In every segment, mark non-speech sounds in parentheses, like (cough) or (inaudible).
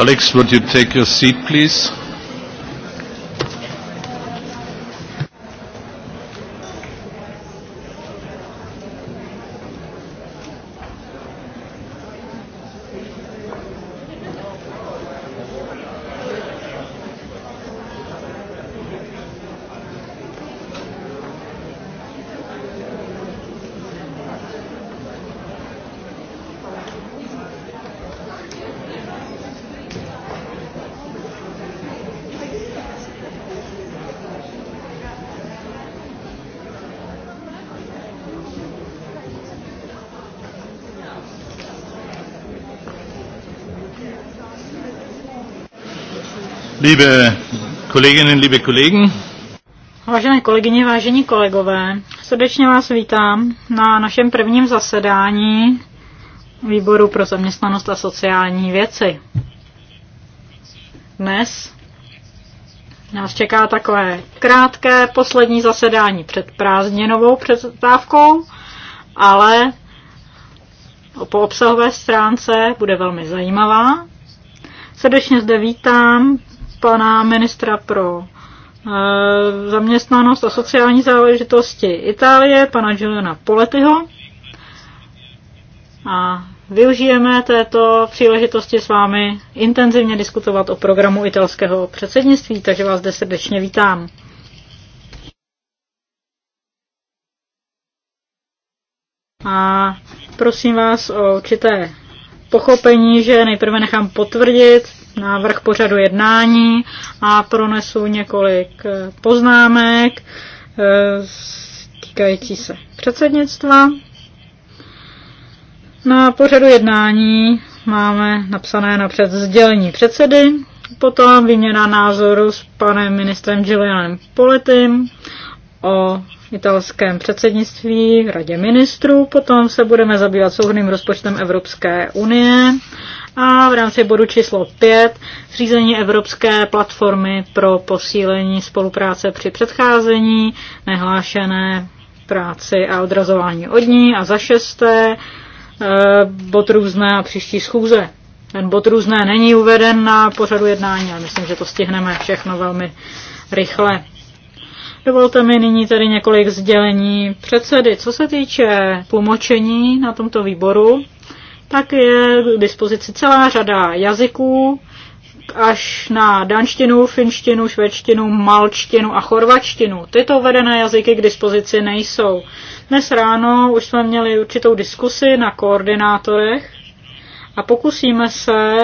Colleagues, would you take your seat, please? Liebe Kolleginnen, liebe Kollegen. Vážené kolegyně, vážení kolegové, srdečně vás vítám na našem prvním zasedání Výboru pro zaměstnanost a sociální věci. Dnes nás čeká takové krátké poslední zasedání před prázdninovou přestávkou, ale po obsahové stránce bude velmi zajímavá. Srdečně zde vítám pana ministra pro eh, zaměstnanost a sociální záležitosti Itálie, pana Giuliana Poletyho. A využijeme této příležitosti s vámi intenzivně diskutovat o programu italského předsednictví, takže vás zde srdečně vítám. A prosím vás o určité pochopení, že nejprve nechám potvrdit návrh pořadu jednání a pronesu několik eh, poznámek eh, týkající se předsednictva. Na pořadu jednání máme napsané napřed sdělení předsedy, potom výměna názoru s panem ministrem Gillianem Politym o italském předsednictví v Radě ministrů, potom se budeme zabývat souhrným rozpočtem Evropské unie a v rámci bodu číslo 5 zřízení Evropské platformy pro posílení spolupráce při předcházení nehlášené práci a odrazování od ní a za šesté eh, bod různé a příští schůze. Ten bod různé není uveden na pořadu jednání, ale myslím, že to stihneme všechno velmi rychle. Dovolte mi nyní tedy několik sdělení předsedy. Co se týče tlumočení na tomto výboru, tak je k dispozici celá řada jazyků, až na danštinu, finštinu, švédštinu, malčtinu a chorvačtinu. Tyto uvedené jazyky k dispozici nejsou. Dnes ráno už jsme měli určitou diskusi na koordinátorech a pokusíme se,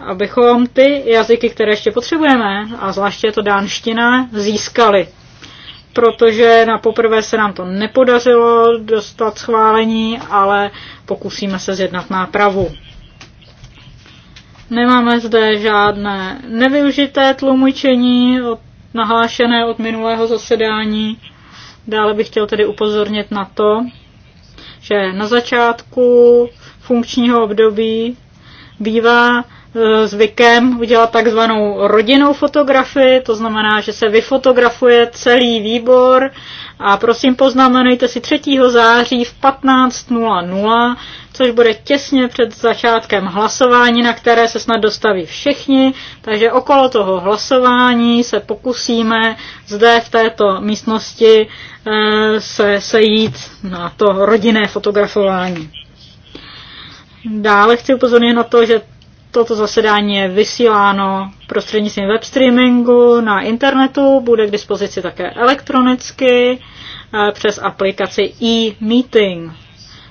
abychom ty jazyky, které ještě potřebujeme, a zvláště to dánština, získali protože na poprvé se nám to nepodařilo dostat schválení, ale pokusíme se zjednat nápravu. Nemáme zde žádné nevyužité tlumočení od, nahlášené od minulého zasedání. Dále bych chtěl tedy upozornit na to, že na začátku funkčního období bývá E, zvykem udělat takzvanou rodinnou fotografii, to znamená, že se vyfotografuje celý výbor a prosím poznamenejte si 3. září v 15.00, což bude těsně před začátkem hlasování, na které se snad dostaví všichni, takže okolo toho hlasování se pokusíme zde v této místnosti e, se sejít na to rodinné fotografování. Dále chci upozornit na to, že Toto zasedání je vysíláno prostřednictvím web streamingu na internetu, bude k dispozici také elektronicky eh, přes aplikaci e-meeting.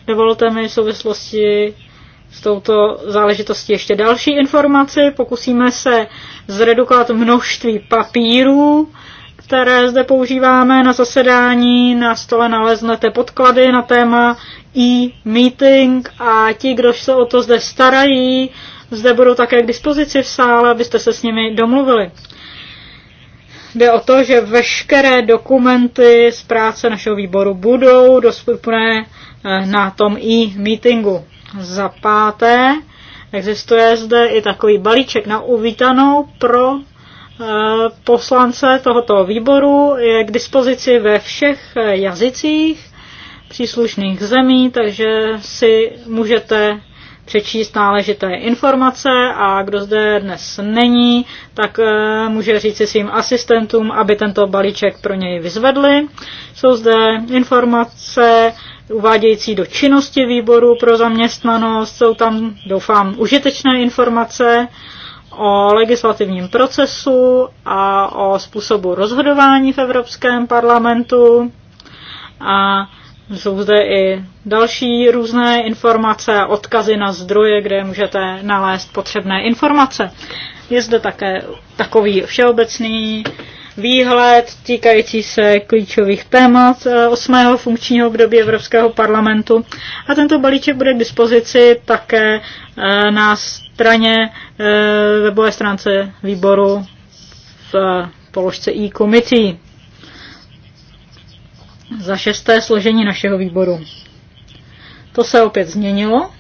Dovolte mi v souvislosti s touto záležitostí ještě další informaci. Pokusíme se zredukovat množství papírů, které zde používáme na zasedání. Na stole naleznete podklady na téma e-meeting a ti, kdo se o to zde starají, zde budou také k dispozici v sále, abyste se s nimi domluvili. Jde o to, že veškeré dokumenty z práce našeho výboru budou dostupné eh, na tom e-meetingu. Za páté existuje zde i takový balíček na uvítanou pro eh, poslance tohoto výboru je k dispozici ve všech eh, jazycích příslušných zemí, takže si můžete přečíst náležité informace a kdo zde dnes není, tak eh, může si svým asistentům, aby tento balíček pro něj vyzvedli. Jsou zde informace uvádějící do činnosti výboru pro zaměstnanost, jsou tam, doufám, užitečné informace o legislativním procesu a o způsobu rozhodování v Evropském parlamentu. A jsou zde i další různé informace a odkazy na zdroje, kde můžete nalézt potřebné informace. Je zde také takový všeobecný výhled týkající se klíčových témat 8. Eh, funkčního období Evropského parlamentu. A tento balíček bude k dispozici také eh, na straně eh, webové stránce výboru v položce e committee za šesté složení našeho výboru. To se opět změnilo.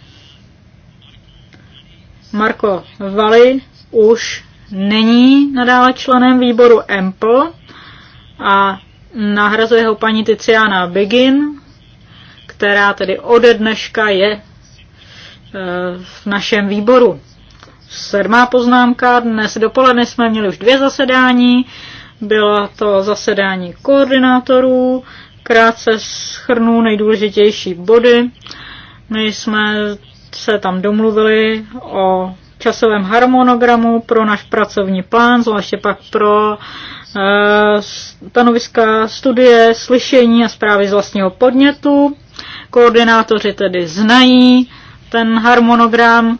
Marko Vali už není nadále členem výboru EMPL a nahrazuje ho paní Tiziana Begin, která tedy ode dneška je eh, v našem výboru. Sedmá poznámka. Dnes dopoledne jsme měli už dvě zasedání. Bylo to zasedání koordinátorů, krátce schrnu nejdůležitější body. My jsme se tam domluvili o časovém harmonogramu pro náš pracovní plán, zvláště pak pro eh, stanoviska studie, slyšení a zprávy z vlastního podnětu. Koordinátoři tedy znají ten harmonogram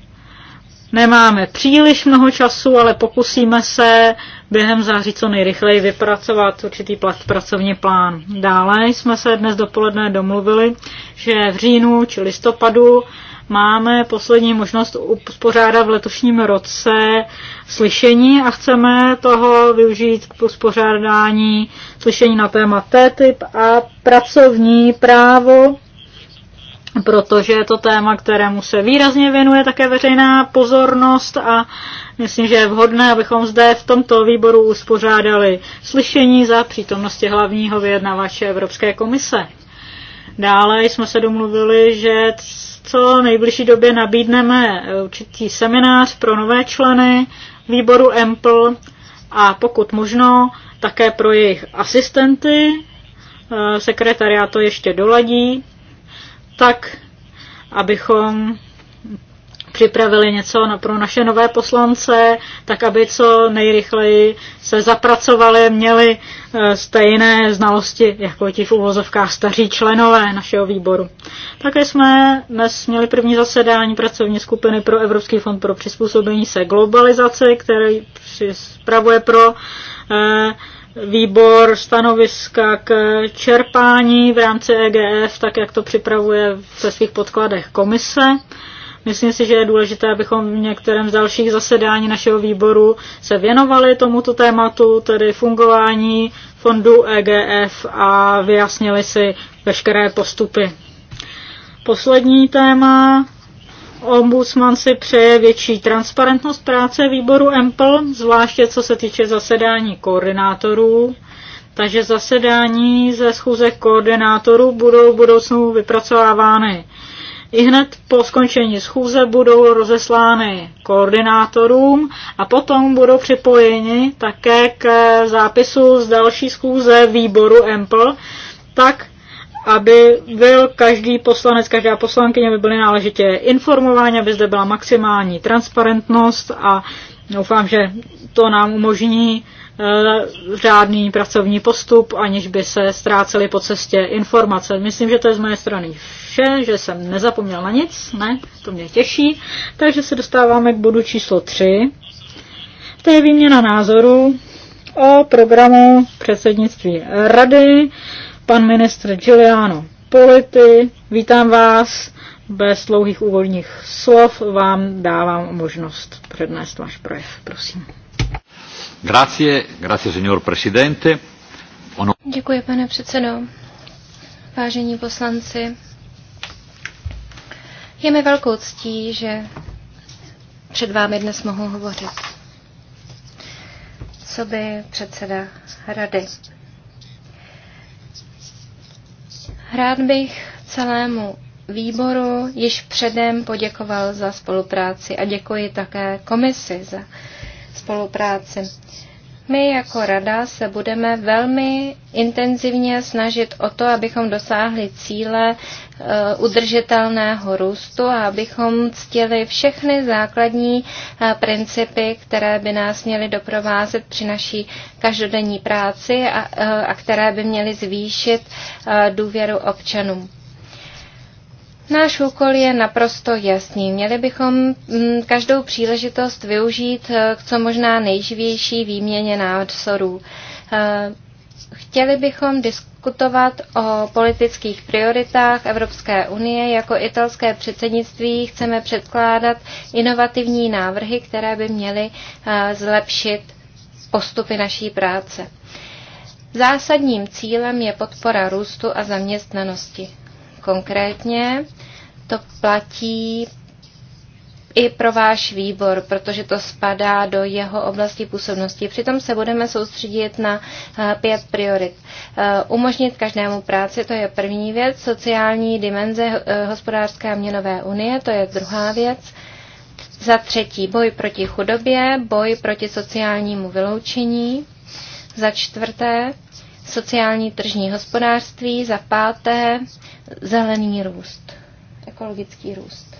Nemáme příliš mnoho času, ale pokusíme se během září co nejrychleji vypracovat určitý pracovní plán. Dále jsme se dnes dopoledne domluvili, že v říjnu či listopadu máme poslední možnost uspořádat v letošním roce slyšení a chceme toho využít k uspořádání slyšení na téma T-typ a pracovní právo protože je to téma, kterému se výrazně věnuje také veřejná pozornost a myslím, že je vhodné, abychom zde v tomto výboru uspořádali slyšení za přítomnosti hlavního vyjednavače Evropské komise. Dále jsme se domluvili, že co nejbližší době nabídneme určitý seminář pro nové členy výboru EMPL a pokud možno také pro jejich asistenty. Eh, sekretariát to ještě doladí, tak, abychom připravili něco pro naše nové poslance, tak aby co nejrychleji se zapracovali, měli eh, stejné znalosti jako ti v úvozovkách staří členové našeho výboru. Také jsme dnes měli první zasedání pracovní skupiny pro Evropský fond pro přizpůsobení se globalizaci, který připravuje pro eh, výbor stanoviska k čerpání v rámci EGF, tak jak to připravuje ve svých podkladech komise. Myslím si, že je důležité, abychom v některém z dalších zasedání našeho výboru se věnovali tomuto tématu, tedy fungování fondu EGF a vyjasnili si veškeré postupy. Poslední téma Ombudsman si přeje větší transparentnost práce výboru EMPL, zvláště co se týče zasedání koordinátorů. Takže zasedání ze schůze koordinátorů budou v budoucnu vypracovávány. I hned po skončení schůze budou rozeslány koordinátorům a potom budou připojeni také k zápisu z další schůze výboru EMPL, tak aby byl každý poslanec, každá poslankyně, aby byly náležitě informováni, aby zde byla maximální transparentnost a doufám, že to nám umožní eh, řádný pracovní postup, aniž by se ztrácely po cestě informace. Myslím, že to je z mé strany vše, že jsem nezapomněl na nic, ne, to mě těší. Takže se dostáváme k bodu číslo 3. To je výměna názoru o programu předsednictví Rady pan ministr Giuliano Politi. Vítám vás. Bez dlouhých úvodních slov vám dávám možnost přednést váš projev. Prosím. Grazie, grazie signor presidente. Ono... Děkuji, pane předsedo. Vážení poslanci, je mi velkou ctí, že před vámi dnes mohu hovořit. Co by předseda rady Rád bych celému výboru již předem poděkoval za spolupráci a děkuji také komisi za spolupráci. My jako rada se budeme velmi intenzivně snažit o to, abychom dosáhli cíle eh, udržitelného růstu a abychom ctili všechny základní eh, principy, které by nás měly doprovázet při naší každodenní práci a, eh, a které by měly zvýšit důvěru občanům. Náš úkol je naprosto jasný. Měli bychom mm, každou příležitost využít eh, k co možná nejživější výměně názorů. Eh, chtěli bychom diskutovat o politických prioritách Evropské unie. Jako italské předsednictví chceme předkládat inovativní návrhy, které by měly eh, zlepšit postupy naší práce. Zásadním cílem je podpora růstu a zaměstnanosti. Konkrétně to platí i pro váš výbor, protože to spadá do jeho oblasti působnosti. Přitom se budeme soustředit na eh, pět priorit. Eh, umožnit každému práci, to je první věc, sociální dimenze eh, hospodářské a měnové unie, to je druhá věc. Za třetí, boj proti chudobě, boj proti sociálnímu vyloučení. Za čtvrté, sociální tržní hospodářství. Za páté, zelený růst ekologický růst.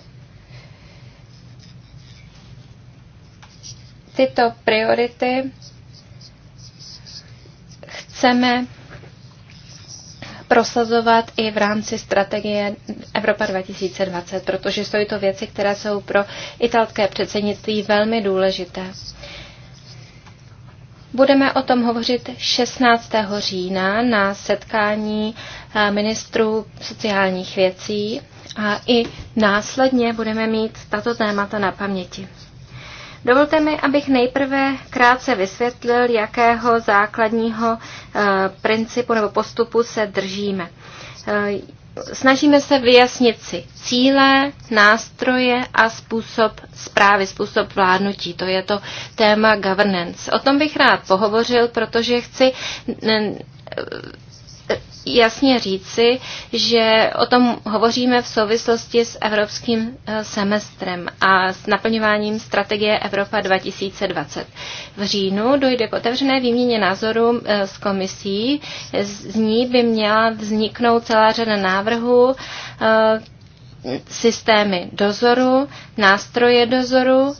Tyto priority chceme prosazovat i v rámci strategie Evropa 2020, protože jsou to věci, které jsou pro italské předsednictví velmi důležité. Budeme o tom hovořit 16. října na setkání eh, ministrů sociálních věcí a i následně budeme mít tato témata na paměti. Dovolte mi, abych nejprve krátce vysvětlil, jakého základního eh, principu nebo postupu se držíme. Eh, snažíme se vyjasnit si cíle, nástroje a způsob zprávy, způsob vládnutí. To je to téma governance. O tom bych rád pohovořil, protože chci jasně říci, že o tom hovoříme v souvislosti s evropským eh, semestrem a s naplňováním strategie Evropa 2020. V říjnu dojde k otevřené výměně názorů eh, s komisí. Z ní by měla vzniknout celá řada návrhů, eh, systémy dozoru, nástroje dozoru,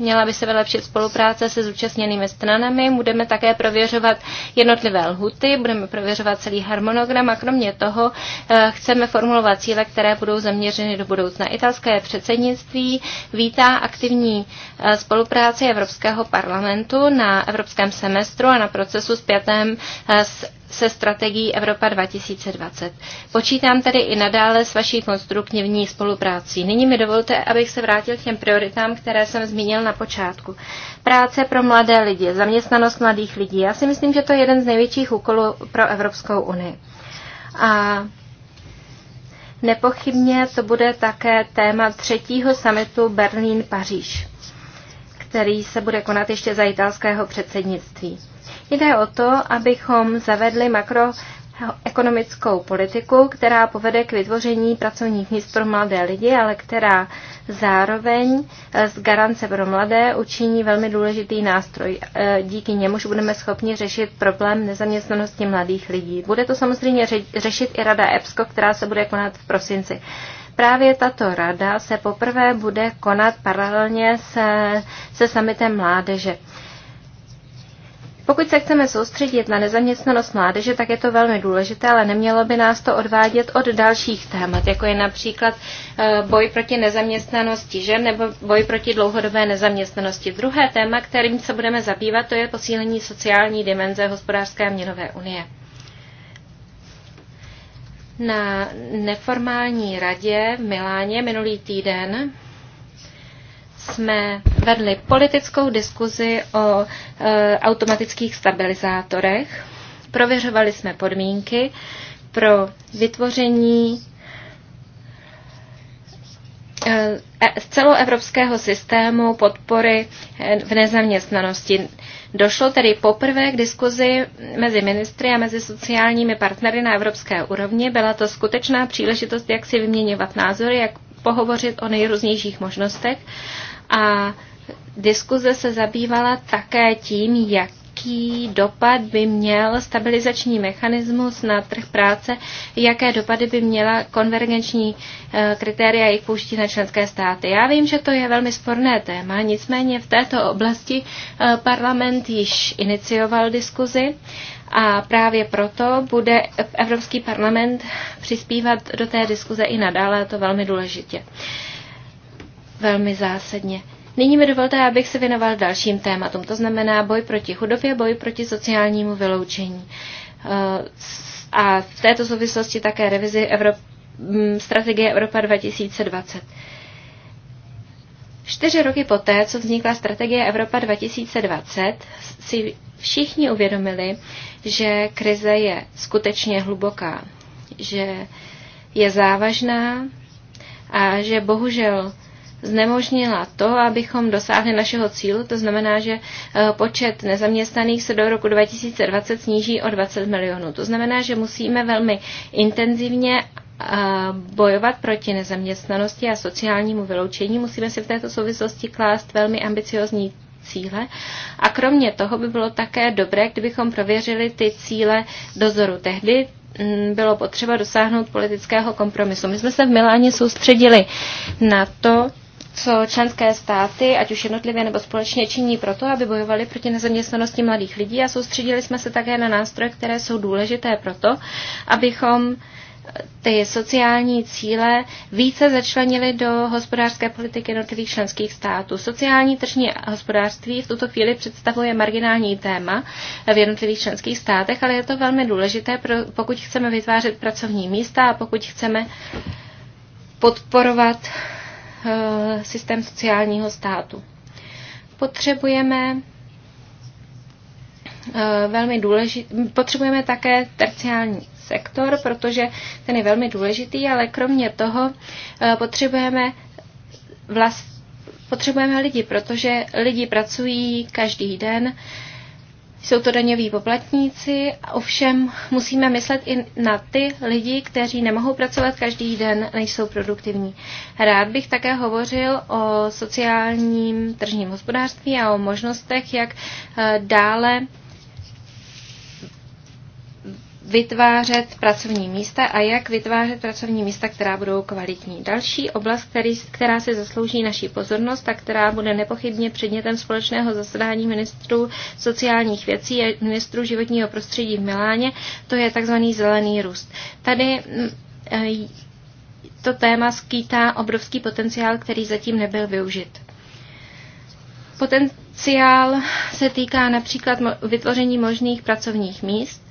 měla by se vylepšit spolupráce se zúčastněnými stranami. Budeme také prověřovat jednotlivé lhuty, budeme prověřovat celý harmonogram a kromě toho eh, chceme formulovat cíle, které budou zaměřeny do budoucna. Italské předsednictví vítá aktivní eh, spolupráci Evropského parlamentu na evropském semestru a na procesu zpětém eh, s se strategií Evropa 2020. Počítám tedy i nadále s vaší konstruktivní spoluprácí. Nyní mi dovolte, abych se vrátil k těm prioritám, které jsem zmínil na počátku. Práce pro mladé lidi, zaměstnanost mladých lidí. Já si myslím, že to je jeden z největších úkolů pro Evropskou unii. A nepochybně to bude také téma třetího samitu Berlín-Paříž, který se bude konat ještě za italského předsednictví. Jde o to, abychom zavedli makro ekonomickou politiku, která povede k vytvoření pracovních míst pro mladé lidi, ale která zároveň eh, z garance pro mladé učiní velmi důležitý nástroj. Eh, díky němuž budeme schopni řešit problém nezaměstnanosti mladých lidí. Bude to samozřejmě řešit i Rada EPSCO, která se bude konat v prosinci. Právě tato rada se poprvé bude konat paralelně se, se summitem mládeže. Pokud se chceme soustředit na nezaměstnanost mládeže, tak je to velmi důležité, ale nemělo by nás to odvádět od dalších témat, jako je například eh, boj proti nezaměstnanosti žen nebo boj proti dlouhodobé nezaměstnanosti. Druhé téma, kterým se budeme zabývat, to je posílení sociální dimenze hospodářské a měnové unie. Na neformální radě v Miláně minulý týden jsme vedli politickou diskuzi o e, automatických stabilizátorech. Prověřovali jsme podmínky pro vytvoření z e, e, celoevropského systému podpory e, v nezaměstnanosti. Došlo tedy poprvé k diskuzi mezi ministry a mezi sociálními partnery na evropské úrovni. Byla to skutečná příležitost, jak si vyměňovat názory, jak pohovořit o nejrůznějších možnostech. A diskuze se zabývala také tím, jak jaký dopad by měl stabilizační mechanismus na trh práce, jaké dopady by měla konvergenční eh, kritéria jejich pouští na členské státy. Já vím, že to je velmi sporné téma, nicméně v této oblasti eh, parlament již inicioval diskuzi a právě proto bude Evropský parlament přispívat do té diskuze i nadále, a to velmi důležitě. Velmi zásadně. Nyní mi dovolte, abych se věnoval dalším tématům, to znamená boj proti chudobě, boj proti sociálnímu vyloučení. Eh, a v této souvislosti také revizi Evrop, mm, strategie Evropa 2020. Čtyři roky poté, co vznikla strategie Evropa 2020, si všichni uvědomili, že krize je skutečně hluboká, že je závažná a že bohužel znemožnila to, abychom dosáhli našeho cílu. To znamená, že eh, počet nezaměstnaných se do roku 2020 sníží o 20 milionů. To znamená, že musíme velmi intenzivně eh, bojovat proti nezaměstnanosti a sociálnímu vyloučení. Musíme si v této souvislosti klást velmi ambiciozní cíle. A kromě toho by bylo také dobré, kdybychom prověřili ty cíle dozoru. Tehdy mm, bylo potřeba dosáhnout politického kompromisu. My jsme se v Miláně soustředili na to, co členské státy, ať už jednotlivě nebo společně, činí proto, aby bojovali proti nezaměstnanosti mladých lidí a soustředili jsme se také na nástroje, které jsou důležité proto, abychom ty sociální cíle více začlenili do hospodářské politiky jednotlivých členských států. Sociální tržní hospodářství v tuto chvíli představuje marginální téma v jednotlivých členských státech, ale je to velmi důležité, pokud chceme vytvářet pracovní místa a pokud chceme podporovat Eh, systém sociálního státu. Potřebujeme eh, velmi důležitý, potřebujeme také terciální sektor, protože ten je velmi důležitý, ale kromě toho eh, potřebujeme vlast, potřebujeme lidi, protože lidi pracují každý den, jsou to daňoví poplatníci, ovšem musíme myslet i na ty lidi, kteří nemohou pracovat každý den, nejsou produktivní. Rád bych také hovořil o sociálním tržním hospodářství a o možnostech, jak eh, dále vytvářet pracovní místa a jak vytvářet pracovní místa, která budou kvalitní. Další oblast, který, která se zaslouží naší pozornost a která bude nepochybně předmětem společného zasedání ministrů sociálních věcí a ministrů životního prostředí v Miláně, to je tzv. zelený růst. Tady mm, eh, to téma skýtá obrovský potenciál, který zatím nebyl využit. Potenciál se týká například vytvoření možných pracovních míst,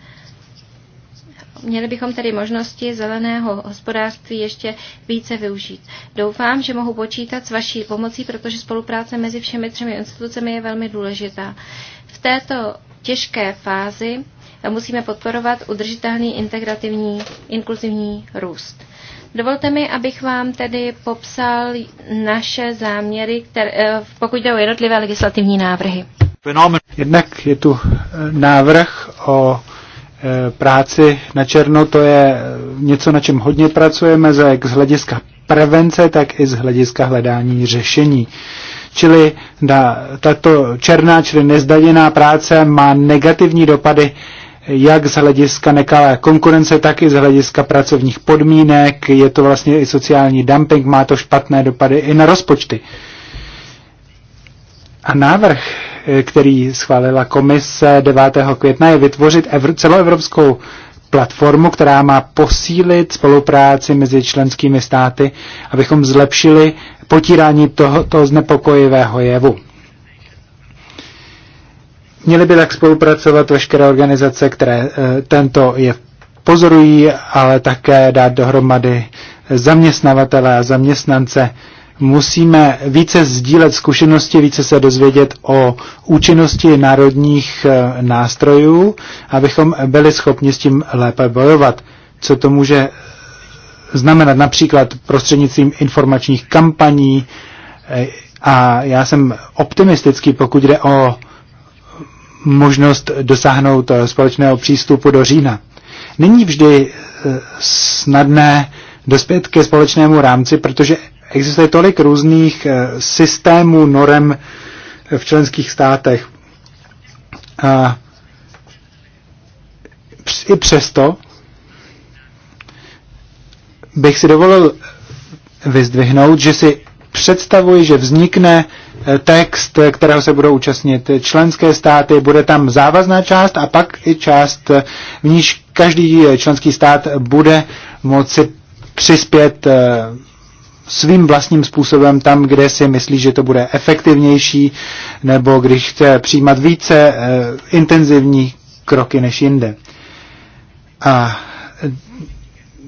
měli bychom tedy možnosti zeleného hospodářství ještě více využít. Doufám, že mohu počítat s vaší pomocí, protože spolupráce mezi všemi třemi institucemi je velmi důležitá. V této těžké fázi musíme podporovat udržitelný integrativní inkluzivní růst. Dovolte mi, abych vám tedy popsal naše záměry, které, eh, pokud jde o jednotlivé legislativní návrhy. Jednak je tu eh, návrh o Eh, práci na černo, to je něco, na čem hodně pracujeme, jak z hlediska prevence, tak i z hlediska hledání řešení. Čili ta, tato černá, čili nezdaněná práce má negativní dopady jak z hlediska nekalé konkurence, tak i z hlediska pracovních podmínek. Je to vlastně i sociální dumping, má to špatné dopady i na rozpočty. A návrh Eh, který schválila komise 9. května, je vytvořit celoevropskou platformu, která má posílit spolupráci mezi členskými státy, abychom zlepšili potírání tohoto znepokojivého jevu. Měly by tak spolupracovat veškeré organizace, které eh, tento jev pozorují, ale také dát dohromady zaměstnavatele a zaměstnance, musíme více sdílet zkušenosti, více se dozvědět o účinnosti národních eh, nástrojů, abychom byli schopni s tím lépe bojovat. Co to může eh, znamenat například prostřednictvím informačních kampaní eh, a já jsem optimistický, pokud jde o možnost dosáhnout společného přístupu do října. Není vždy snadné dospět ke společnému rámci, protože existuje tolik různých eh, systémů norem eh, v členských státech. A i přesto bych si dovolil vyzdvihnout, že si představuji, že vznikne eh, text, kterého se budou účastnit členské státy, bude tam závazná část a pak i část, v níž každý členský stát bude moci přispět svým vlastním způsobem tam, kde si myslí, že to bude efektivnější, nebo když chce přijímat více e, intenzivní kroky než jinde. A eh,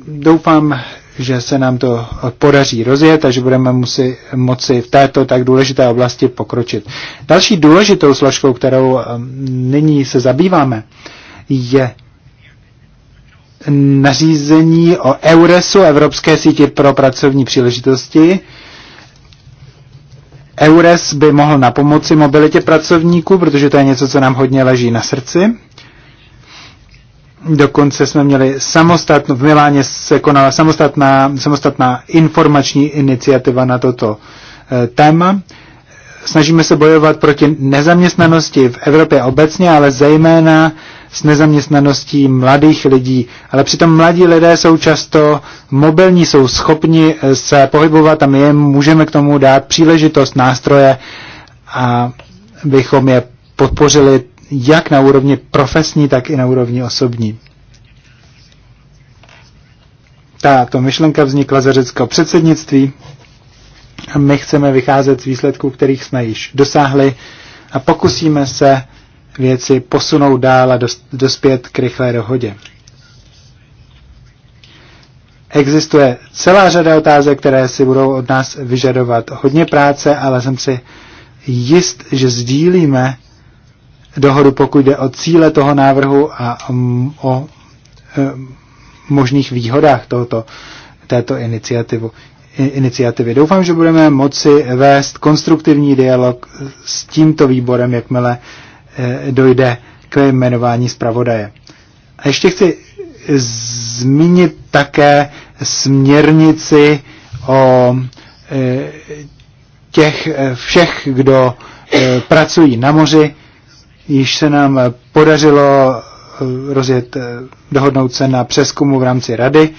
doufám, že se nám to podaří rozjet a že budeme musí moci v této tak důležité oblasti pokročit. Další důležitou složkou, kterou eh, nyní se zabýváme, je nařízení o EURESu, Evropské síti pro pracovní příležitosti. EURES by mohl na pomoci mobilitě pracovníků, protože to je něco, co nám hodně leží na srdci. Dokonce jsme měli samostatnou, v Miláně se konala samostatná, samostatná informační iniciativa na toto eh, téma snažíme se bojovat proti nezaměstnanosti v Evropě obecně, ale zejména s nezaměstnaností mladých lidí. Ale přitom mladí lidé jsou často mobilní, jsou schopni eh, se pohybovat a my jim můžeme k tomu dát příležitost, nástroje a bychom je podpořili jak na úrovni profesní, tak i na úrovni osobní. Tato myšlenka vznikla za řeckého předsednictví. My chceme vycházet z výsledků, kterých jsme již dosáhli a pokusíme se věci posunout dál a dospět k rychlé dohodě. Existuje celá řada otázek, které si budou od nás vyžadovat hodně práce, ale jsem si jist, že sdílíme dohodu, pokud jde o cíle toho návrhu a o e, možných výhodách tohoto, této iniciativu iniciativy. Doufám, že budeme moci vést konstruktivní dialog s tímto výborem, jakmile eh, dojde k jmenování zpravodaje. A ještě chci zmínit také směrnici o eh, těch eh, všech, kdo pracují na moři. Již se nám podařilo rozjet, dohodnout se na přeskumu v rámci rady.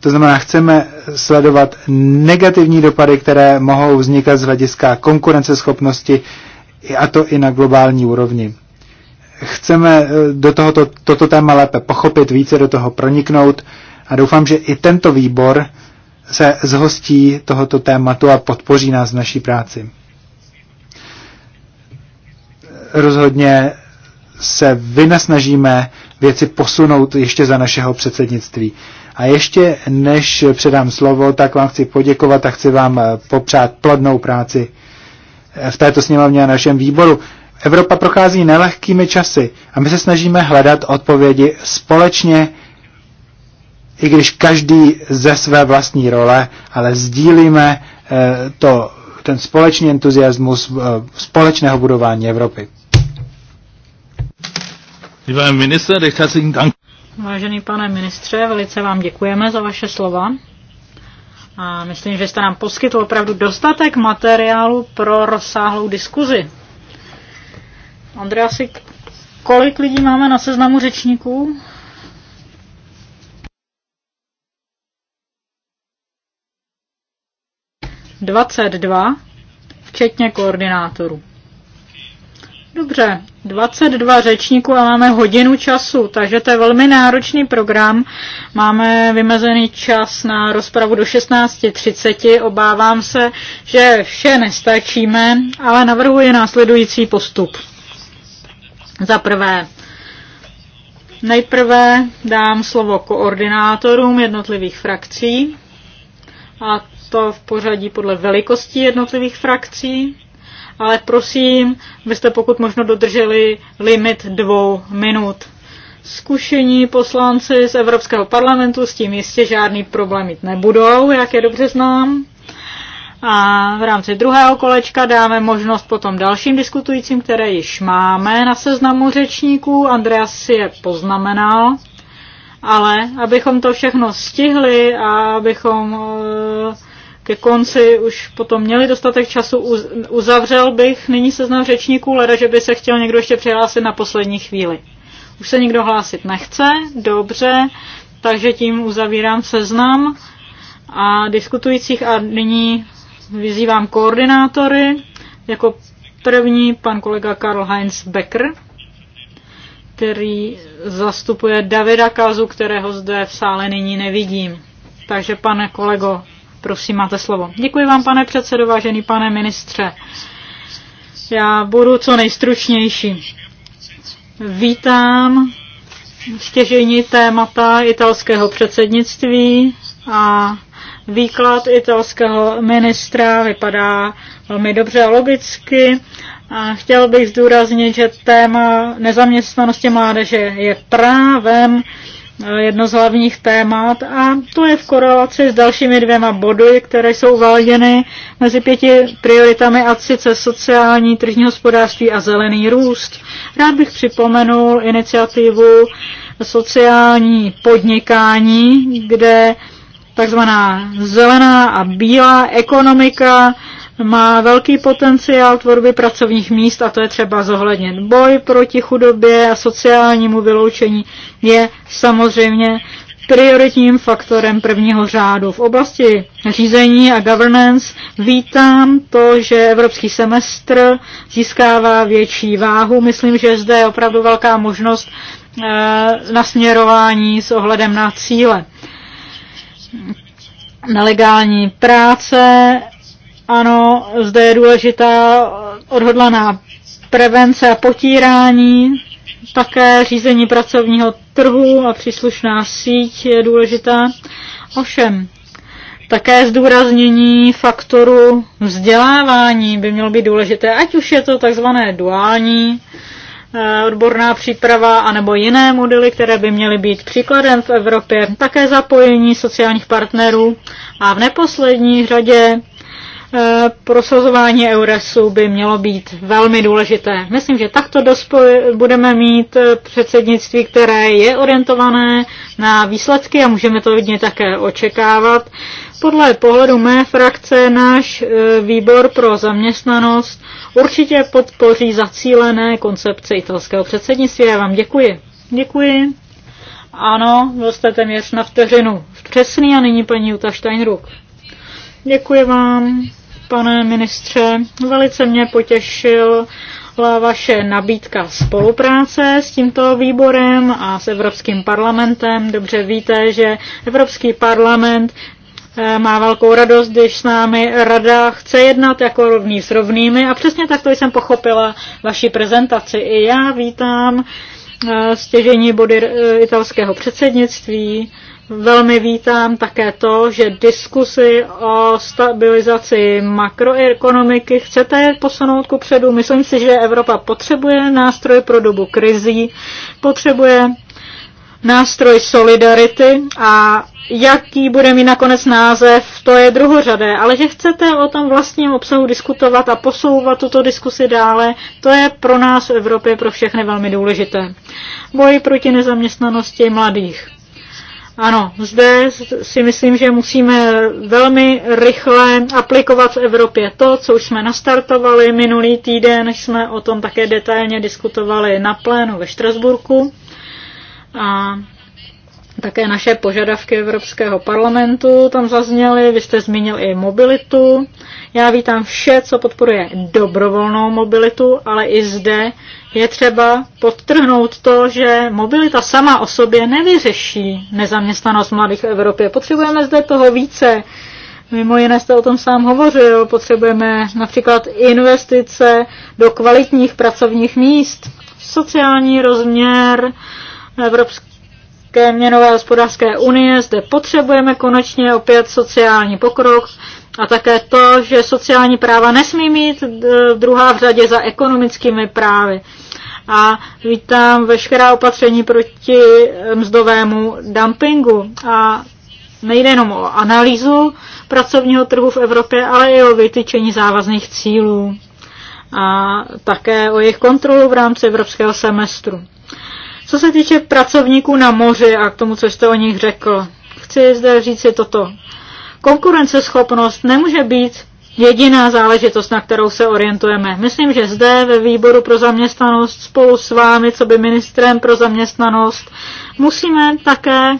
To znamená, chceme sledovat negativní dopady, které mohou vznikat z hlediska konkurenceschopnosti, a to i na globální úrovni. Chceme eh, do tohoto, toto téma lépe pochopit, více do toho proniknout a doufám, že i tento výbor se zhostí tohoto tématu a podpoří nás v naší práci. Rozhodně se vynasnažíme věci posunout ještě za našeho předsednictví. A ještě než předám slovo, tak vám chci poděkovat a chci vám eh, popřát plodnou práci eh, v této sněmovně a našem výboru. Evropa prochází nelehkými časy a my se snažíme hledat odpovědi společně, i když každý ze své vlastní role, ale sdílíme eh, to, ten společný entuziasmus společného budování Evropy. Lieber Herr Minister, recht herzlichen Dank. Vážený pane ministře, velice vám děkujeme za vaše slova. A myslím, že jste nám poskytl opravdu dostatek materiálu pro rozsáhlou diskuzi. Andreasi, kolik lidí máme na seznamu řečníků? Dvacet dva, včetně koordinátorů. Dobře, 22 řečníků a máme hodinu času, takže to je velmi náročný program. Máme vymezený čas na rozpravu do 16.30. Obávám se, že vše nestačíme, ale navrhuji následující postup. Za prvé, nejprve dám slovo koordinátorům jednotlivých frakcí, a to v pořadí podle velikosti jednotlivých frakcí ale prosím, byste pokud možno dodrželi limit dvou minut. Zkušení poslanci z Evropského parlamentu s tím jistě žádný problém mít nebudou, jak je dobře znám. A v rámci druhého kolečka dáme možnost potom dalším diskutujícím, které již máme na seznamu řečníků. Andreas si je poznamenal. Ale abychom to všechno stihli a abychom eh, ke konci už potom měli dostatek času. Uzavřel bych nyní seznam řečníků, leda, že by se chtěl někdo ještě přihlásit na poslední chvíli. Už se nikdo hlásit nechce, dobře, takže tím uzavírám seznam a diskutujících a nyní vyzývám koordinátory. Jako první pan kolega Karl Heinz Becker, který zastupuje Davida Kazu, kterého zde v sále nyní nevidím. Takže pane kolego, Prosím, máte slovo. Děkuji vám, pane předsedo, vážený pane ministře. Já budu co nejstručnější. Vítám stěžení témata italského předsednictví a výklad italského ministra vypadá velmi dobře a logicky. A chtěl bych zdůraznit, že téma nezaměstnanosti mládeže je právem Eh, jedno z hlavních témat a to je v korelaci s dalšími dvěma body, které jsou uváděny mezi pěti prioritami a sice sociální, tržní hospodářství a zelený růst. Rád bych připomenul iniciativu sociální podnikání, kde takzvaná zelená a bílá ekonomika má velký potenciál tvorby pracovních míst a to je třeba zohlednit. Boj proti chudobě a sociálnímu vyloučení je samozřejmě prioritním faktorem prvního řádu. V oblasti řízení a governance vítám to, že evropský semestr získává větší váhu. Myslím, že zde je opravdu velká možnost e, nasměrování s ohledem na cíle. Nelegální práce ano, zde je důležitá odhodlaná prevence a potírání, také řízení pracovního trhu a příslušná síť je důležitá. Ovšem, také zdůraznění faktoru vzdělávání by mělo být důležité, ať už je to takzvané duální eh, odborná příprava anebo jiné modely, které by měly být příkladem v Evropě, také zapojení sociálních partnerů a v neposlední řadě Eh, prosazování Euresu by mělo být velmi důležité. Myslím, že takto budeme mít eh, předsednictví, které je orientované na výsledky a můžeme to vidně také očekávat. Podle pohledu mé frakce náš eh, výbor pro zaměstnanost určitě podpoří zacílené koncepce italského předsednictví. Já vám děkuji. Děkuji. Ano, byl jste téměř na vteřinu přesný a nyní paní Uta Steinruck. Děkuji vám pane ministře. Velice mě potěšil vaše nabídka spolupráce s tímto výborem a s Evropským parlamentem. Dobře víte, že Evropský parlament eh, má velkou radost, když s námi rada chce jednat jako rovný s rovnými a přesně takto jsem pochopila vaši prezentaci. I já vítám eh, stěžení body eh, italského předsednictví, Velmi vítám také to, že diskusy o stabilizaci makroekonomiky chcete posunout ku předu. Myslím si, že Evropa potřebuje nástroj pro dobu krizí, potřebuje nástroj solidarity a jaký bude mít nakonec název, to je druhořadé, ale že chcete o tom vlastním obsahu diskutovat a posouvat tuto diskusi dále, to je pro nás v Evropě, pro všechny velmi důležité. Boj proti nezaměstnanosti mladých. Ano, zde si myslím, že musíme velmi rychle aplikovat v Evropě to, co už jsme nastartovali minulý týden, než jsme o tom také detailně diskutovali na plénu ve Štrasburku. A také naše požadavky Evropského parlamentu tam zazněly, vy jste zmínil i mobilitu. Já vítám vše, co podporuje dobrovolnou mobilitu, ale i zde je třeba podtrhnout to, že mobilita sama o sobě nevyřeší nezaměstnanost mladých v Evropě. Potřebujeme zde toho více. Mimo jiné jste o tom sám hovořil, potřebujeme například investice do kvalitních pracovních míst, sociální rozměr, evropský ke měnové hospodářské unie. Zde potřebujeme konečně opět sociální pokrok a také to, že sociální práva nesmí mít e, druhá v řadě za ekonomickými právy. A vítám veškerá opatření proti e, mzdovému dumpingu. A nejde jenom o analýzu pracovního trhu v Evropě, ale i o vytyčení závazných cílů a také o jejich kontrolu v rámci evropského semestru. Co se týče pracovníků na moři a k tomu, co jste o nich řekl, chci zde říci toto. Konkurenceschopnost nemůže být jediná záležitost, na kterou se orientujeme. Myslím, že zde ve výboru pro zaměstnanost spolu s vámi, co by ministrem pro zaměstnanost, musíme také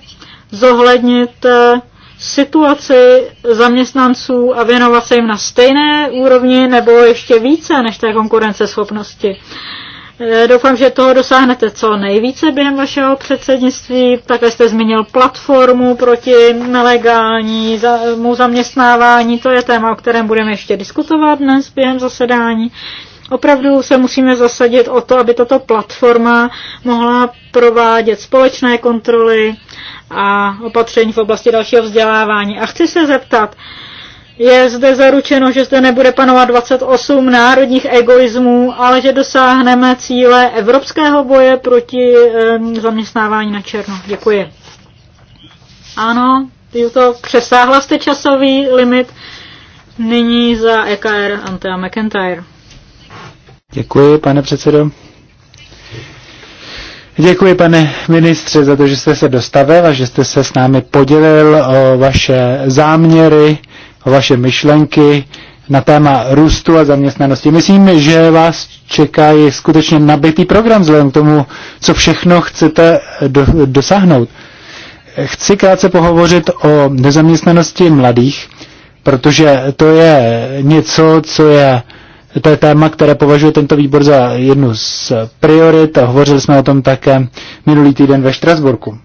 zohlednit eh, situaci zaměstnanců a věnovat se jim na stejné úrovni nebo ještě více než té konkurenceschopnosti. Eh, doufám, že toho dosáhnete co nejvíce během vašeho předsednictví. Také jste zmínil platformu proti nelegálnímu zaměstnávání. To je téma, o kterém budeme ještě diskutovat dnes během zasedání. Opravdu se musíme zasadit o to, aby tato platforma mohla provádět společné kontroly a opatření v oblasti dalšího vzdělávání. A chci se zeptat, je zde zaručeno, že zde nebude panovat 28 národních egoismů, ale že dosáhneme cíle evropského boje proti zaměstnávání na černo. Děkuji. Ano, to přesáhla jste časový limit. Nyní za EKR Antea McIntyre. Děkuji, pane předsedo. Děkuji, pane ministře, za to, že jste se dostavil a že jste se s námi podělil o vaše záměry vaše myšlenky na téma růstu a zaměstnanosti. Myslím, že vás čeká je skutečně nabitý program vzhledem k tomu, co všechno chcete do, dosáhnout. Chci krátce pohovořit o nezaměstnanosti mladých, protože to je něco, co je to je téma, které považuje tento výbor za jednu z priorit a hovořili jsme o tom také minulý týden ve Štrasburku.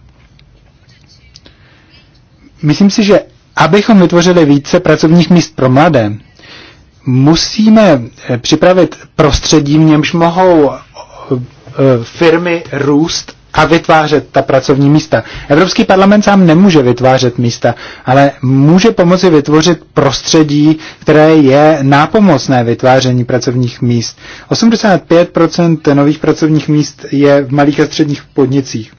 Myslím si, že Abychom vytvořili více pracovních míst pro mladé, musíme eh, připravit prostředí, v němž mohou eh, firmy růst a vytvářet ta pracovní místa. Evropský parlament sám nemůže vytvářet místa, ale může pomoci vytvořit prostředí, které je nápomocné vytváření pracovních míst. 85% nových pracovních míst je v malých a středních podnicích.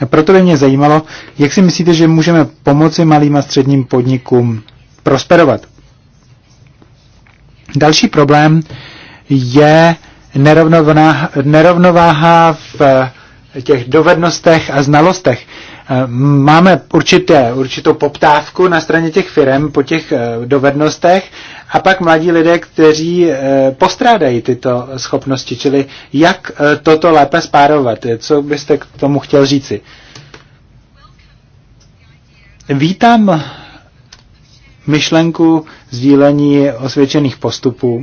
A proto by mě zajímalo, jak si myslíte, že můžeme pomoci malým a středním podnikům prosperovat. Další problém je nerovnováha, nerovnováha v eh, těch dovednostech a znalostech. Eh, máme určité, určitou poptávku na straně těch firm po těch eh, dovednostech a pak mladí lidé, kteří eh, postrádají tyto schopnosti, čili jak toto lépe spárovat, co byste k tomu chtěl říci? Vítám myšlenku sdílení osvědčených postupů.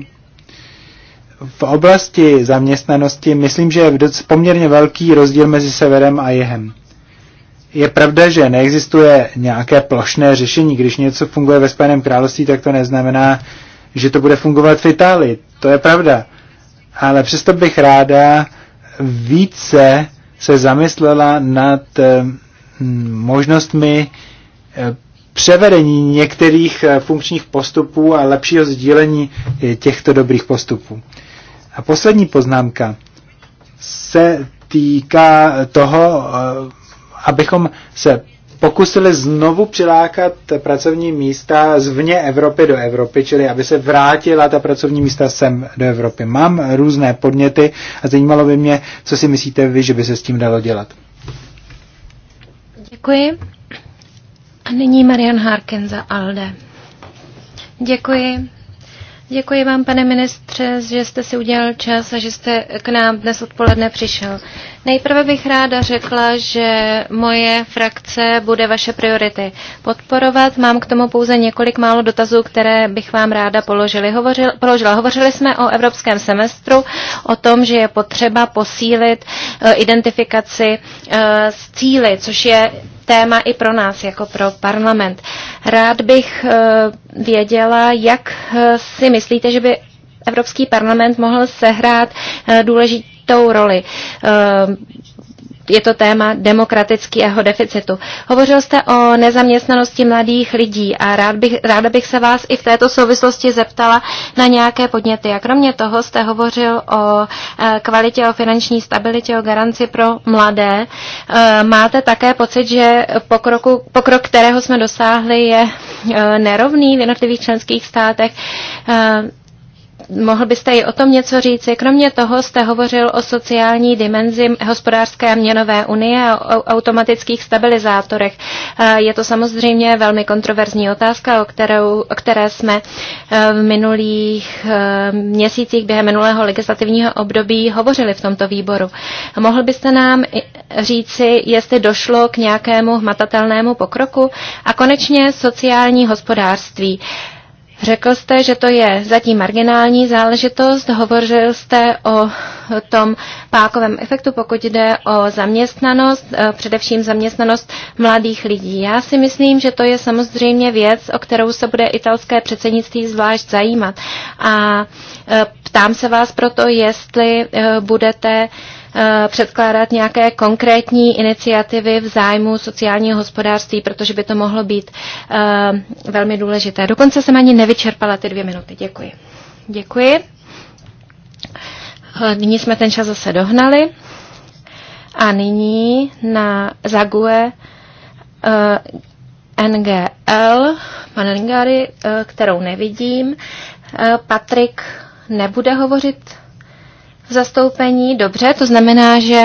V oblasti zaměstnanosti myslím, že je poměrně velký rozdíl mezi severem a jihem je pravda, že neexistuje nějaké plošné řešení. Když něco funguje ve Spojeném království, tak to neznamená, že to bude fungovat v Itálii. To je pravda. Ale přesto bych ráda více se zamyslela nad ehm, možnostmi eh, převedení některých eh, funkčních postupů a lepšího sdílení eh, těchto dobrých postupů. A poslední poznámka se týká toho, abychom se pokusili znovu přilákat pracovní místa zvně Evropy do Evropy, čili aby se vrátila ta pracovní místa sem do Evropy. Mám různé podněty a zajímalo by mě, co si myslíte vy, že by se s tím dalo dělat. Děkuji. A nyní Marian Harken za ALDE. Děkuji. Děkuji vám, pane ministře, že jste si udělal čas a že jste k nám dnes odpoledne přišel. Nejprve bych ráda řekla, že moje frakce bude vaše priority podporovat. Mám k tomu pouze několik málo dotazů, které bych vám ráda položili. Hovořil, položila. Hovořili jsme o evropském semestru, o tom, že je potřeba posílit uh, identifikaci uh, eh, z cíly, což je téma i pro nás, jako pro parlament. Rád bych eh, věděla, jak eh, si myslíte, že by Evropský parlament mohl sehrát eh, důležitou roli je to téma demokratického deficitu. Hovořil jste o nezaměstnanosti mladých lidí a rád bych, ráda bych se vás i v této souvislosti zeptala na nějaké podněty. A kromě toho jste hovořil o eh, kvalitě, o finanční stabilitě, o garanci pro mladé. Eh, máte také pocit, že pokroku, pokrok, kterého jsme dosáhli, je eh, nerovný v jednotlivých členských státech? Mohl byste i o tom něco říci? Kromě toho jste hovořil o sociální dimenzi hospodářské a měnové unie a o automatických stabilizátorech. Eh, je to samozřejmě velmi kontroverzní otázka, o, kterou, o které jsme eh, v minulých eh, měsících během minulého legislativního období hovořili v tomto výboru. Mohl byste nám říci, jestli došlo k nějakému hmatatelnému pokroku? A konečně sociální hospodářství. Řekl jste, že to je zatím marginální záležitost, hovořil jste o tom pákovém efektu, pokud jde o zaměstnanost, eh, především zaměstnanost mladých lidí. Já si myslím, že to je samozřejmě věc, o kterou se bude italské předsednictví zvlášť zajímat. A eh, ptám se vás proto, jestli eh, budete Eh, předkládat nějaké konkrétní iniciativy v zájmu sociálního hospodářství, protože by to mohlo být eh, velmi důležité. Dokonce jsem ani nevyčerpala ty dvě minuty. Děkuji. Děkuji. Eh, nyní jsme ten čas zase dohnali. A nyní na Zague NGL, pan kterou nevidím. Patrik nebude hovořit zastoupení. Dobře, to znamená, že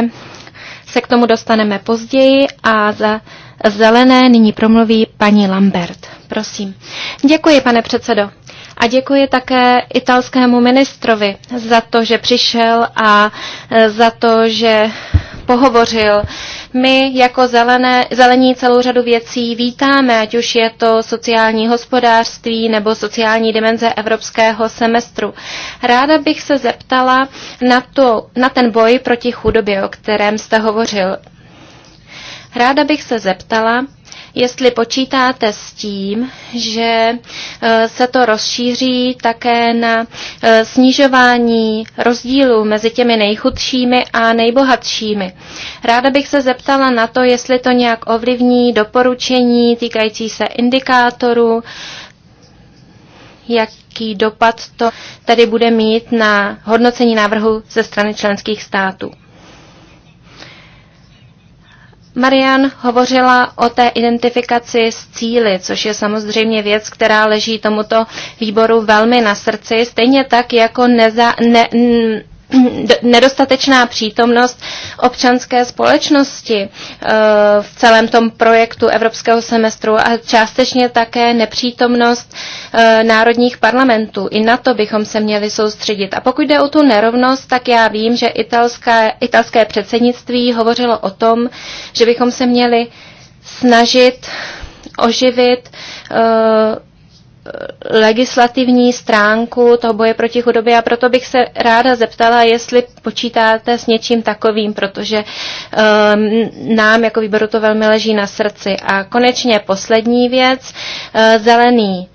se k tomu dostaneme později a za zelené nyní promluví paní Lambert. Prosím. Děkuji, pane předsedo. A děkuji také italskému ministrovi za to, že přišel a za to, že pohovořil. My jako zelené, zelení celou řadu věcí vítáme, ať už je to sociální hospodářství nebo sociální dimenze evropského semestru. Ráda bych se zeptala na, to, na ten boj proti chudobě, o kterém jste hovořil. Ráda bych se zeptala, jestli počítáte s tím, že eh, se to rozšíří také na eh, snižování rozdílů mezi těmi nejchudšími a nejbohatšími. Ráda bych se zeptala na to, jestli to nějak ovlivní doporučení týkající se indikátoru, jaký dopad to tady bude mít na hodnocení návrhu ze strany členských států. Marian hovořila o té identifikaci s cíly, což je samozřejmě věc, která leží tomuto výboru velmi na srdci, stejně tak jako neza, ne, nedostatečná přítomnost občanské společnosti eh, v celém tom projektu evropského semestru a částečně také nepřítomnost eh, národních parlamentů. I na to bychom se měli soustředit. A pokud jde o tu nerovnost, tak já vím, že italské, italské předsednictví hovořilo o tom, že bychom se měli snažit oživit uh, legislativní stránku toho boje proti chudobě a proto bych se ráda zeptala, jestli počítáte s něčím takovým, protože um, nám jako výboru to velmi leží na srdci. A konečně poslední věc, uh, zelený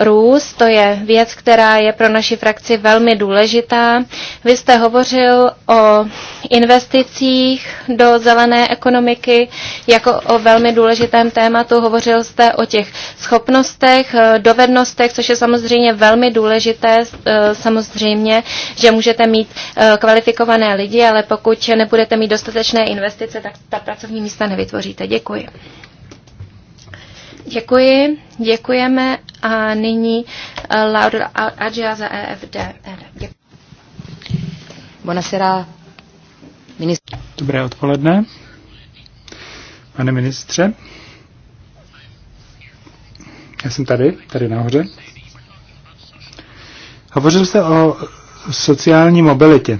růst. To je věc, která je pro naši frakci velmi důležitá. Vy jste hovořil o investicích do zelené ekonomiky jako o velmi důležitém tématu. Hovořil jste o těch schopnostech, eh, dovednostech, což je samozřejmě velmi důležité. Eh, samozřejmě, že můžete mít eh, kvalifikované lidi, ale pokud nebudete mít dostatečné investice, tak ta pracovní místa nevytvoříte. Děkuji. Děkuji, děkujeme a nyní eh, Laura Adžia za EFD. Buonasera. Dobré odpoledne, pane ministře. Já jsem tady, tady nahoře. Hovořil jste o sociální mobilitě.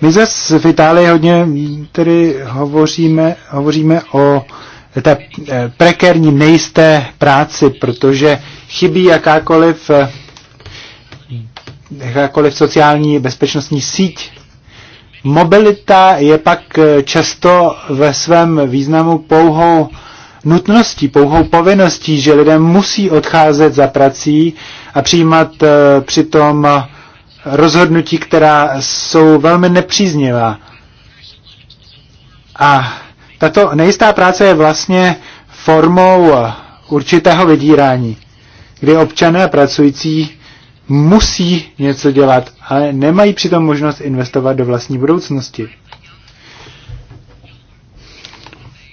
My zase v Itálii hodně tedy hovoříme, hovoříme o té eh, prekérní nejisté práci, protože chybí jakákoliv, eh, jakákoliv sociální bezpečnostní síť. Mobilita je pak eh, často ve svém významu pouhou nutností, pouhou povinností, že lidé musí odcházet za prací a přijímat přitom rozhodnutí, která jsou velmi nepříznivá. A tato nejistá práce je vlastně formou určitého vydírání, kdy občané pracující musí něco dělat, ale nemají přitom možnost investovat do vlastní budoucnosti.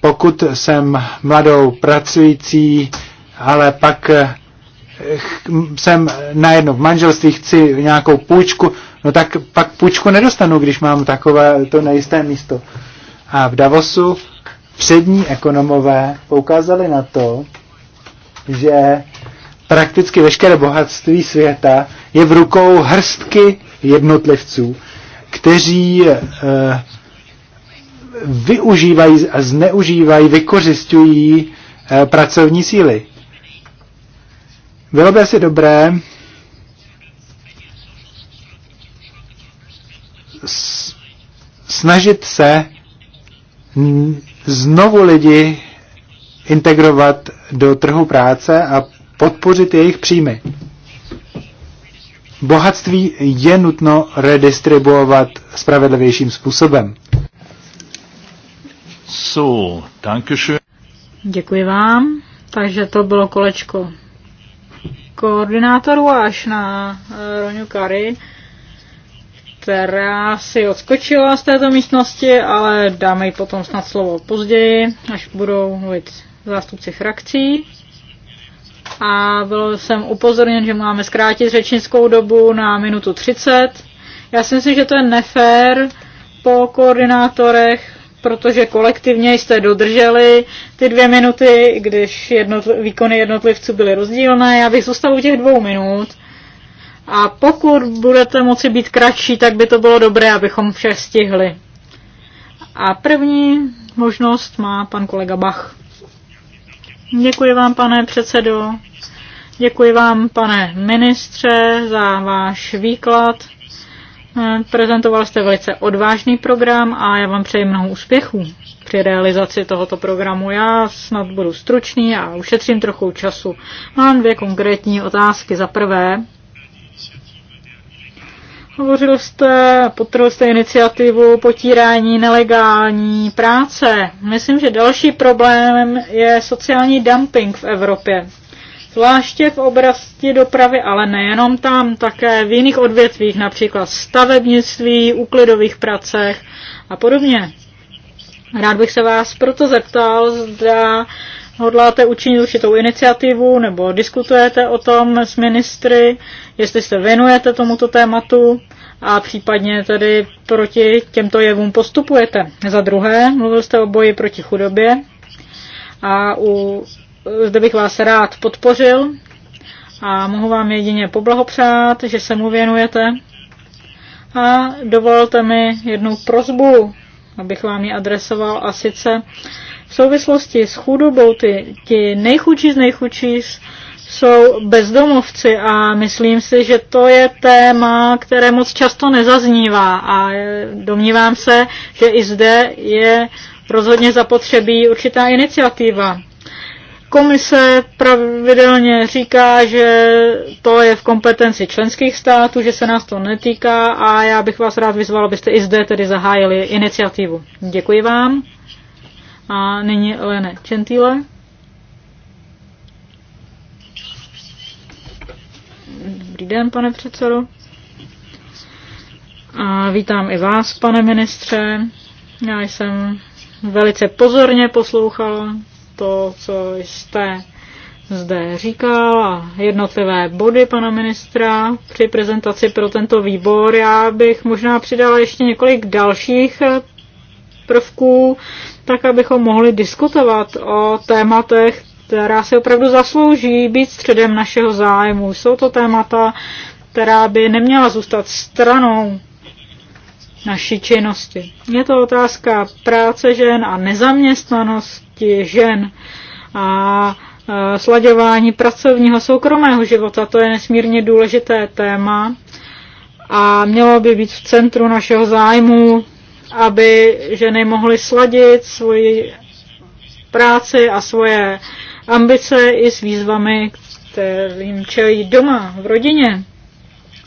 Pokud jsem mladou pracující, ale pak eh, jsem najednou v manželství, chci nějakou půjčku, no tak pak půjčku nedostanu, když mám takové to nejisté místo. A v Davosu přední ekonomové poukázali na to, že prakticky veškeré bohatství světa je v rukou hrstky jednotlivců, kteří e, využívají a zneužívají, vykořišťují e, pracovní síly. Bylo by asi dobré snažit se znovu lidi integrovat do trhu práce a podpořit jejich příjmy. Bohatství je nutno redistribuovat spravedlivějším způsobem. So, Děkuji vám. Takže to bylo kolečko koordinátorů až na uh, Roňu Kary která si odskočila z této místnosti, ale dáme jí potom snad slovo později, až budou mluvit zástupci frakcí. A byl jsem upozorněn, že máme zkrátit řečnickou dobu na minutu 30. Já si myslím, že to je nefér po koordinátorech, protože kolektivně jste dodrželi ty dvě minuty, když jednotl- výkony jednotlivců byly rozdílné. Já bych zůstal u těch dvou minut, a pokud budete moci být kratší, tak by to bylo dobré, abychom vše stihli. A první možnost má pan kolega Bach. Děkuji vám, pane předsedo. Děkuji vám, pane ministře, za váš výklad. Eh, prezentoval jste velice odvážný program a já vám přeji mnoho úspěchů při realizaci tohoto programu. Já snad budu stručný a ušetřím trochu času. Mám dvě konkrétní otázky. Za prvé, Hovořil jste, potrhl jste iniciativu potírání nelegální práce. Myslím, že další problém je sociální dumping v Evropě. Zvláště v oblasti dopravy, ale nejenom tam, také v jiných odvětvích, například stavebnictví, úklidových pracech a podobně. Rád bych se vás proto zeptal, zda hodláte učinit určitou iniciativu nebo diskutujete o tom s ministry, jestli se věnujete tomuto tématu a případně tedy proti těmto jevům postupujete. Za druhé, mluvil jste o boji proti chudobě a u, zde bych vás rád podpořil a mohu vám jedině poblahopřát, že se mu věnujete. A dovolte mi jednu prozbu, abych vám ji adresoval a sice souvislosti s chudobou ty, ti nejchudší z nejchudších jsou bezdomovci a myslím si, že to je téma, které moc často nezaznívá a e, domnívám se, že i zde je rozhodně zapotřebí určitá iniciativa. Komise pravidelně říká, že to je v kompetenci členských států, že se nás to netýká a já bych vás rád vyzval, abyste i zde tedy zahájili iniciativu. Děkuji vám. A nyní Elene Čentýle. Dobrý den, pane předsedo. A vítám i vás, pane ministře. Já jsem velice pozorně poslouchal to, co jste zde říkal a jednotlivé body pana ministra při prezentaci pro tento výbor. Já bych možná přidala ještě několik dalších prvků, tak abychom mohli diskutovat o tématech, která si opravdu zaslouží být středem našeho zájmu. Jsou to témata, která by neměla zůstat stranou naší činnosti. Je to otázka práce žen a nezaměstnanosti žen a e, slaďování pracovního soukromého života. To je nesmírně důležité téma a mělo by být v centru našeho zájmu aby ženy mohly sladit svoji práci a svoje ambice i s výzvami, kterým čelí doma, v rodině.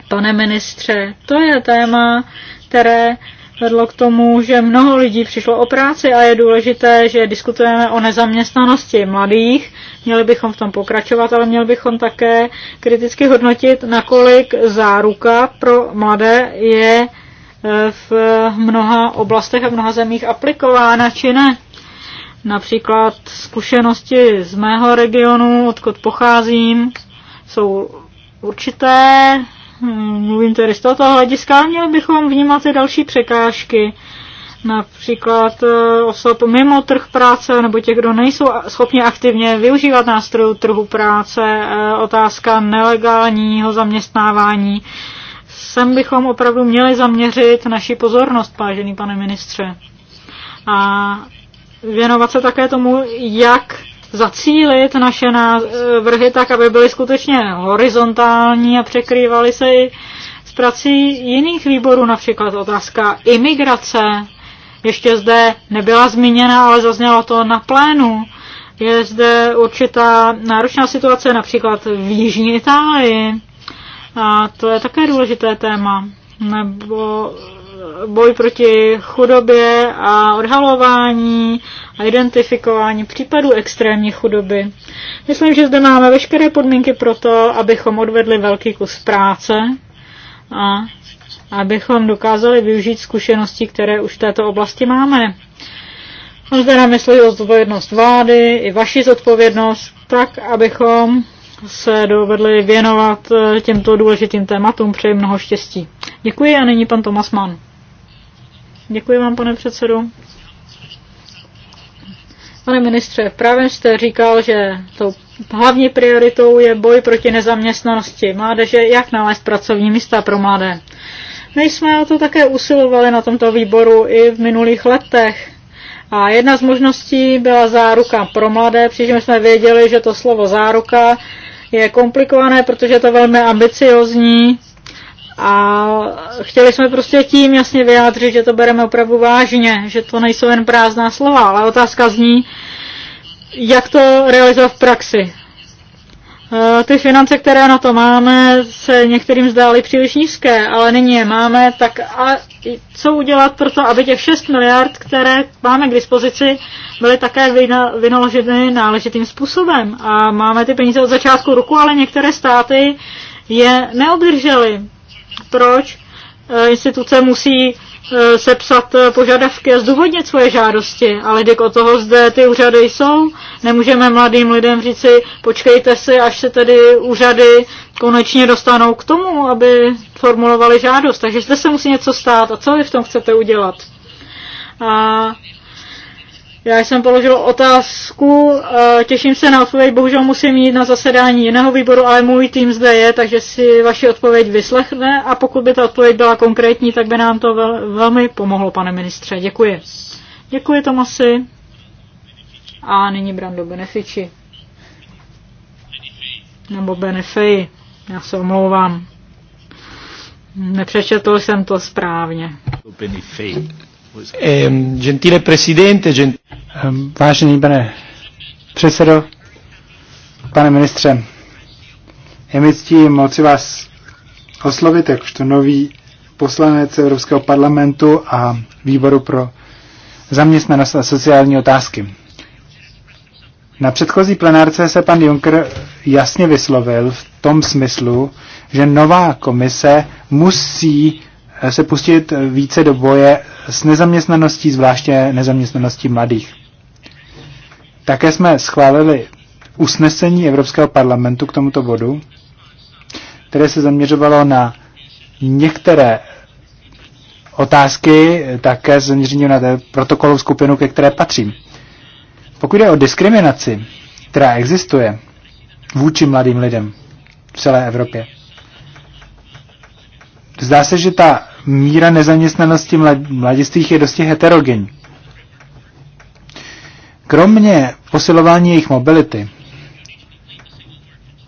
Pane ministře, to je téma, které vedlo k tomu, že mnoho lidí přišlo o práci a je důležité, že diskutujeme o nezaměstnanosti mladých. Měli bychom v tom pokračovat, ale měli bychom také kriticky hodnotit, nakolik záruka pro mladé je Eh, v mnoha oblastech a mnoha zemích aplikována či ne. Například zkušenosti z mého regionu, odkud pocházím, jsou určité, mluvím tedy z tohoto hlediska, měli bychom vnímat i další překážky, například eh, osob mimo trh práce nebo těch, kdo nejsou schopni aktivně využívat nástrojů trhu práce, eh, otázka nelegálního zaměstnávání sem bychom opravdu měli zaměřit naši pozornost, vážený pane ministře. A věnovat se také tomu, jak zacílit naše vrhy tak, aby byly skutečně horizontální a překrývaly se i s prací jiných výborů, například otázka imigrace. Ještě zde nebyla zmíněna, ale zaznělo to na plénu. Je zde určitá náročná situace například v Jižní Itálii a to je také důležité téma. Nebo boj proti chudobě a odhalování a identifikování případů extrémní chudoby. Myslím, že zde máme veškeré podmínky pro to, abychom odvedli velký kus práce a abychom dokázali využít zkušenosti, které už v této oblasti máme. Zde zde na mysli odpovědnost vlády i vaši zodpovědnost, tak abychom se dovedli věnovat eh, těmto důležitým tématům. Přeji mnoho štěstí. Děkuji a nyní pan Tomas Mann. Děkuji vám, pane předsedo. Pane ministře, právě jste říkal, že tou hlavní prioritou je boj proti nezaměstnanosti mládeže, jak nalézt pracovní místa pro mladé. My jsme o to také usilovali na tomto výboru i v minulých letech. A jedna z možností byla záruka pro mladé, přičemž jsme věděli, že to slovo záruka je komplikované, protože je to velmi ambiciozní a chtěli jsme prostě tím jasně vyjádřit, že to bereme opravdu vážně, že to nejsou jen prázdná slova, ale otázka zní, jak to realizovat v praxi. Eh, ty finance, které na to máme, se některým zdály příliš nízké, ale nyní je máme, tak a co udělat pro to, aby těch 6 miliard, které máme k dispozici, byly také vynaloženy náležitým způsobem. A máme ty peníze od začátku roku, ale některé státy je neobdržely. Proč? Eh, instituce musí Eh, sepsat eh, požadavky a zdůvodnit svoje žádosti, ale když o toho zde ty úřady jsou, nemůžeme mladým lidem říci, počkejte si, až se tedy úřady konečně dostanou k tomu, aby formulovali žádost. Takže zde se musí něco stát a co vy v tom chcete udělat? A já jsem položil otázku, eh, těším se na odpověď, bohužel musím jít na zasedání jiného výboru, ale můj tým zde je, takže si vaši odpověď vyslechne a pokud by ta odpověď byla konkrétní, tak by nám to vel, velmi pomohlo, pane ministře. Děkuji. Děkuji, Tomasi. A nyní Brando Benefici. Nebo Benefeji. Já se omlouvám. Nepřečetl jsem to správně. Benefeji. Eh, gentile presidente, gent... Ehm, vážený pane předsedo, pane ministře, je mi ctí moci vás oslovit jakožto nový poslanec Evropského parlamentu a výboru pro zaměstnanost a sociální otázky. Na předchozí plenárce se pan Juncker jasně vyslovil v tom smyslu, že nová komise musí Eh, se pustit více do boje s nezaměstnaností, zvláště nezaměstnaností mladých. Také jsme schválili usnesení Evropského parlamentu k tomuto bodu, které se zaměřovalo na některé otázky, eh, také zaměření na protokolovou skupinu, ke které patřím. Pokud je o diskriminaci, která existuje vůči mladým lidem v celé Evropě, zdá se, že ta míra nezaměstnanosti mladistvých je dosti heterogenní. Kromě posilování jejich mobility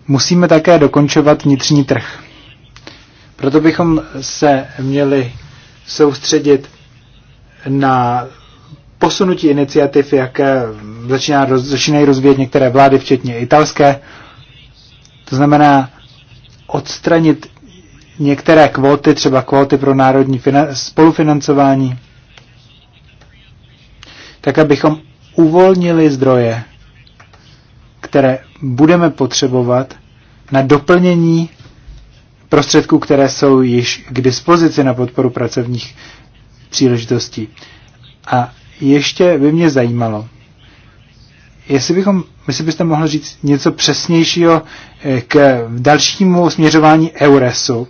musíme také dokončovat vnitřní trh. Proto bychom se měli soustředit na posunutí iniciativ, jaké začíná, začínají rozvíjet některé vlády, včetně italské. To znamená odstranit některé kvóty, třeba kvóty pro národní spolufinancování, tak abychom uvolnili zdroje, které budeme potřebovat na doplnění prostředků, které jsou již k dispozici na podporu pracovních příležitostí. A ještě by mě zajímalo, jestli, bychom, jestli byste mohli říct něco přesnějšího eh, k dalšímu směřování EURESu,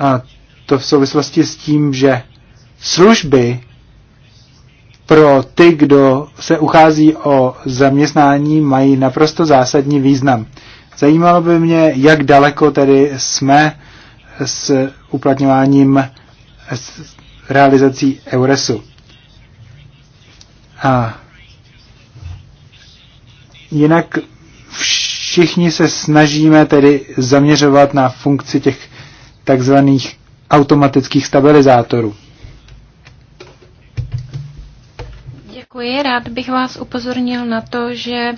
A to v souvislosti s tím, že služby pro ty, kdo se uchází o zaměstnání, mají naprosto zásadní význam. Zajímalo by mě, jak daleko tedy jsme s uplatňováním s realizací Euresu. A jinak všichni se snažíme tedy zaměřovat na funkci těch takzvaných automatických stabilizátorů. Děkuji. Rád bych vás upozornil na to, že e,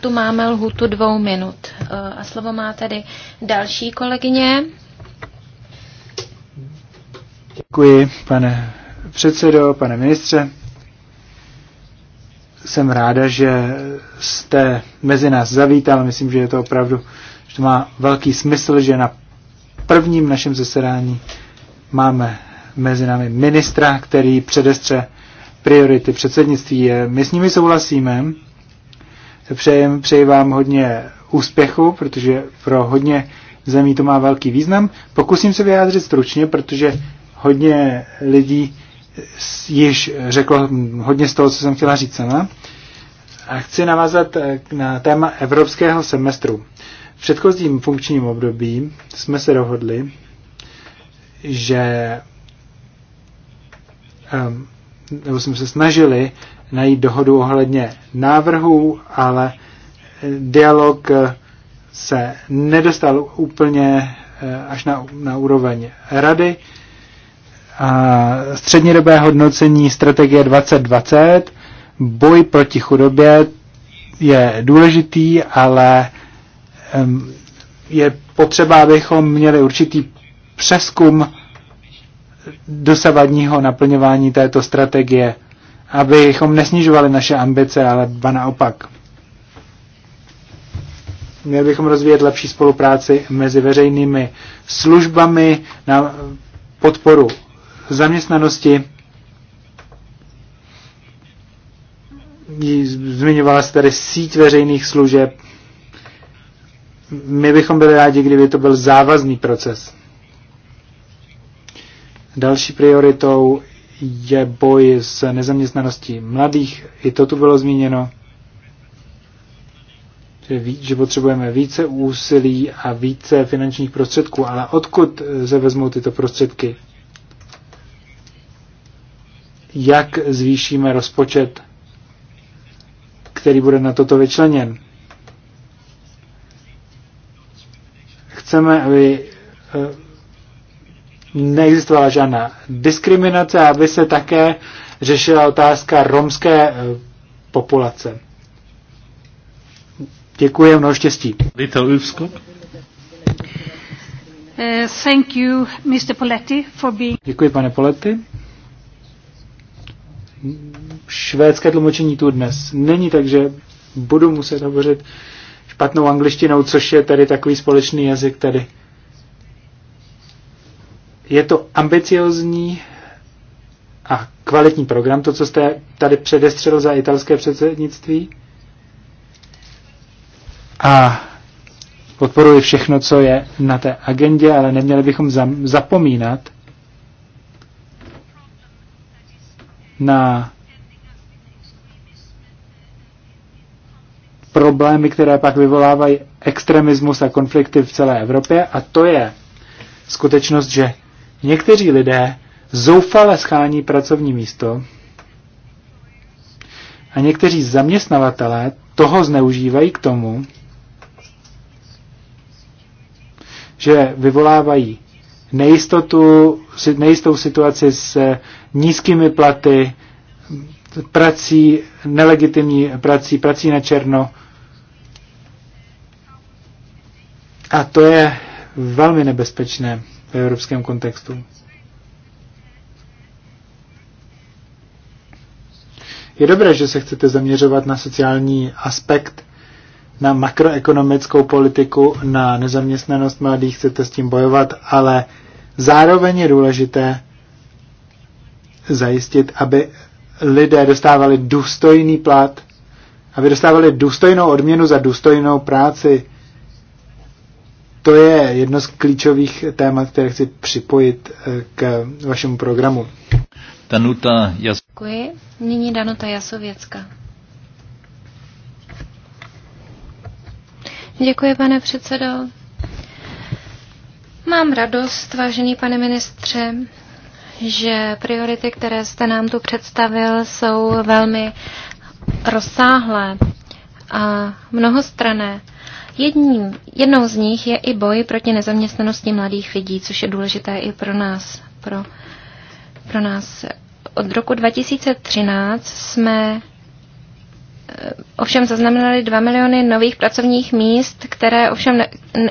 tu máme lhutu dvou minut. E, a slovo má tedy další kolegyně. Děkuji, pane předsedo, pane ministře. Jsem ráda, že jste mezi nás zavítal. Myslím, že je to opravdu, že to má velký smysl, že na prvním našem zasedání máme mezi námi ministra, který předestře priority předsednictví. My s nimi souhlasíme. Přeji, přeji vám hodně úspěchu, protože pro hodně zemí to má velký význam. Pokusím se vyjádřit stručně, protože hodně lidí již řeklo hodně z toho, co jsem chtěla říct sama. A chci navázat eh, na téma evropského semestru předchozím funkčním období jsme se dohodli, že nebo jsme se snažili najít dohodu ohledně návrhů, ale dialog se nedostal úplně eh, až na, na úroveň rady. A střednědobé hodnocení strategie 2020, boj proti chudobě je důležitý, ale je potřeba, abychom měli určitý přeskum dosavadního naplňování této strategie, abychom nesnižovali naše ambice, ale ba naopak. Měli bychom rozvíjet lepší spolupráci mezi veřejnými službami na podporu zaměstnanosti. Zmiňovala se tady síť veřejných služeb, my bychom byli rádi, kdyby to byl závazný proces. Další prioritou je boj s nezaměstnaností mladých. I to tu bylo zmíněno. Že potřebujeme více úsilí a více finančních prostředků, ale odkud se vezmou tyto prostředky? Jak zvýšíme rozpočet, který bude na toto vyčleněn? Chceme, aby eh, neexistovala žádná diskriminace, aby se také řešila otázka romské eh, populace. Děkuji, mnoho štěstí. Eh, Děkuji, pane Poletti. Švédské tlumočení tu dnes není, takže budu muset hovořit špatnou angličtinou, což je tedy takový společný jazyk tady. Je to ambiciozní a kvalitní program, to, co jste tady předestřel za italské předsednictví. A podporuji všechno, co je na té agendě, ale neměli bychom zapomínat na problémy, které pak vyvolávají extremismus a konflikty v celé Evropě a to je skutečnost, že někteří lidé zoufale schání pracovní místo a někteří zaměstnavatelé toho zneužívají k tomu, že vyvolávají nejistotu, nejistou situaci s nízkými platy, prací, nelegitimní prací, prací na černo. A to je velmi nebezpečné v evropském kontextu. Je dobré, že se chcete zaměřovat na sociální aspekt, na makroekonomickou politiku, na nezaměstnanost mladých, chcete s tím bojovat, ale zároveň je důležité zajistit, aby lidé dostávali důstojný plat, aby dostávali důstojnou odměnu za důstojnou práci. To je jedno z klíčových témat, které chci připojit eh, k vašemu programu. Danuta Jasověcka. Děkuji. Nyní Danuta Jasověcka. Děkuji, pane předsedo. Mám radost, vážený pane ministře, že priority, které jste nám tu představil, jsou velmi rozsáhlé a mnohostrané. Jedním, jednou z nich je i boj proti nezaměstnanosti mladých lidí, což je důležité i pro nás. Pro, pro nás. Od roku 2013 jsme eh, ovšem zaznamenali 2 miliony nových pracovních míst, které ovšem ne,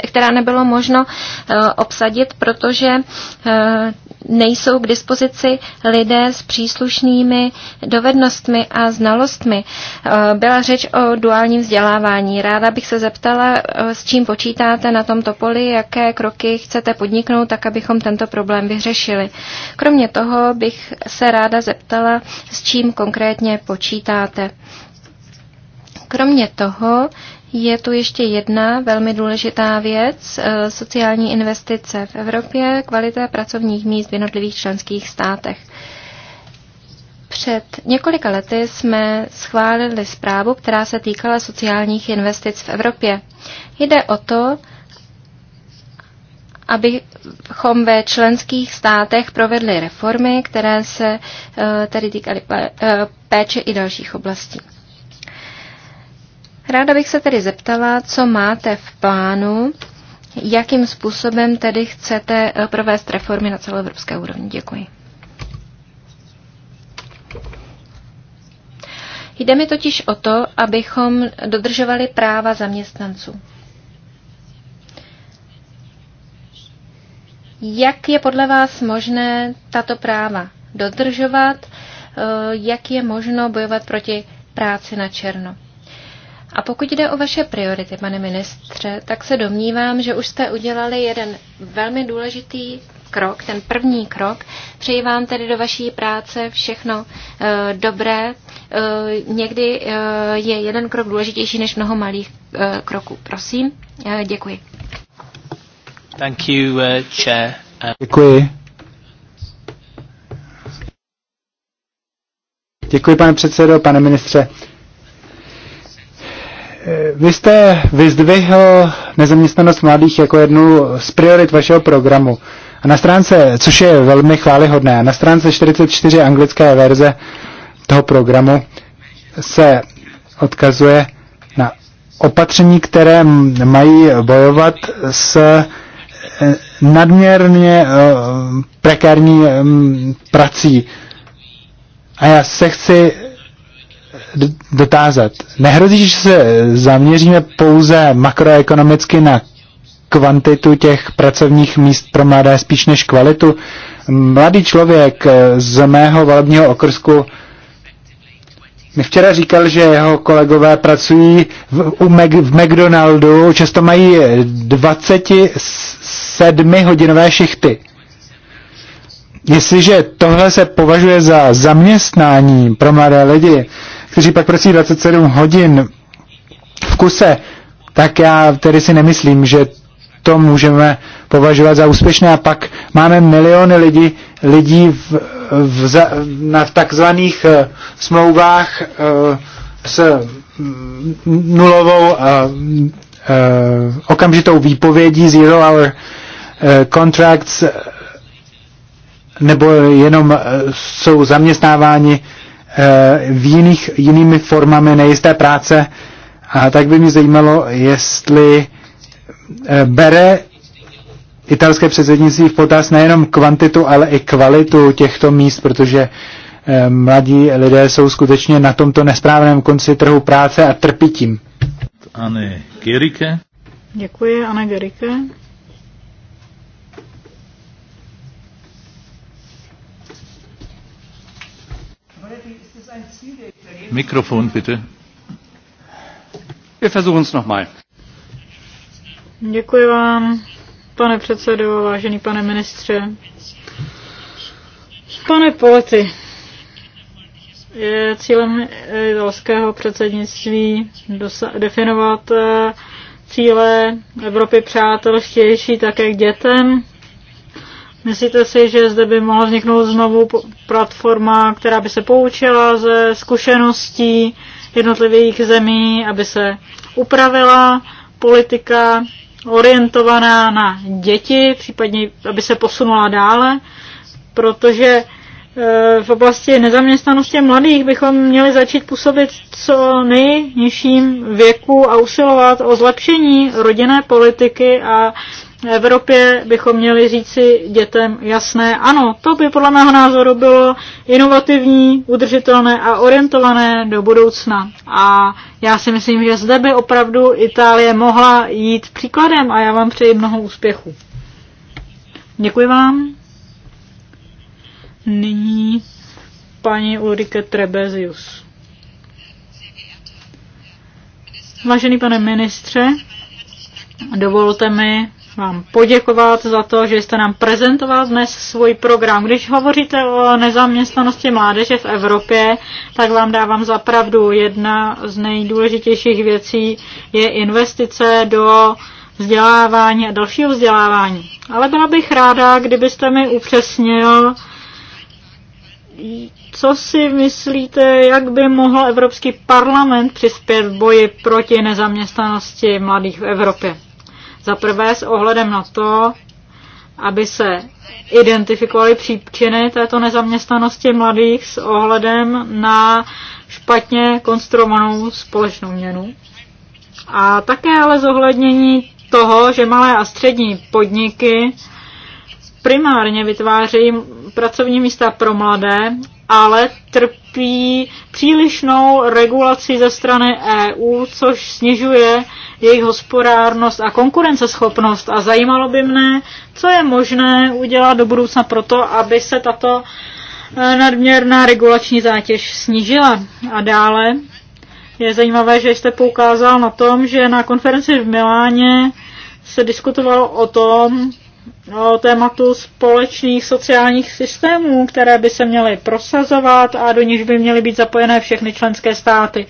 která nebylo možno uh, obsadit, protože uh, nejsou k dispozici lidé s příslušnými dovednostmi a znalostmi. Eh, byla řeč o duálním vzdělávání. Ráda bych se zeptala, eh, s čím počítáte na tomto poli, jaké kroky chcete podniknout, tak abychom tento problém vyřešili. Kromě toho bych se ráda zeptala, s čím konkrétně počítáte. Kromě toho je tu ještě jedna velmi důležitá věc, eh, sociální investice v Evropě, kvalita pracovních míst v jednotlivých členských státech. Před několika lety jsme schválili zprávu, která se týkala sociálních investic v Evropě. Jde o to, abychom ve členských státech provedli reformy, které se eh, tedy týkaly eh, péče i dalších oblastí. Ráda bych se tedy zeptala, co máte v plánu, jakým způsobem tedy chcete eh, provést reformy na celoevropské úrovni. Děkuji. Jde mi totiž o to, abychom dodržovali práva zaměstnanců. Jak je podle vás možné tato práva dodržovat? Eh, jak je možno bojovat proti práci na černo? A pokud jde o vaše priority, pane ministře, tak se domnívám, že už jste udělali jeden velmi důležitý krok, ten první krok. Přeji vám tedy do vaší práce všechno e, dobré. E, někdy e, je jeden krok důležitější než mnoho malých e, kroků. Prosím, e, děkuji. Thank you, uh, chair. Uh, děkuji. Děkuji, pane předsedo, pane ministře. Vy jste vyzdvihl nezaměstnanost mladých jako jednu z priorit vašeho programu. A na stránce, což je velmi chválihodné, na stránce 44 anglické verze toho programu se odkazuje na opatření, které mají bojovat s e, nadměrně e, prekární prací. A já se chci dotázat. Nehrozí, že se zaměříme pouze makroekonomicky na kvantitu těch pracovních míst pro mladé spíš než kvalitu. Mladý člověk z mého volebního okrsku mi včera říkal, že jeho kolegové pracují v, u Mac, v McDonaldu, často mají 27 hodinové šichty. Jestliže tohle se považuje za zaměstnání pro mladé lidi, kteří pak prosí 27 hodin v kuse, tak já tedy si nemyslím, že to můžeme považovat za úspěšné. A pak máme miliony lidí, lidí v, v, za, na takzvaných uh, smlouvách uh, s mm, nulovou uh, uh, okamžitou výpovědí zero hour uh, contracts nebo jenom uh, jsou zaměstnáváni Eh, v jiných, jinými formami nejisté práce. A tak by mě zajímalo, jestli eh, bere italské předsednictví v potaz nejenom kvantitu, ale i kvalitu těchto míst, protože eh, mladí lidé jsou skutečně na tomto nesprávném konci trhu práce a trpí tím. Anne Gericke. Děkuji, Anne Gerike. Mikrofon, bitte. Wir versuchen es nochmal. Děkuji vám, pane předsedo, vážený pane ministře. Pane Polety, je cílem italského předsednictví definovat eh, cíle Evropy přátelštější také k dětem. Myslíte si, že zde by mohla vzniknout znovu platforma, která by se poučila ze zkušeností jednotlivých zemí, aby se upravila politika orientovaná na děti, případně aby se posunula dále, protože e, v oblasti nezaměstnanosti mladých bychom měli začít působit co nejnižším věku a usilovat o zlepšení rodinné politiky a Evropě bychom měli říci dětem jasné ano. To by podle mého názoru bylo inovativní, udržitelné a orientované do budoucna. A já si myslím, že zde by opravdu Itálie mohla jít příkladem a já vám přeji mnoho úspěchů. Děkuji vám. Nyní paní Ulrike Trebezius. Vážený pane ministře, dovolte mi vám poděkovat za to, že jste nám prezentoval dnes svůj program. Když hovoříte o nezaměstnanosti mládeže v Evropě, tak vám dávám pravdu. Jedna z nejdůležitějších věcí je investice do vzdělávání a dalšího vzdělávání. Ale byla bych ráda, kdybyste mi upřesnil, co si myslíte, jak by mohl Evropský parlament přispět v boji proti nezaměstnanosti mladých v Evropě? Za prvé s ohledem na to, aby se identifikovaly příčiny této nezaměstnanosti mladých s ohledem na špatně konstruovanou společnou měnu. A také ale zohlednění toho, že malé a střední podniky primárně vytvářejí pracovní místa pro mladé, ale trpí přílišnou regulací ze strany EU, což snižuje jejich hospodárnost a konkurenceschopnost. A zajímalo by mne, co je možné udělat do budoucna proto, aby se tato e, nadměrná regulační zátěž snížila. A dále je zajímavé, že jste poukázal na tom, že na konferenci v Miláně se diskutovalo o tom, o tématu společných sociálních systémů, které by se měly prosazovat a do nich by měly být zapojené všechny členské státy.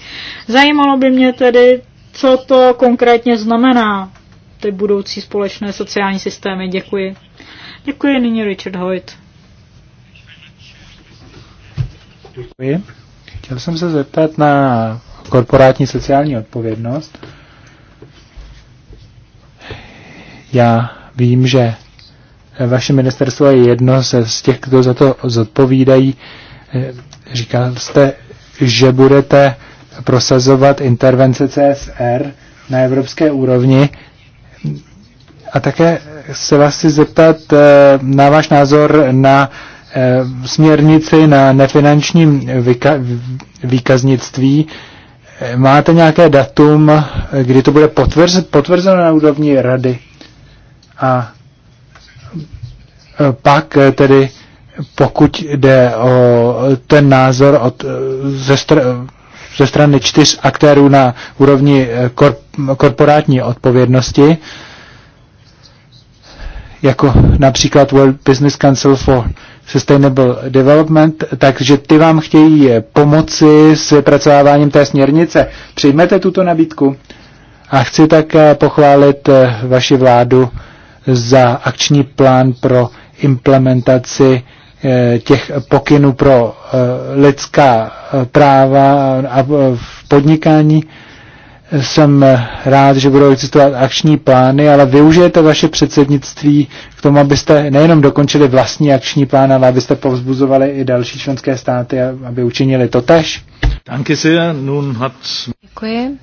Zajímalo by mě tedy, co to konkrétně znamená, ty budoucí společné sociální systémy. Děkuji. Děkuji nyní Richard Hoyt. Děkuji. Chtěl jsem se zeptat na korporátní sociální odpovědnost. Já vím, že vaše ministerstvo je jedno se z těch, kdo za to zodpovídají. Říkal jste, že budete prosazovat intervence CSR na evropské úrovni. A také se vás chci zeptat eh, na váš názor na eh, směrnici na nefinančním výkaznictví. Máte nějaké datum, eh, kdy to bude potvrzeno na úrovni rady? A pak eh, tedy pokud jde o ten názor od, eh, ze, str- ze strany čtyř aktérů na úrovni eh, kor- korporátní odpovědnosti, jako například World Business Council for Sustainable Development, takže ty vám chtějí pomoci s vypracováváním té směrnice. Přijmete tuto nabídku? A chci také pochválit vaši vládu za akční plán pro implementaci eh, těch pokynů pro eh, lidská eh, práva a v podnikání. Jsem rád, že budou existovat akční plány, ale využijete vaše předsednictví k tomu, abyste nejenom dokončili vlastní akční plán, ale abyste povzbuzovali i další členské státy, aby učinili to tež. Děkuji.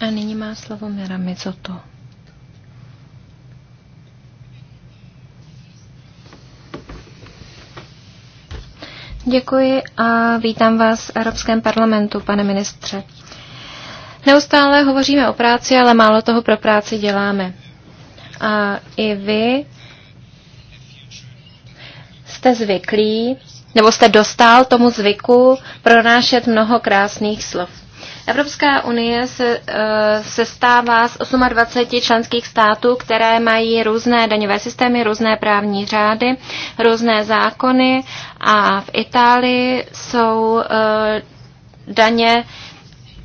A nyní má slovo Mira Mizoto. Děkuji a vítám vás v Evropském parlamentu, pane ministře. Neustále hovoříme o práci, ale málo toho pro práci děláme. A i vy jste zvyklí, nebo jste dostal tomu zvyku pronášet mnoho krásných slov. Evropská unie se, eh, se stává z 28 členských států, které mají různé daňové systémy, různé právní řády, různé zákony a v Itálii jsou eh, daně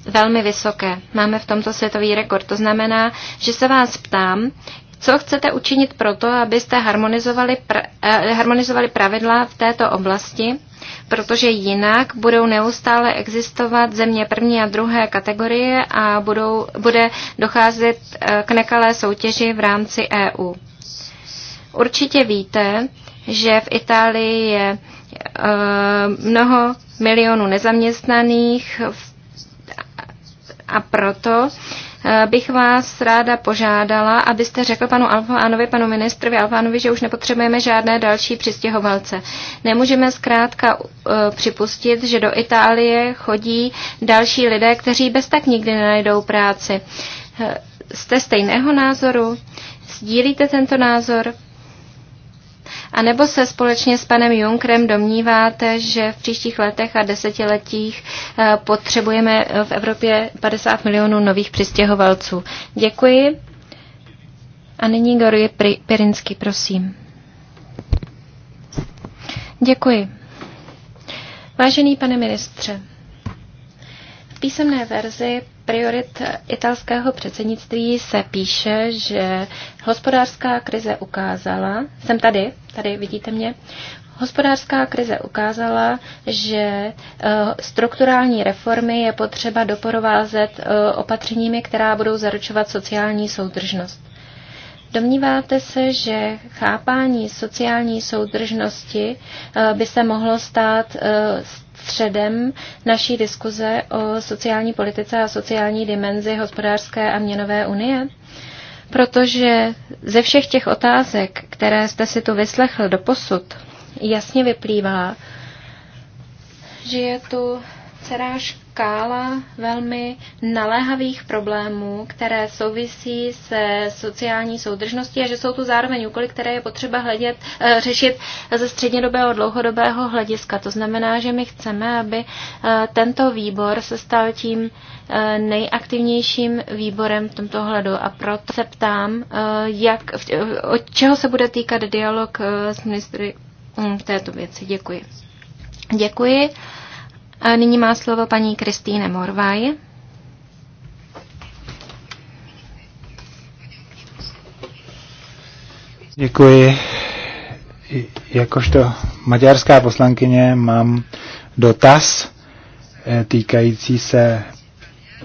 velmi vysoké. Máme v tomto světový rekord. To znamená, že se vás ptám, co chcete učinit proto, abyste harmonizovali, pr- eh, harmonizovali pravidla v této oblasti? protože jinak budou neustále existovat země první a druhé kategorie a budou, bude docházet eh, k nekalé soutěži v rámci EU. Určitě víte, že v Itálii je eh, mnoho milionů nezaměstnaných a proto Eh, bych vás ráda požádala, abyste řekl panu Alfánovi, panu ministrovi Alfánovi, že už nepotřebujeme žádné další přistěhovalce. Nemůžeme zkrátka eh, připustit, že do Itálie chodí další lidé, kteří bez tak nikdy nenajdou práci. Eh, jste stejného názoru? Sdílíte tento názor? A nebo se společně s panem Junkrem domníváte, že v příštích letech a desetiletích eh, potřebujeme eh, v Evropě 50 milionů nových přistěhovalců? Děkuji. A nyní Gorje Pirinsky, prosím. Děkuji. Vážený pane ministře, v písemné verzi priorit italského předsednictví se píše, že hospodářská krize ukázala, jsem tady, tady vidíte mě, Hospodářská krize ukázala, že eh, strukturální reformy je potřeba doporovázet eh, opatřeními, která budou zaručovat sociální soudržnost. Domníváte se, že chápání sociální soudržnosti eh, by se mohlo stát eh, středem naší diskuze o sociální politice a sociální dimenzi hospodářské a měnové unie? Protože ze všech těch otázek, které jste si tu vyslechl do posud, jasně vyplývá, že je tu celá škála velmi naléhavých problémů, které souvisí se sociální soudržností a že jsou tu zároveň úkoly, které je potřeba hledět, eh, řešit ze střednědobého dlouhodobého hlediska. To znamená, že my chceme, aby eh, tento výbor se stal tím eh, nejaktivnějším výborem v tomto hledu a proto se ptám, jak, od čeho se bude týkat dialog s ministry hm, v této věci. Děkuji. Děkuji. A nyní má slovo paní Kristýne Morvaj. Děkuji. Jakožto maďarská poslankyně mám dotaz eh, týkající se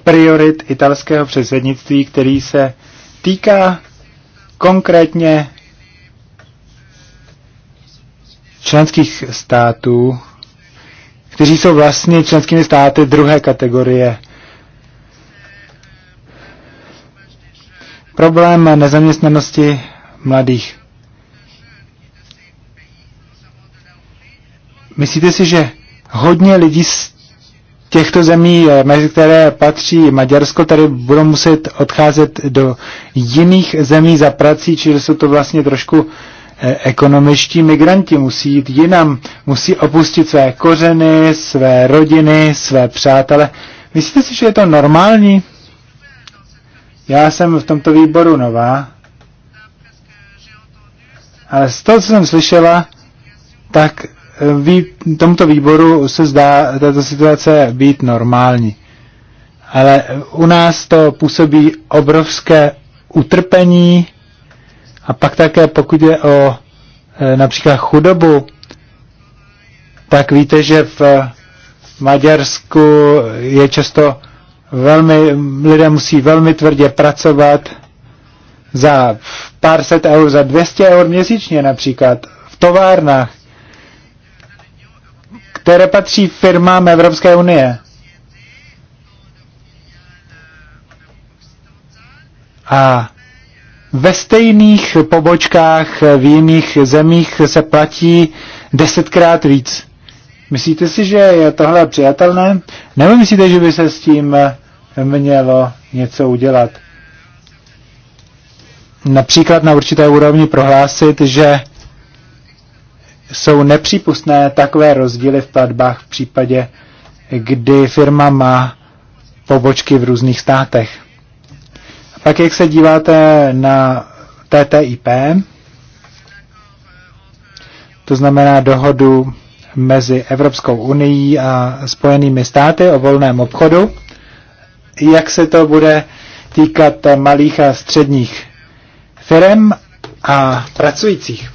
priorit italského předsednictví, který se týká konkrétně členských států kteří jsou vlastně členskými státy druhé kategorie. Problém nezaměstnanosti mladých. Myslíte si, že hodně lidí z těchto zemí, eh, mezi které patří Maďarsko, tady budou muset odcházet do jiných zemí za prací, čili jsou to vlastně trošku E, ekonomičtí migranti musí jít jinam, musí opustit své kořeny, své rodiny, své přátele. Myslíte si, že je to normální? Já jsem v tomto výboru nová, ale z toho, co jsem slyšela, tak e, v tomto výboru se zdá tato situace být normální. Ale u nás to působí obrovské utrpení, a pak také, pokud je o e, například chudobu, tak víte, že v Maďarsku je často velmi, lidé musí velmi tvrdě pracovat za pár set eur, za 200 eur měsíčně například v továrnách, které patří firmám Evropské unie. A ve stejných pobočkách v jiných zemích se platí desetkrát víc. Myslíte si, že je tohle přijatelné? Nebo myslíte, že by se s tím mělo něco udělat? Například na určité úrovni prohlásit, že jsou nepřípustné takové rozdíly v platbách v případě, kdy firma má pobočky v různých státech. Pak jak se díváte na TTIP, to znamená dohodu mezi Evropskou unii a Spojenými státy o volném obchodu, jak se to bude týkat malých a středních firm a pracujících.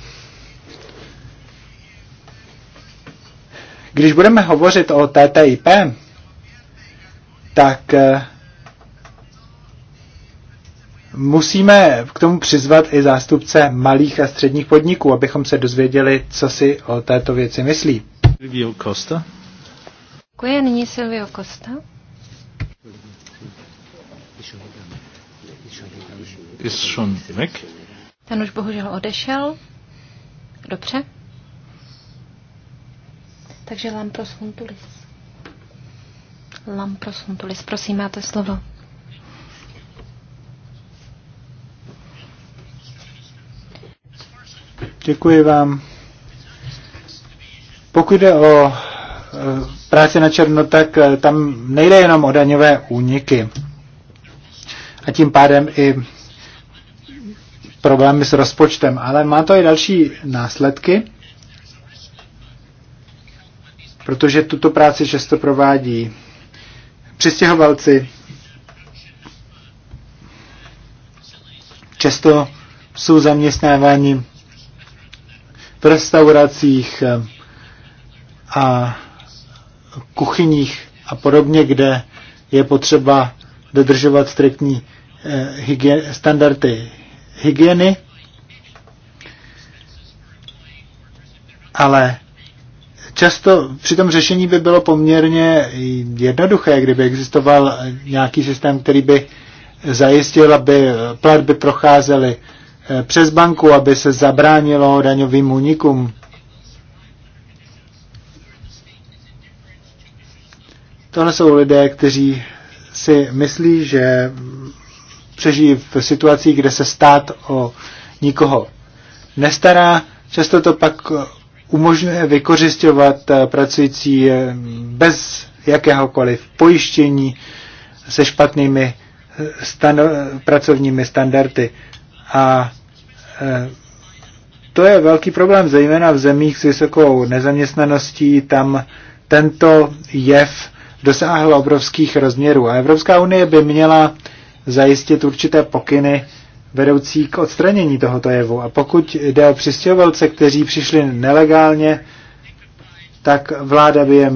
Když budeme hovořit o TTIP, tak eh, musíme k tomu přizvat i zástupce malých a středních podniků, abychom se dozvěděli, co si o této věci myslí. Silvio Costa. Děkuji, nyní Silvio Costa. Ten už bohužel odešel. Dobře. Takže Lampros Huntulis. Lampros Huntulis, prosím, máte slovo. Děkuji vám. Pokud jde o eh, práci na černo, tak eh, tam nejde jenom o daňové úniky. A tím pádem i problémy s rozpočtem, ale má to i další následky, protože tuto práci často provádí přistěhovalci, často jsou zaměstnáváni v restauracích eh, a kuchyních a podobně, kde je potřeba dodržovat striktní eh, hygien, standardy hygieny, ale často při tom řešení by bylo poměrně jednoduché, kdyby existoval nějaký systém, který by zajistil, aby platby procházely Eh, přes banku, aby se zabránilo daňovým únikům. Tohle jsou lidé, kteří si myslí, že přežijí v situaci, kde se stát o nikoho nestará. Často to pak umožňuje vykořišťovat eh, pracující eh, bez jakéhokoliv pojištění se špatnými stano- pracovními standardy. A e, to je velký problém, zejména v zemích s vysokou nezaměstnaností, tam tento jev dosáhl obrovských rozměrů. A Evropská unie by měla zajistit určité pokyny vedoucí k odstranění tohoto jevu. A pokud jde o přistěhovalce, kteří přišli nelegálně, tak vláda by je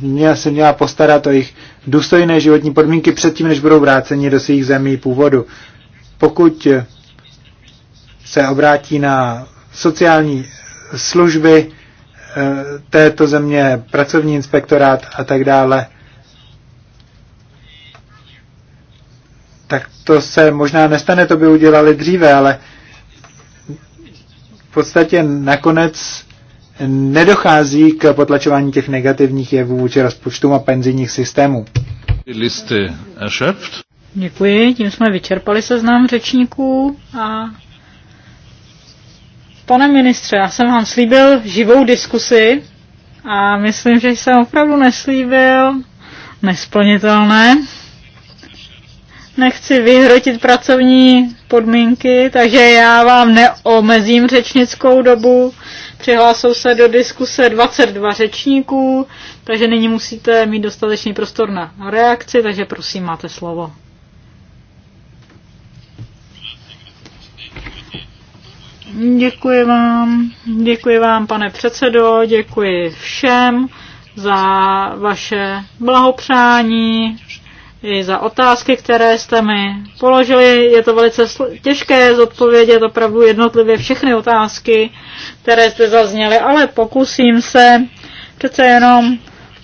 měla, se měla postarat o jejich důstojné životní podmínky předtím, než budou vráceni do svých zemí původu. Pokud se obrátí na sociální služby eh, této země, pracovní inspektorát a tak dále, tak to se možná nestane, to by udělali dříve, ale v podstatě nakonec nedochází k potlačování těch negativních jevů vůči rozpočtům a penzijních systémů. Listy Děkuji, tím jsme vyčerpali seznam řečníků a Pane ministře, já jsem vám slíbil živou diskusi a myslím, že jsem opravdu neslíbil nesplnitelné. Nechci vyhrotit pracovní podmínky, takže já vám neomezím řečnickou dobu. Přihlásil se do diskuse 22 řečníků, takže nyní musíte mít dostatečný prostor na reakci, takže prosím, máte slovo. Děkuji vám, děkuji vám, pane předsedo, děkuji všem za vaše blahopřání i za otázky, které jste mi položili. Je to velice těžké zodpovědět opravdu jednotlivě všechny otázky, které jste zazněly, ale pokusím se přece jenom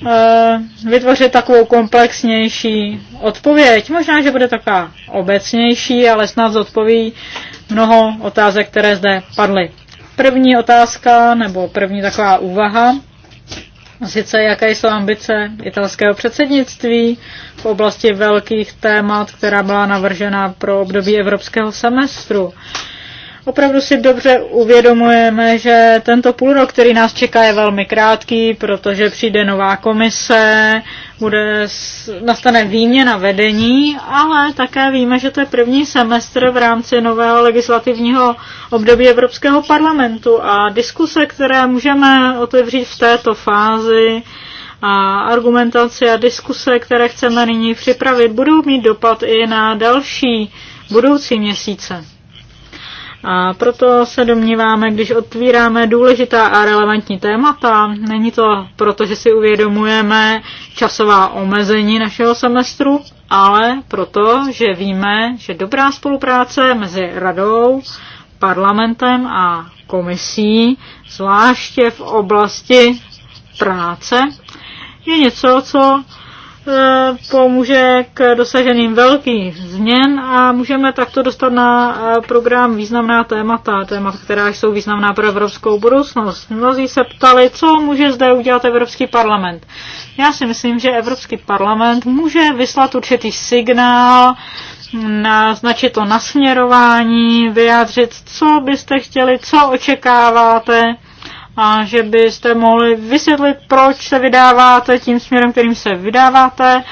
eh, vytvořit takovou komplexnější odpověď. Možná, že bude taková obecnější, ale snad zodpoví mnoho otázek, které zde padly. První otázka, nebo první taková úvaha, sice jaké jsou ambice italského předsednictví v oblasti velkých témat, která byla navržena pro období evropského semestru. Opravdu si dobře uvědomujeme, že tento rok, který nás čeká, je velmi krátký, protože přijde nová komise, bude, nastane výměna vedení, ale také víme, že to je první semestr v rámci nového legislativního období Evropského parlamentu a diskuse, které můžeme otevřít v této fázi, a argumentace a diskuse, které chceme nyní připravit, budou mít dopad i na další budoucí měsíce. A proto se domníváme, když otvíráme důležitá a relevantní témata, není to proto, že si uvědomujeme časová omezení našeho semestru, ale proto, že víme, že dobrá spolupráce mezi radou, parlamentem a komisí, zvláště v oblasti práce, je něco, co Eh, pomůže k dosaženým velkých změn a můžeme takto dostat na eh, program významná témata, témat, která jsou významná pro evropskou budoucnost. Mnozí se ptali, co může zde udělat Evropský parlament. Já si myslím, že Evropský parlament může vyslat určitý signál, naznačit to nasměrování, vyjádřit, co byste chtěli, co očekáváte a že byste mohli vysvětlit, proč se vydáváte tím směrem, kterým se vydáváte.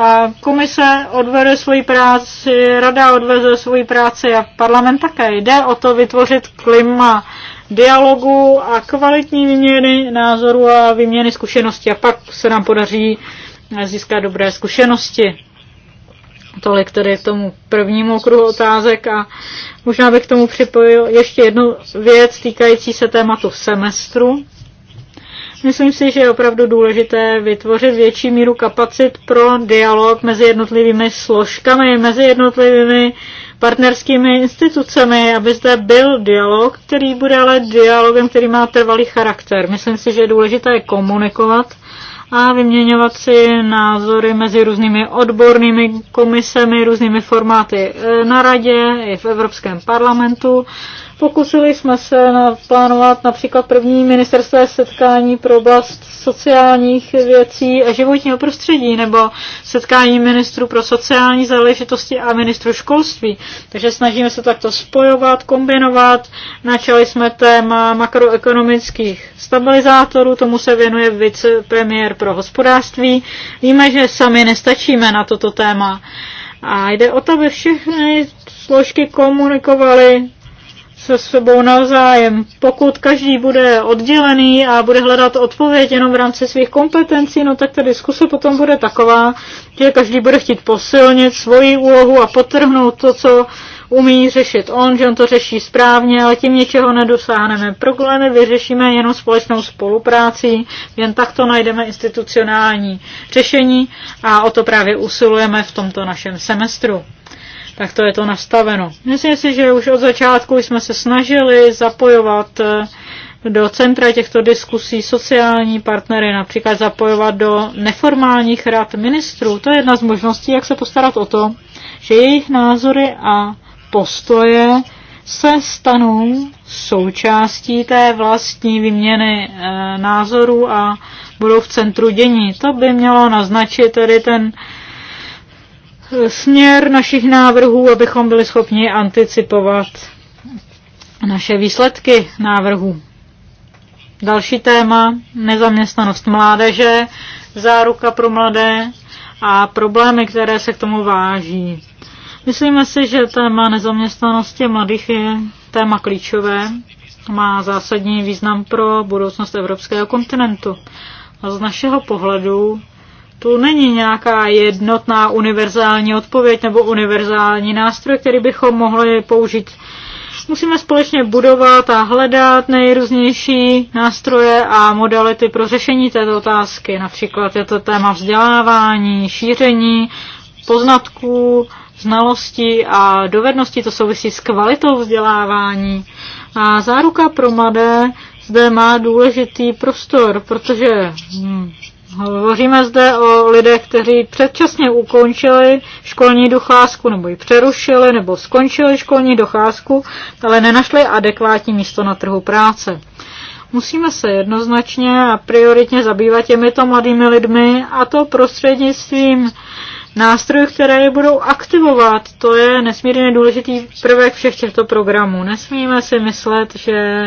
A komise odvede svoji práci, rada odveze svoji práci a parlament také. Jde o to vytvořit klima dialogu a kvalitní výměny názorů a výměny zkušeností a pak se nám podaří získat dobré zkušenosti. Tolik tedy k tomu prvnímu okruhu otázek a možná bych k tomu připojil ještě jednu věc týkající se tématu semestru. Myslím si, že je opravdu důležité vytvořit větší míru kapacit pro dialog mezi jednotlivými složkami, mezi jednotlivými partnerskými institucemi, aby zde byl dialog, který bude ale dialogem, který má trvalý charakter. Myslím si, že je důležité komunikovat a vyměňovat si názory mezi různými odbornými komisemi, různými formáty eh, na radě i v Evropském parlamentu. Pokusili jsme se naplánovat například první ministerské setkání pro oblast sociálních věcí a životního prostředí nebo setkání ministrů pro sociální záležitosti a ministru školství. Takže snažíme se takto spojovat, kombinovat. Načali jsme téma makroekonomických stabilizátorů, tomu se věnuje vicepremiér pro hospodářství. Víme, že sami nestačíme na toto téma. A jde o to, aby všechny složky komunikovaly se sebou navzájem. Pokud každý bude oddělený a bude hledat odpověď jenom v rámci svých kompetencí, no tak ta diskuse potom bude taková, že každý bude chtít posilnit svoji úlohu a potrhnout to, co umí řešit on, že on to řeší správně, ale tím něčeho nedosáhneme. Problémy vyřešíme jenom společnou spoluprácí, jen takto najdeme institucionální řešení a o to právě usilujeme v tomto našem semestru tak to je to nastaveno. Myslím si, že už od začátku jsme se snažili zapojovat eh, do centra těchto diskusí sociální partnery, například zapojovat do neformálních rad ministrů. To je jedna z možností, jak se postarat o to, že jejich názory a postoje se stanou součástí té vlastní výměny e, názorů a budou v centru dění. To by mělo naznačit tedy ten směr našich návrhů, abychom byli schopni anticipovat naše výsledky návrhů. Další téma, nezaměstnanost mládeže, záruka pro mladé a problémy, které se k tomu váží. Myslíme si, že téma nezaměstnanosti mladých je téma klíčové, má zásadní význam pro budoucnost evropského kontinentu. A z našeho pohledu tu není nějaká jednotná univerzální odpověď nebo univerzální nástroj, který bychom mohli použít. Musíme společně budovat a hledat nejrůznější nástroje a modality pro řešení této otázky. Například je to téma vzdělávání, šíření poznatků, znalostí a dovedností. To souvisí s kvalitou vzdělávání. A záruka pro mladé zde má důležitý prostor, protože hm, Hovoříme zde o lidech, kteří předčasně ukončili školní docházku, nebo ji přerušili, nebo skončili školní docházku, ale nenašli adekvátní místo na trhu práce. Musíme se jednoznačně a prioritně zabývat těmito mladými lidmi a to prostřednictvím nástrojů, které je budou aktivovat. To je nesmírně důležitý prvek všech těchto programů. Nesmíme si myslet, že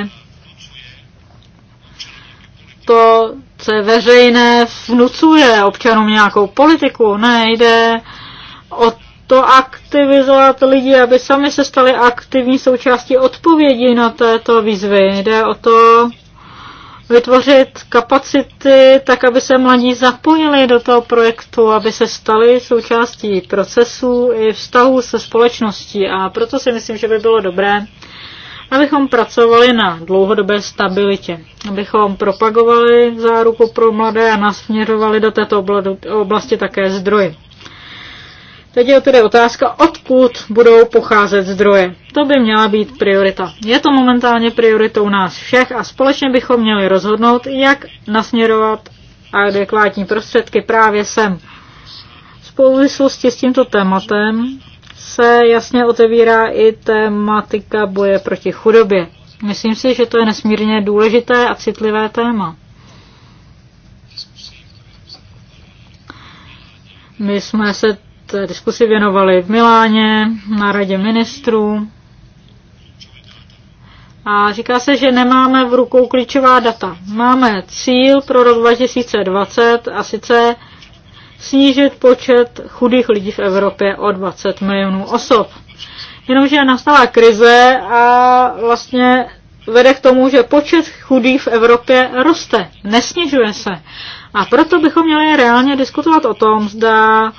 to se veřejné vnucuje občanům nějakou politiku. Ne, jde o to aktivizovat lidi, aby sami se stali aktivní součástí odpovědi na této výzvy. Jde o to vytvořit kapacity tak, aby se mladí zapojili do toho projektu, aby se stali součástí procesů i vztahů se společností. A proto si myslím, že by bylo dobré abychom pracovali na dlouhodobé stabilitě, abychom propagovali záruku pro mladé a nasměrovali do této oblasti také zdroje. Teď je tedy otázka, odkud budou pocházet zdroje. To by měla být priorita. Je to momentálně prioritou nás všech a společně bychom měli rozhodnout, jak nasměrovat adekvátní prostředky právě sem. V souvislosti s tímto tématem se jasně otevírá i tématika boje proti chudobě. Myslím si, že to je nesmírně důležité a citlivé téma. My jsme se té diskusi věnovali v Miláně, na radě ministrů. A říká se, že nemáme v rukou klíčová data. Máme cíl pro rok 2020 a sice snížit počet chudých lidí v Evropě o 20 milionů osob. Jenomže nastala krize a vlastně vede k tomu, že počet chudých v Evropě roste, nesnižuje se. A proto bychom měli reálně diskutovat o tom, zda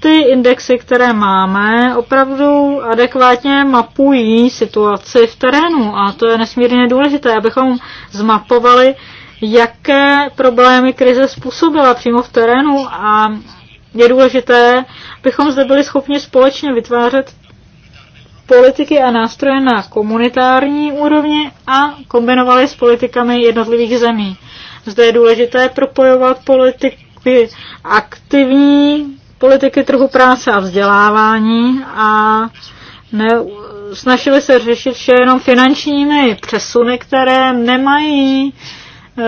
ty indexy, které máme, opravdu adekvátně mapují situaci v terénu. A to je nesmírně důležité, abychom zmapovali, jaké problémy krize způsobila přímo v terénu a je důležité, abychom zde byli schopni společně vytvářet politiky a nástroje na komunitární úrovni a kombinovali s politikami jednotlivých zemí. Zde je důležité propojovat politiky aktivní, politiky trhu práce a vzdělávání a ne, snažili se řešit vše jenom finančními přesuny, které nemají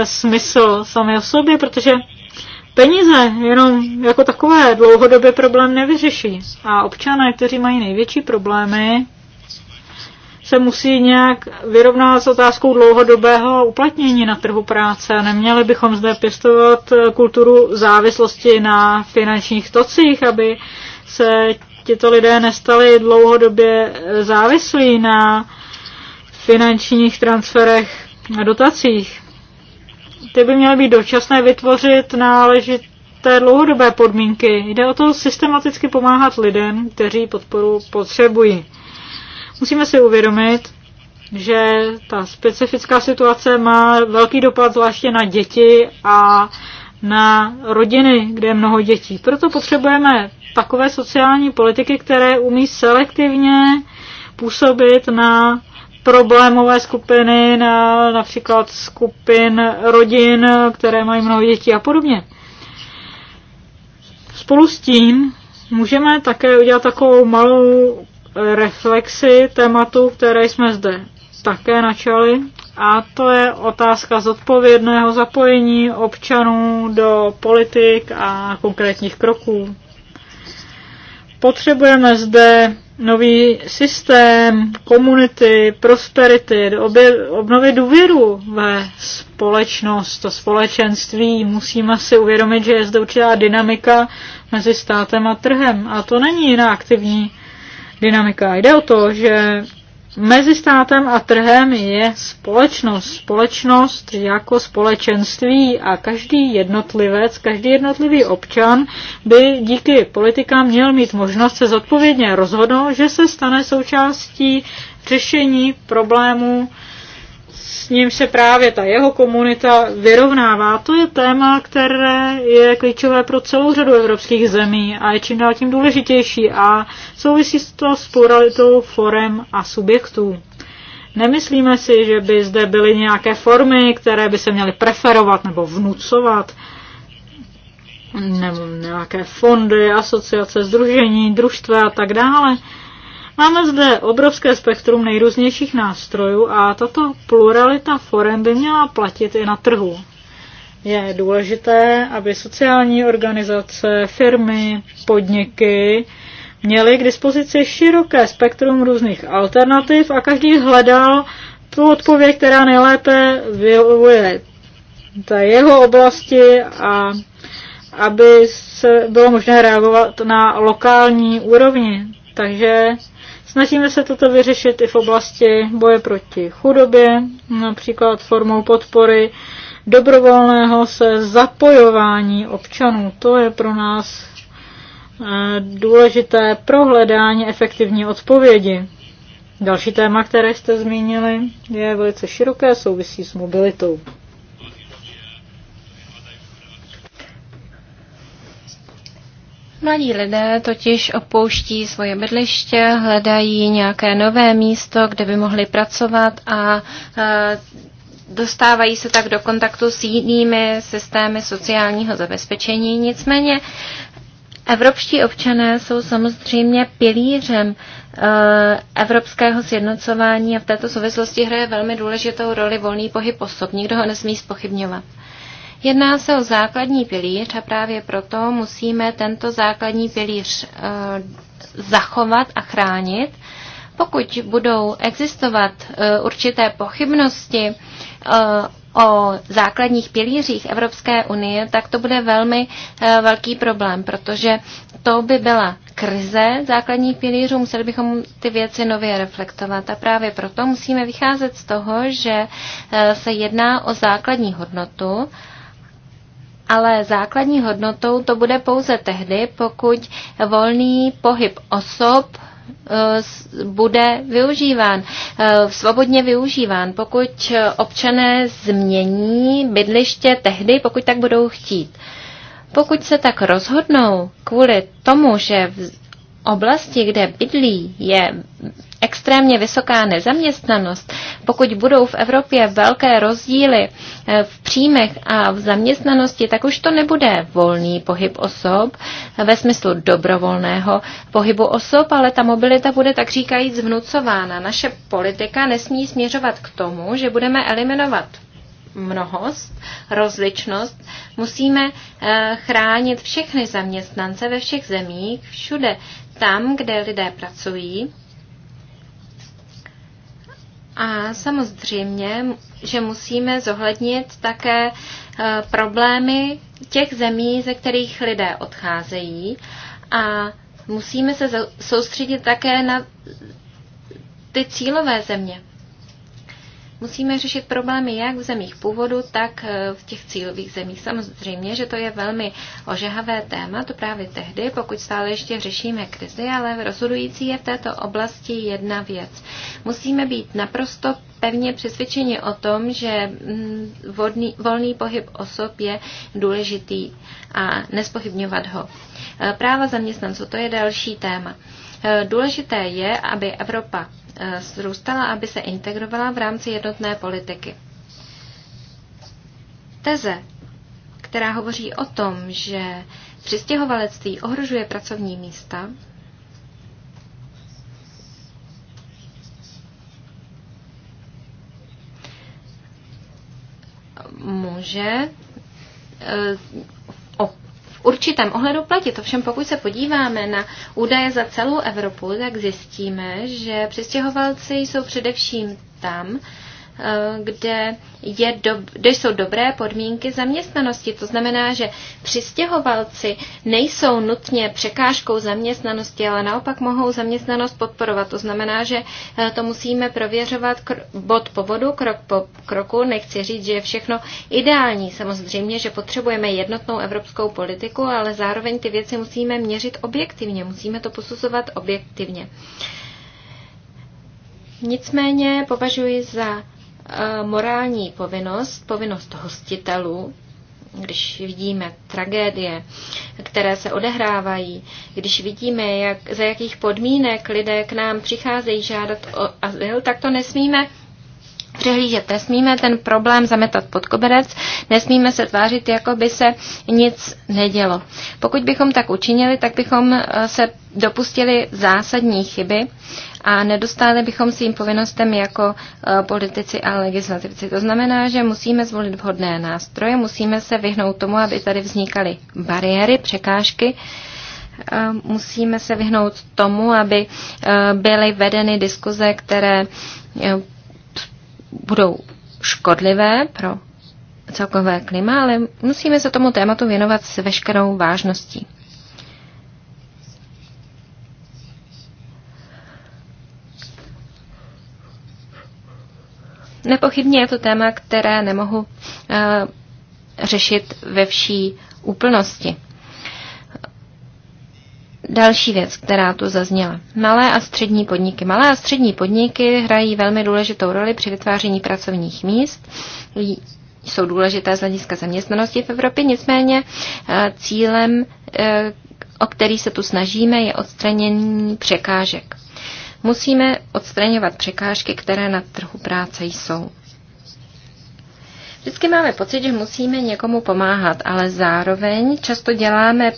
smysl sami o sobě, protože peníze jenom jako takové dlouhodobě problém nevyřeší. A občané, kteří mají největší problémy, se musí nějak vyrovnat s otázkou dlouhodobého uplatnění na trhu práce. Neměli bychom zde pěstovat kulturu závislosti na finančních tocích, aby se tito lidé nestali dlouhodobě závislí na finančních transferech a dotacích ty by měly být dočasné vytvořit náležité dlouhodobé podmínky. Jde o to systematicky pomáhat lidem, kteří podporu potřebují. Musíme si uvědomit, že ta specifická situace má velký dopad zvláště na děti a na rodiny, kde je mnoho dětí. Proto potřebujeme takové sociální politiky, které umí selektivně působit na problémové skupiny, na například skupin rodin, které mají mnoho dětí a podobně. Spolu s tím můžeme také udělat takovou malou reflexi tématu, které jsme zde také načali, a to je otázka zodpovědného zapojení občanů do politik a konkrétních kroků. Potřebujeme zde nový systém, komunity, prosperity, obě, obnovy důvěru ve společnost, to společenství. Musíme si uvědomit, že je zde určitá dynamika mezi státem a trhem. A to není jiná aktivní dynamika. Jde o to, že Mezi státem a trhem je společnost. Společnost jako společenství a každý jednotlivec, každý jednotlivý občan by díky politikám měl mít možnost se zodpovědně rozhodnout, že se stane součástí řešení problémů s ním se právě ta jeho komunita vyrovnává. To je téma, které je klíčové pro celou řadu evropských zemí a je čím dál tím důležitější a souvisí to s pluralitou forem a subjektů. Nemyslíme si, že by zde byly nějaké formy, které by se měly preferovat nebo vnucovat, nebo nějaké fondy, asociace, združení, družstva a tak dále. Máme zde obrovské spektrum nejrůznějších nástrojů a tato pluralita forem by měla platit i na trhu. Je důležité, aby sociální organizace, firmy, podniky měly k dispozici široké spektrum různých alternativ a každý hledal tu odpověď, která nejlépe vyhovuje té jeho oblasti a aby se bylo možné reagovat na lokální úrovni. Takže Snažíme se toto vyřešit i v oblasti boje proti chudobě, například formou podpory dobrovolného se zapojování občanů. To je pro nás eh, důležité pro hledání efektivní odpovědi. Další téma, které jste zmínili, je velice široké, souvisí s mobilitou. Mladí lidé totiž opouští svoje bydliště, hledají nějaké nové místo, kde by mohli pracovat a dostávají se tak do kontaktu s jinými systémy sociálního zabezpečení. Nicméně evropští občané jsou samozřejmě pilířem e, evropského sjednocování a v této souvislosti hraje velmi důležitou roli volný pohyb osob. Nikdo ho nesmí spochybňovat. Jedná se o základní pilíř a právě proto musíme tento základní pilíř eh, zachovat a chránit. Pokud budou existovat eh, určité pochybnosti eh, o základních pilířích Evropské unie, tak to bude velmi velký problém, protože to by byla krize základních pilířů, museli bychom ty věci nově reflektovat a právě proto musíme vycházet z toho, že se jedná o základní hodnotu, ale základní hodnotou to bude pouze tehdy, pokud volný pohyb osob eh, bude využíván, eh, svobodně využíván, pokud občané změní bydliště tehdy, pokud tak budou chtít. Pokud se tak rozhodnou kvůli tomu, že v oblasti, kde bydlí, je extrémně vysoká nezaměstnanost, pokud budou v Evropě velké rozdíly eh, v příjmech a v zaměstnanosti, tak už to nebude volný pohyb osob ve smyslu dobrovolného pohybu osob, ale ta mobilita bude tak říkajíc vnucována. Naše politika nesmí směřovat k tomu, že budeme eliminovat mnohost, rozličnost, musíme eh, chránit všechny zaměstnance ve všech zemích, všude tam, kde lidé pracují, a samozřejmě, že musíme zohlednit také eh, problémy těch zemí, ze kterých lidé odcházejí a musíme se soustředit také na ty cílové země. Musíme řešit problémy jak v zemích původu, tak eh, v těch cílových zemích. Samozřejmě, že to je velmi ožehavé téma, to právě tehdy, pokud stále ještě řešíme krizi, ale rozhodující je v této oblasti jedna věc. Musíme být naprosto pevně přesvědčeni o tom, že mm, vodný, volný pohyb osob je důležitý a nespochybňovat ho. Eh, práva zaměstnanců, to je další téma. Eh, důležité je, aby Evropa Eh, zrůstala, aby se integrovala v rámci jednotné politiky. Teze, která hovoří o tom, že přistěhovalectví ohrožuje pracovní místa, může eh, v určitém ohledu platit. Ovšem pokud se podíváme na údaje za celou Evropu, tak zjistíme, že přistěhovalci jsou především tam, Eh, kde, je do, kde jsou dobré podmínky zaměstnanosti. To znamená, že přistěhovalci nejsou nutně překážkou zaměstnanosti, ale naopak mohou zaměstnanost podporovat. To znamená, že eh, to musíme prověřovat bod po bodu, krok po kroku. Nechci říct, že je všechno ideální. Samozřejmě, že potřebujeme jednotnou evropskou politiku, ale zároveň ty věci musíme měřit objektivně, musíme to posuzovat objektivně. Nicméně považuji za morální povinnost, povinnost hostitelů, když vidíme tragédie, které se odehrávají, když vidíme, jak, za jakých podmínek lidé k nám přicházejí žádat o azyl, tak to nesmíme přehlížet. nesmíme, ten problém zametat pod koberec, nesmíme se tvářit, jako by se nic nedělo. Pokud bychom tak učinili, tak bychom eh, se dopustili zásadní chyby a nedostali bychom svým povinnostem jako eh, politici a legislativci. To znamená, že musíme zvolit vhodné nástroje, musíme se vyhnout tomu, aby tady vznikaly bariéry, překážky, eh, musíme se vyhnout tomu, aby byly vedeny diskuze, které budou škodlivé pro celkové klima, ale musíme se tomu tématu věnovat s veškerou vážností. Nepochybně je to téma, které nemohu uh, řešit ve vší úplnosti. Další věc, která tu zazněla. Malé a střední podniky. Malé a střední podniky hrají velmi důležitou roli při vytváření pracovních míst. Jsou důležité z hlediska zaměstnanosti v Evropě, nicméně eh, cílem, eh, o který se tu snažíme, je odstranění překážek. Musíme odstraňovat překážky, které na trhu práce jsou. Vždycky máme pocit, že musíme někomu pomáhat, ale zároveň často děláme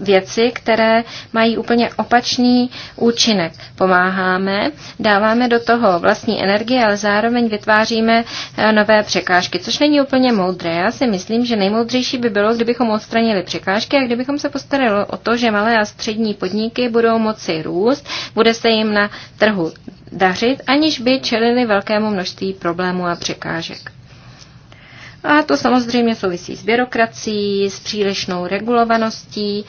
věci, které mají úplně opačný účinek. Pomáháme, dáváme do toho vlastní energii, ale zároveň vytváříme eh, nové překážky, což není úplně moudré. Já si myslím, že nejmoudřejší by bylo, kdybychom odstranili překážky a kdybychom se postarali o to, že malé a střední podniky budou moci růst, bude se jim na trhu dařit, aniž by čelili velkému množství problémů a překážek. A to samozřejmě souvisí s byrokracií, s přílišnou regulovaností.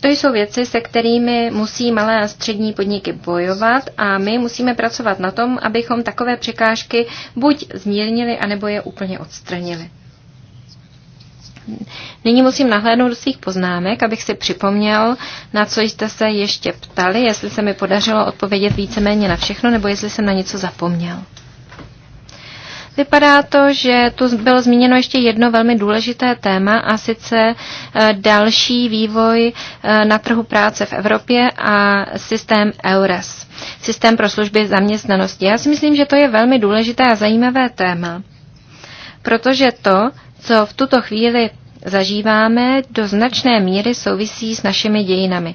To jsou věci, se kterými musí malé a střední podniky bojovat a my musíme pracovat na tom, abychom takové překážky buď zmírnili, anebo je úplně odstranili. Nyní musím nahlédnout do svých poznámek, abych si připomněl, na co jste se ještě ptali, jestli se mi podařilo odpovědět víceméně na všechno, nebo jestli jsem na něco zapomněl. Vypadá to, že tu bylo zmíněno ještě jedno velmi důležité téma a sice eh, další vývoj eh, na trhu práce v Evropě a systém EURES, systém pro služby zaměstnanosti. Já si myslím, že to je velmi důležité a zajímavé téma, protože to, co v tuto chvíli zažíváme, do značné míry souvisí s našimi dějinami.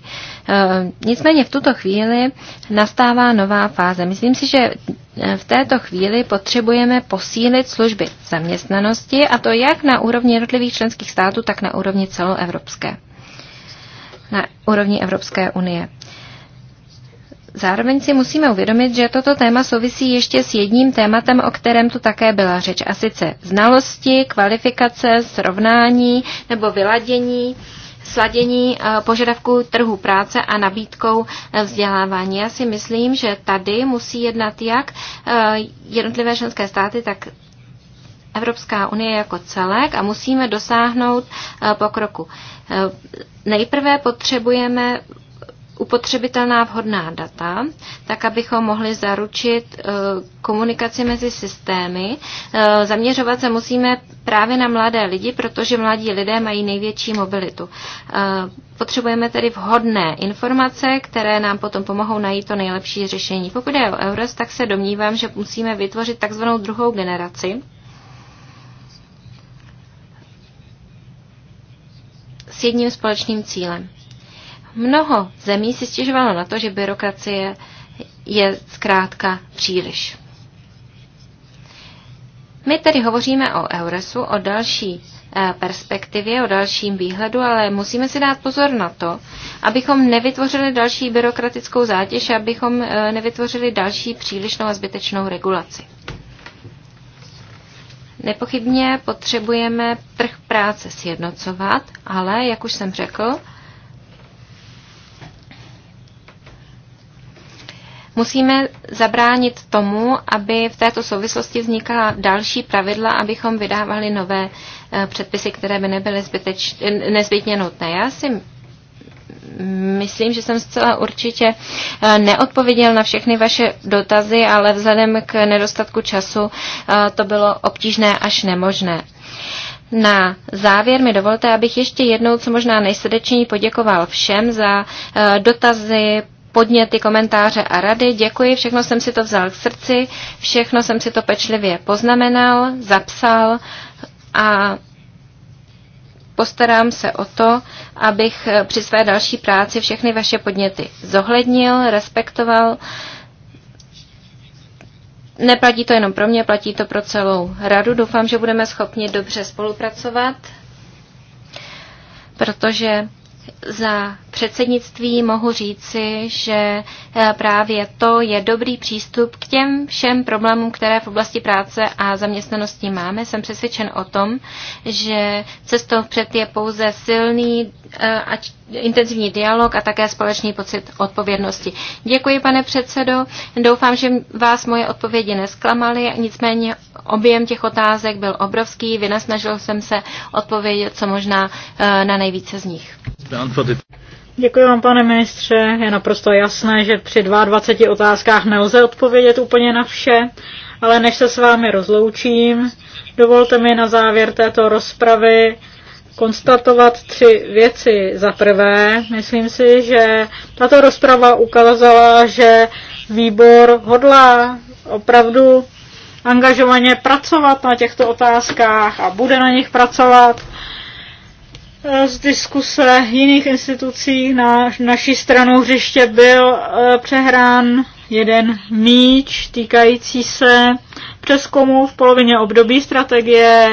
Eh, nicméně v tuto chvíli nastává nová fáze. Myslím si, že eh, v této chvíli potřebujeme posílit služby zaměstnanosti, a to jak na úrovni jednotlivých členských států, tak na úrovni celoevropské na úrovni Evropské unie. Zároveň si musíme uvědomit, že toto téma souvisí ještě s jedním tématem, o kterém tu také byla řeč, a sice znalosti, kvalifikace, srovnání nebo vyladění sladění eh, požadavků trhu práce a nabídkou eh, vzdělávání. Já si myslím, že tady musí jednat jak eh, jednotlivé členské státy, tak Evropská unie jako celek a musíme dosáhnout pokroku. Nejprve potřebujeme upotřebitelná vhodná data, tak abychom mohli zaručit eh, komunikaci mezi systémy. Eh, zaměřovat se musíme právě na mladé lidi, protože mladí lidé mají největší mobilitu. Eh, potřebujeme tedy vhodné informace, které nám potom pomohou najít to nejlepší řešení. Pokud je o EURES, tak se domnívám, že musíme vytvořit takzvanou druhou generaci s jedním společným cílem. Mnoho zemí si stěžovalo na to, že byrokracie je zkrátka příliš. My tedy hovoříme o Euresu, o další eh, perspektivě, o dalším výhledu, ale musíme si dát pozor na to, abychom nevytvořili další byrokratickou zátěž, abychom eh, nevytvořili další přílišnou a zbytečnou regulaci. Nepochybně potřebujeme trh práce sjednocovat, ale, jak už jsem řekl, Musíme zabránit tomu, aby v této souvislosti vznikala další pravidla, abychom vydávali nové eh, předpisy, které by nebyly zbyteč, nezbytně nutné. Já si myslím, že jsem zcela určitě eh, neodpověděl na všechny vaše dotazy, ale vzhledem k nedostatku času eh, to bylo obtížné až nemožné. Na závěr mi dovolte, abych ještě jednou co možná nejsrdečněji poděkoval všem za dotazy, podněty, komentáře a rady. Děkuji, všechno jsem si to vzal k srdci, všechno jsem si to pečlivě poznamenal, zapsal a postarám se o to, abych při své další práci všechny vaše podněty zohlednil, respektoval. Neplatí to jenom pro mě, platí to pro celou radu. Doufám, že budeme schopni dobře spolupracovat, protože za předsednictví mohu říci, že eh, právě to je dobrý přístup k těm všem problémům, které v oblasti práce a zaměstnanosti máme. Jsem přesvědčen o tom, že cestou vpřed je pouze silný eh, a intenzivní dialog a také společný pocit odpovědnosti. Děkuji, pane předsedo. Doufám, že vás moje odpovědi nesklamaly, nicméně objem těch otázek byl obrovský. Vynasnažil jsem se odpovědět co možná eh, na nejvíce z nich. Děkuji vám, pane ministře. Je naprosto jasné, že při 22 otázkách nelze odpovědět úplně na vše, ale než se s vámi rozloučím, dovolte mi na závěr této rozpravy konstatovat tři věci. Za prvé, myslím si, že tato rozprava ukázala, že výbor hodlá opravdu angažovaně pracovat na těchto otázkách a bude na nich pracovat. Eh, z diskuse jiných institucí na naší stranu hřiště byl eh, přehrán jeden míč týkající se přeskumu v polovině období strategie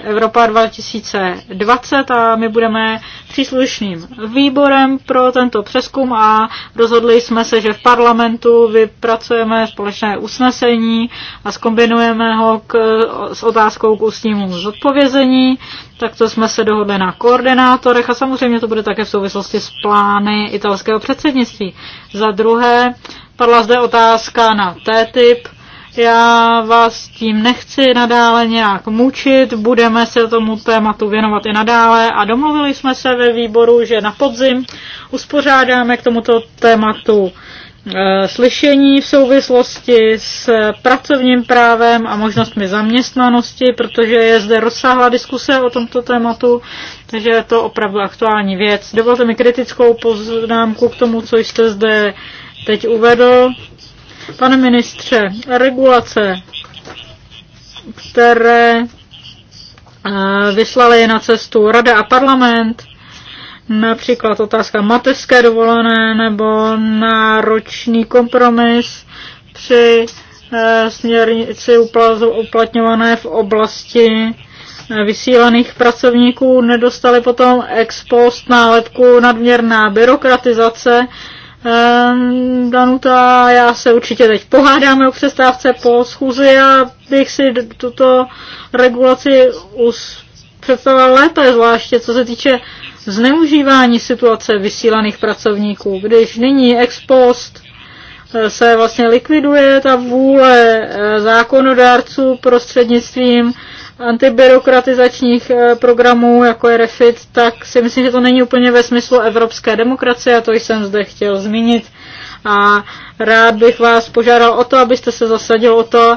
Evropa 2020 a my budeme příslušným výborem pro tento přeskum a rozhodli jsme se, že v parlamentu vypracujeme společné usnesení a skombinujeme ho k, s otázkou k ústnímu zodpovězení. Takto jsme se dohodli na koordinátorech a samozřejmě to bude také v souvislosti s plány italského předsednictví. Za druhé, padla zde otázka na T-typ. Já vás tím nechci nadále nějak mučit, budeme se tomu tématu věnovat i nadále a domluvili jsme se ve výboru, že na podzim uspořádáme k tomuto tématu e, slyšení v souvislosti s pracovním právem a možnostmi zaměstnanosti, protože je zde rozsáhlá diskuse o tomto tématu, takže je to opravdu aktuální věc. Dovolte mi kritickou poznámku k tomu, co jste zde teď uvedl. Pane ministře, regulace, které eh, vyslali na cestu Rada a parlament, například otázka mateřské dovolené nebo náročný kompromis při eh, směrnici uplatňované v oblasti eh, vysílaných pracovníků nedostali potom ex post nálepku nadměrná byrokratizace Um, Danuta, já se určitě teď pohádáme o přestávce po schůzi a bych si tuto regulaci us- představoval lépe, zvláště co se týče zneužívání situace vysílaných pracovníků. Když nyní ex post eh, se vlastně likviduje ta vůle eh, zákonodárců prostřednictvím antibyrokratizačních eh, programů, jako je Refit, tak si myslím, že to není úplně ve smyslu evropské demokracie a to jsem zde chtěl zmínit. A rád bych vás požádal o to, abyste se zasadil o to,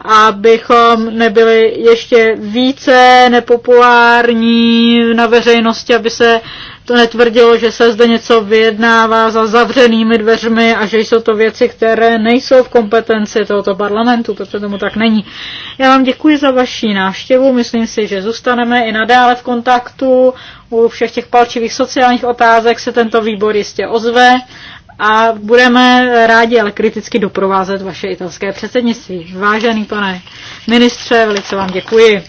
abychom nebyli ještě více nepopulární na veřejnosti, aby se to netvrdilo, že se zde něco vyjednává za zavřenými dveřmi a že jsou to věci, které nejsou v kompetenci tohoto parlamentu, protože tomu tak není. Já vám děkuji za vaši návštěvu, myslím si, že zůstaneme i nadále v kontaktu. U všech těch palčivých sociálních otázek se tento výbor jistě ozve a budeme rádi, ale kriticky doprovázet vaše italské předsednictví. Vážený pane ministře, velice vám děkuji.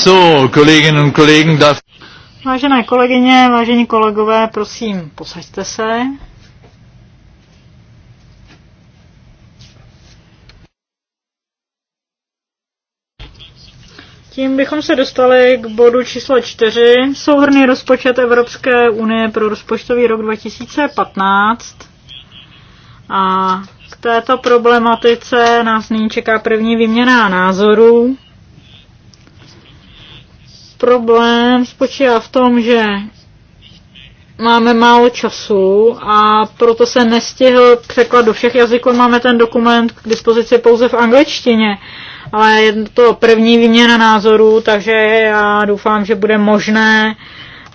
So, Kolleginnen und Kollegen, darf... Vážené kolegyně, vážení kolegové, prosím, posaďte se. Tím bychom se dostali k bodu číslo 4, souhrný rozpočet Evropské unie pro rozpočtový rok 2015. A k této problematice nás nyní čeká první výměna názorů. Problém spočívá v tom, že máme málo času a proto se nestihl překlad do všech jazyků. Máme ten dokument k dispozici pouze v angličtině, ale je to první výměna názorů, takže já doufám, že bude možné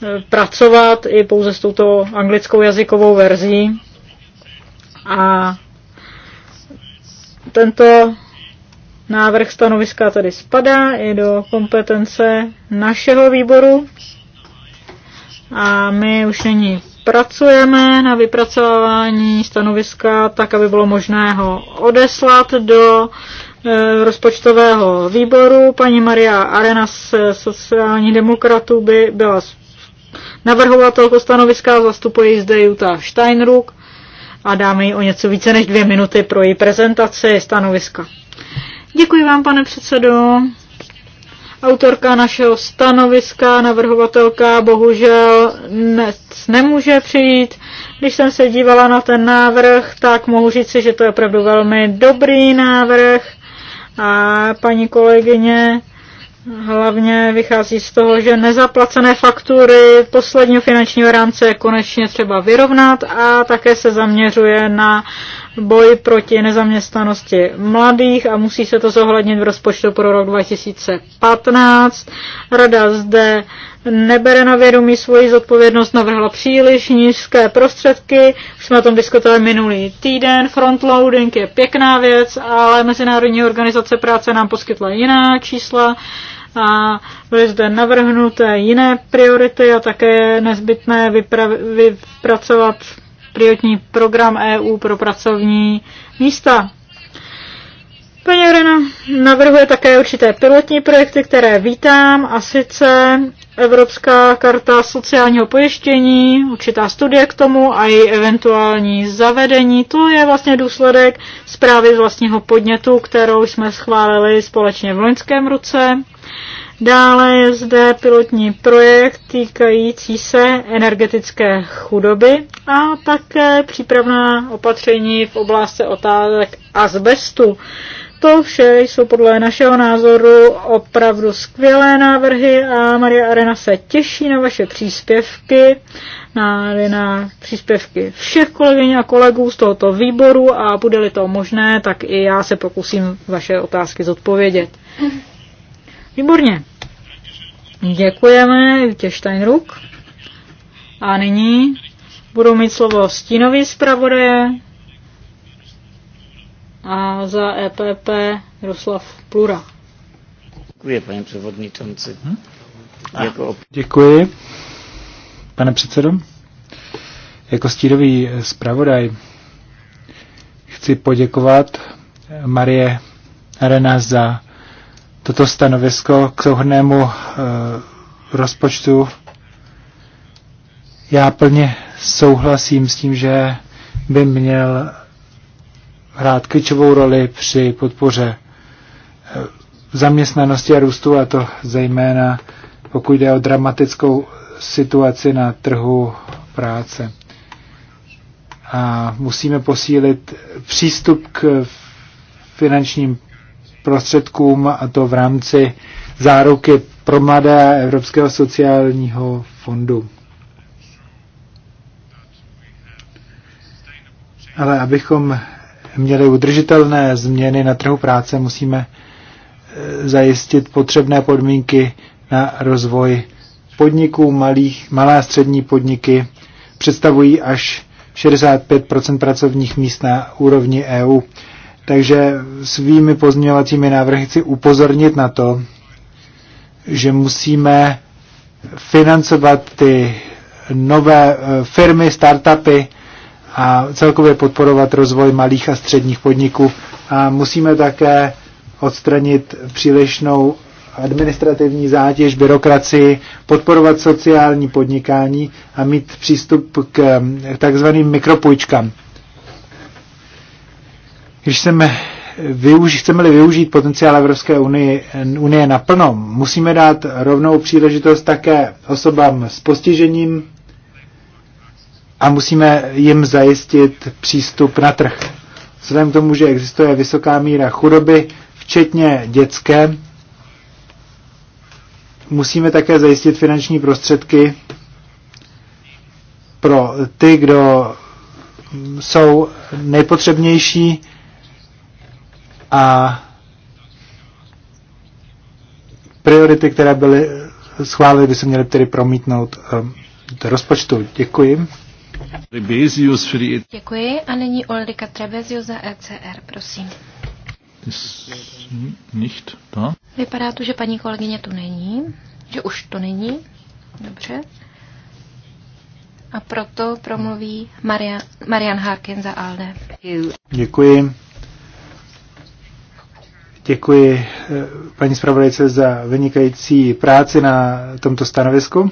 eh, pracovat i pouze s touto anglickou jazykovou verzí. A tento Návrh stanoviska tedy spadá i do kompetence našeho výboru a my už nyní pracujeme na vypracování stanoviska tak, aby bylo možné ho odeslat do e, rozpočtového výboru. Paní Maria Arena z sociálních demokratů by byla navrhovatelkou stanoviska, zastupuje zde juta Steinruck a dáme jí o něco více než dvě minuty pro její prezentaci stanoviska. Děkuji vám, pane předsedo. Autorka našeho stanoviska, navrhovatelka, bohužel dnes nemůže přijít. Když jsem se dívala na ten návrh, tak mohu říci, že to je opravdu velmi dobrý návrh. A paní kolegyně hlavně vychází z toho, že nezaplacené faktury posledního finančního rámce je konečně třeba vyrovnat a také se zaměřuje na boj proti nezaměstnanosti mladých a musí se to zohlednit v rozpočtu pro rok 2015. Rada zde nebere na vědomí svoji zodpovědnost, navrhla příliš nízké prostředky. Už jsme o tom diskutovali minulý týden. Frontloading je pěkná věc, ale Mezinárodní organizace práce nám poskytla jiná čísla a byly zde navrhnuté jiné priority a také nezbytné vypra- vypracovat prioritní program EU pro pracovní místa. Paní Arena navrhuje také určité pilotní projekty, které vítám, a sice Evropská karta sociálního pojištění, určitá studie k tomu a její eventuální zavedení. To je vlastně důsledek zprávy z vlastního podnětu, kterou jsme schválili společně v loňském roce. Dále je zde pilotní projekt týkající se energetické chudoby a také přípravná opatření v oblasti otázek azbestu. To vše jsou podle našeho názoru opravdu skvělé návrhy a Maria Arena se těší na vaše příspěvky, na, na příspěvky všech kolegyň a kolegů z tohoto výboru a bude-li to možné, tak i já se pokusím vaše otázky zodpovědět. (laughs) Výborně. Děkujeme, Jutě Steinruck. A nyní budou mít slovo stínový zpravodaje a za EPP Jaroslav Plura. Děkuji, paní převodničanci. Hm? Jako... Děkuji, pane předsedo. Jako stínový zpravodaj chci poděkovat Marie Arenas za toto stanovisko k souhrnému e, rozpočtu. Já plně souhlasím s tím, že by měl hrát klíčovou roli při podpoře eh, zaměstnanosti a růstu, a to zejména pokud jde o dramatickou situaci na trhu práce. A musíme posílit přístup k finančním prostředkům a to v rámci záruky pro mladé Evropského sociálního fondu. Ale abychom měli udržitelné změny na trhu práce, musíme e, zajistit potřebné podmínky na rozvoj podniků. Malých, malé a střední podniky představují až 65 pracovních míst na úrovni EU takže svými pozměňovacími návrhy chci upozornit na to, že musíme financovat ty nové eh, firmy, startupy a celkově podporovat rozvoj malých a středních podniků. A musíme také odstranit přílišnou administrativní zátěž, byrokracii, podporovat sociální podnikání a mít přístup k eh, takzvaným mikropůjčkám. Když chceme využít, chceme-li využít potenciál Evropské unie, unie naplno, musíme dát rovnou příležitost také osobám s postižením a musíme jim zajistit přístup na trh. Vzhledem k tomu, že existuje vysoká míra chudoby, včetně dětské, musíme také zajistit finanční prostředky pro ty, kdo jsou nejpotřebnější, a priority, které byly schváleny, by se měly tedy promítnout ehm, do rozpočtu. Děkuji. E- Děkuji a nyní Ulrika Trebezius za ECR, prosím. Nicht da. Vypadá to, že paní kolegyně tu není, že už to není. Dobře. A proto promluví Maria, Marian Harkin za ALDE. Děkuji. Děkuji eh, paní zpravodajce za vynikající práci na tomto stanovisku.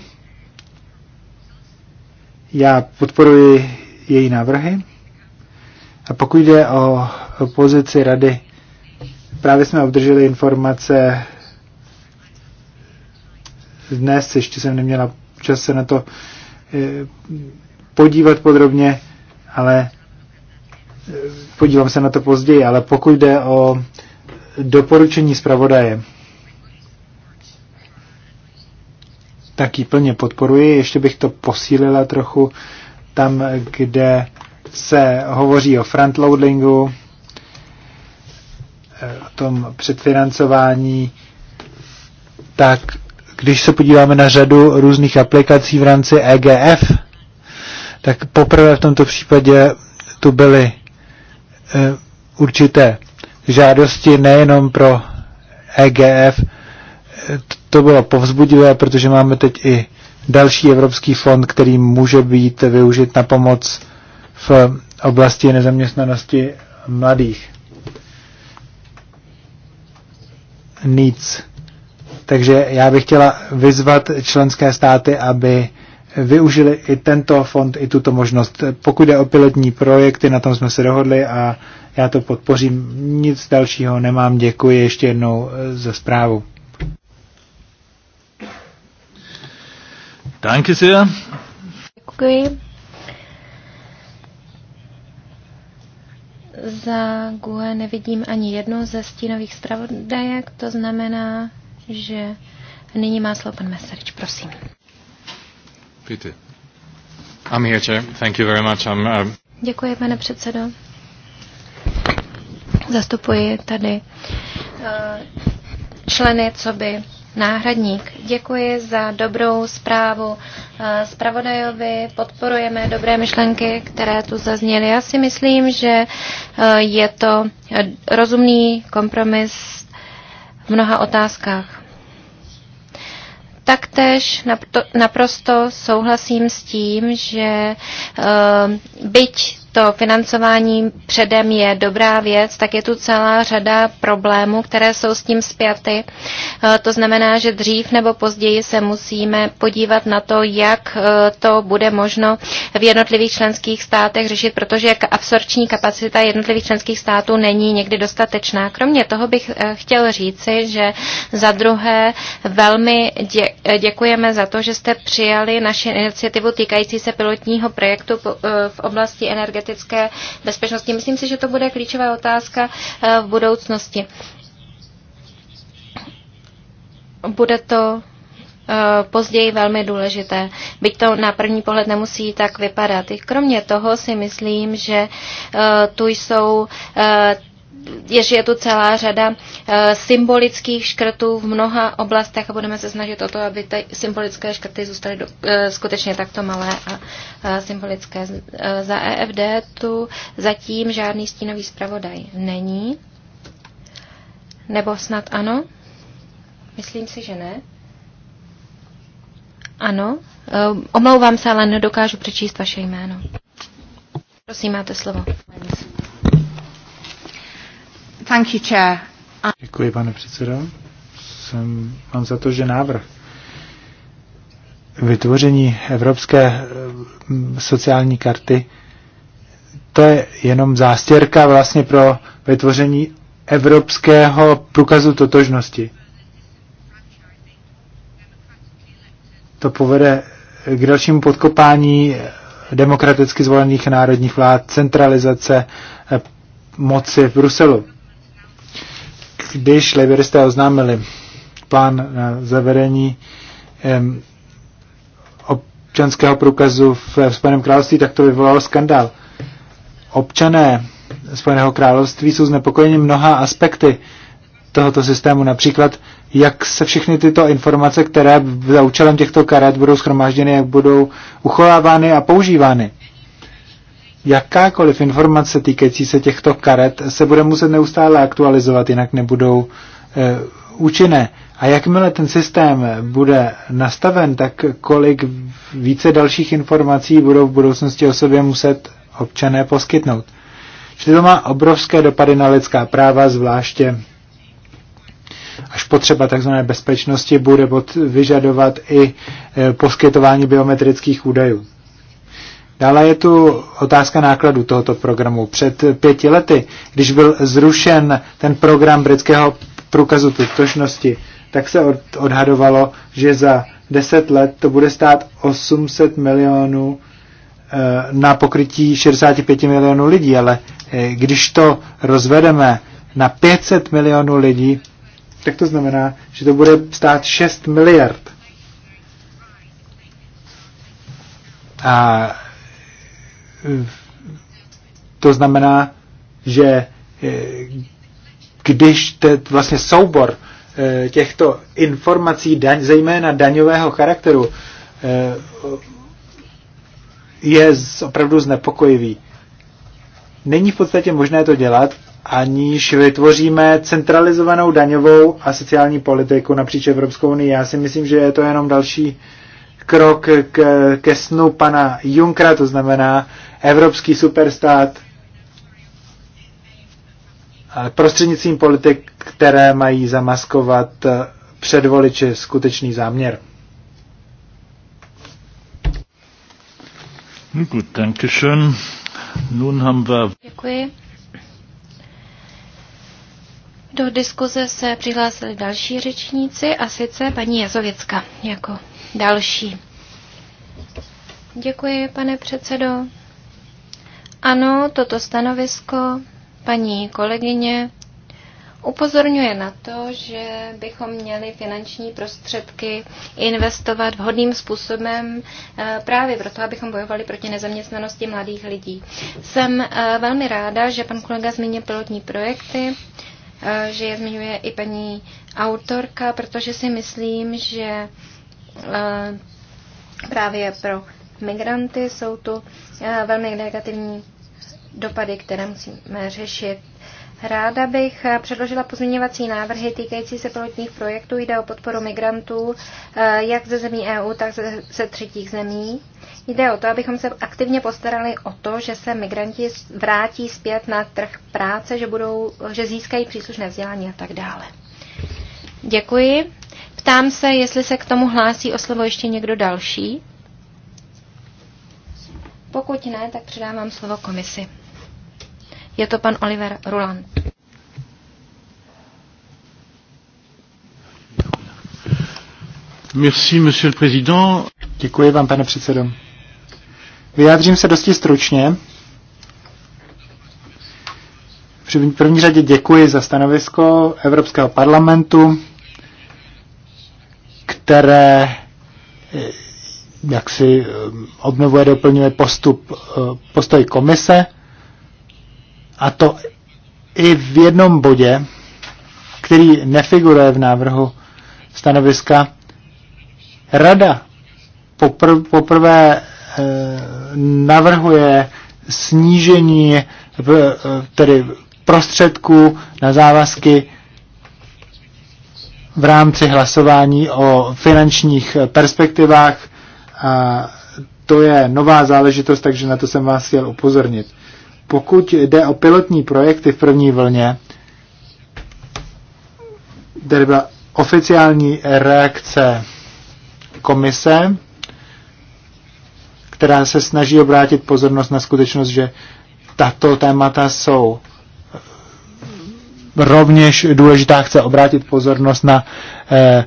Já podporuji její návrhy. A pokud jde o pozici rady, právě jsme obdrželi informace dnes, ještě jsem neměla čas se na to eh, podívat podrobně, ale eh, podívám se na to později, ale pokud jde o doporučení zpravodaje. Tak ji plně podporuji, ještě bych to posílila trochu tam, kde se hovoří o frontloadingu, eh, o tom předfinancování, tak když se podíváme na řadu různých aplikací v rámci EGF, tak poprvé v tomto případě tu byly e, určité žádosti nejenom pro EGF. To bylo povzbudivé, protože máme teď i další evropský fond, který může být využit na pomoc v oblasti nezaměstnanosti mladých. Nic. Takže já bych chtěla vyzvat členské státy, aby využili i tento fond, i tuto možnost. Pokud je o pilotní projekty, na tom jsme se dohodli a já to podpořím, nic dalšího nemám. Děkuji ještě jednou eh, za zprávu. Danke sehr. Děkuji. Za GUE nevidím ani jednu ze stínových zpravodajek, to znamená, že nyní má slovo pan Meserič, prosím. Pity. I'm here, Chair. Thank you very much. I'm, uh... Děkuji, pane předsedo zastupuji tady eh, členy, co by náhradník. Děkuji za dobrou zprávu eh, zpravodajovi, podporujeme dobré myšlenky, které tu zazněly. Já si myslím, že eh, je to rozumný kompromis v mnoha otázkách. Taktéž naprosto souhlasím s tím, že byť to financování předem je dobrá věc, tak je tu celá řada problémů, které jsou s tím spjaty. Eh, to znamená, že dřív nebo později se musíme podívat na to, jak eh, to bude možno v jednotlivých členských státech řešit, protože absorční kapacita jednotlivých členských států není někdy dostatečná. Kromě toho bych eh, chtěl říci, že za druhé velmi děkujeme za to, že jste přijali naši iniciativu týkající se pilotního projektu v oblasti energie energetické bezpečnosti. Myslím si, že to bude klíčová otázka eh, v budoucnosti. Bude to eh, později velmi důležité. Byť to na první pohled nemusí tak vypadat. I kromě toho si myslím, že eh, tu jsou jež je tu celá řada eh, symbolických škrtů v mnoha oblastech a budeme se snažit o to, aby ty symbolické škrty zůstaly do, eh, skutečně takto malé a symbolické. Eh, za EFD tu zatím žádný stínový zpravodaj není. Nebo snad ano? Myslím si, že ne. Ano. Omlouvám se, ale nedokážu přečíst vaše jméno. Prosím, máte slovo. Thank you, chair. Děkuji, pane předsedo. Jsem, mám za to, že návrh vytvoření evropské eh, sociální karty, to je jenom zástěrka vlastně pro vytvoření evropského průkazu totožnosti. To povede k dalšímu podkopání demokraticky zvolených národních vlád, centralizace eh, moci v Bruselu když liberisté oznámili plán na eh, zavedení občanského průkazu v Spojeném království, tak to vyvolalo skandál. Občané Spojeného království jsou znepokojeni mnoha aspekty tohoto systému, například jak se všechny tyto informace, které za účelem těchto karet budou schromážděny, jak budou uchovávány a používány jakákoliv informace týkající se těchto karet se bude muset neustále aktualizovat, jinak nebudou e, účinné. A jakmile ten systém bude nastaven, tak kolik více dalších informací budou v budoucnosti o sobě muset občané poskytnout. Čili to má obrovské dopady na lidská práva, zvláště až potřeba tzv. bezpečnosti bude vyžadovat i eh, poskytování biometrických údajů. Dále je tu otázka nákladu tohoto programu. Před pěti lety, když byl zrušen ten program britského průkazu totožnosti, tak se od, odhadovalo, že za deset let to bude stát 800 milionů eh, na pokrytí 65 milionů lidí, ale eh, když to rozvedeme na 500 milionů lidí, tak to znamená, že to bude stát 6 miliard. A to znamená, že eh, když te, vlastně soubor eh, těchto informací, daň, zejména daňového charakteru, eh, je opravdu znepokojivý. Není v podstatě možné to dělat, aniž vytvoříme centralizovanou daňovou a sociální politiku napříč Evropskou unii. Já si myslím, že je to jenom další krok k, ke snu pana Junkra, to znamená evropský superstát, prostřednicím prostřednictvím politik, které mají zamaskovat eh, předvoliče skutečný záměr. Gut, danke schön. Nun haben wir... Děkuji. Do diskuze se přihlásili další řečníci a sice paní Jazověcka jako další. Děkuji, pane předsedo. Ano, toto stanovisko paní kolegyně upozorňuje na to, že bychom měli finanční prostředky investovat vhodným způsobem eh, právě proto, abychom bojovali proti nezaměstnanosti mladých lidí. Jsem eh, velmi ráda, že pan kolega zmínil pilotní projekty, eh, že je zmiňuje i paní autorka, protože si myslím, že právě pro migranty. Jsou tu velmi negativní dopady, které musíme řešit. Ráda bych předložila pozměňovací návrhy týkající se pilotních projektů. Jde o podporu migrantů jak ze zemí EU, tak ze třetích zemí. Jde o to, abychom se aktivně postarali o to, že se migranti vrátí zpět na trh práce, že, budou, že získají příslušné vzdělání a tak dále. Děkuji. Ptám se, jestli se k tomu hlásí o slovo ještě někdo další. Pokud ne, tak předávám slovo komisi. Je to pan Oliver Ruland. Merci, monsieur le président. Děkuji vám, pane předsedo. Vyjádřím se dosti stručně. V první řadě děkuji za stanovisko Evropského parlamentu které eh, jak si eh, obnovuje, doplňuje postup, eh, postoj komise a to i v jednom bodě, který nefiguruje v návrhu stanoviska. Rada popr- poprvé navrhuje snížení tedy prostředků na závazky v rámci hlasování o finančních perspektivách. A to je nová záležitost, takže na to jsem vás chtěl upozornit. Pokud jde o pilotní projekty v první vlně, tady byla oficiální reakce komise, která se snaží obrátit pozornost na skutečnost, že tato témata jsou rovněž důležitá, chce obrátit pozornost na eh,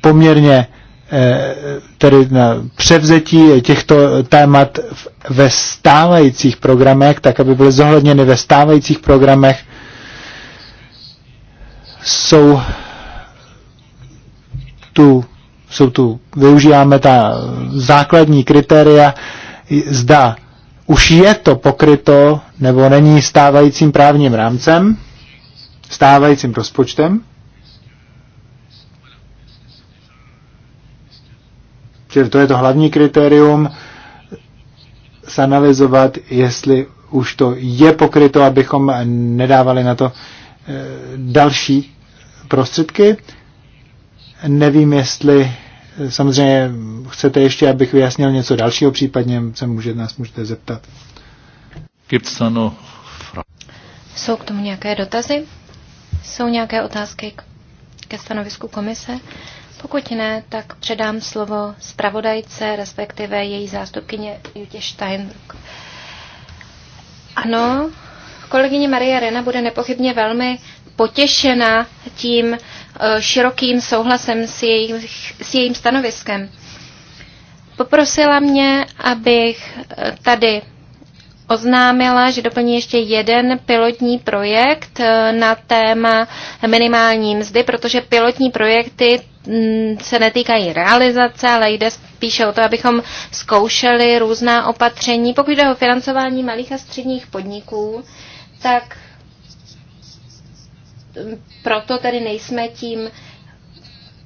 poměrně eh, tedy na převzetí těchto témat ve stávajících programech, tak aby byly zohledněny ve stávajících programech, jsou tu, jsou tu, využíváme ta základní kritéria, zda už je to pokryto nebo není stávajícím právním rámcem, stávajícím rozpočtem. Čili to je to hlavní kritérium, sanalizovat, jestli už to je pokryto, abychom nedávali na to eh, další prostředky. Nevím, jestli Samozřejmě chcete ještě, abych vyjasnil něco dalšího, případně se může, nás můžete zeptat. No Jsou k tomu nějaké dotazy? Jsou nějaké otázky ke stanovisku komise? Pokud ne, tak předám slovo zpravodajce, respektive její zástupkyně Jutě Steinbrück. Ano, kolegyně Marie Rena bude nepochybně velmi potěšena tím, Eh, širokým souhlasem s, jejich, s jejím stanoviskem. Poprosila mě, abych eh, tady oznámila, že doplní ještě jeden pilotní projekt eh, na téma minimální mzdy, protože pilotní projekty mm, se netýkají realizace, ale jde spíše o to, abychom zkoušeli různá opatření. Pokud jde o financování malých a středních podniků, tak proto tedy nejsme tím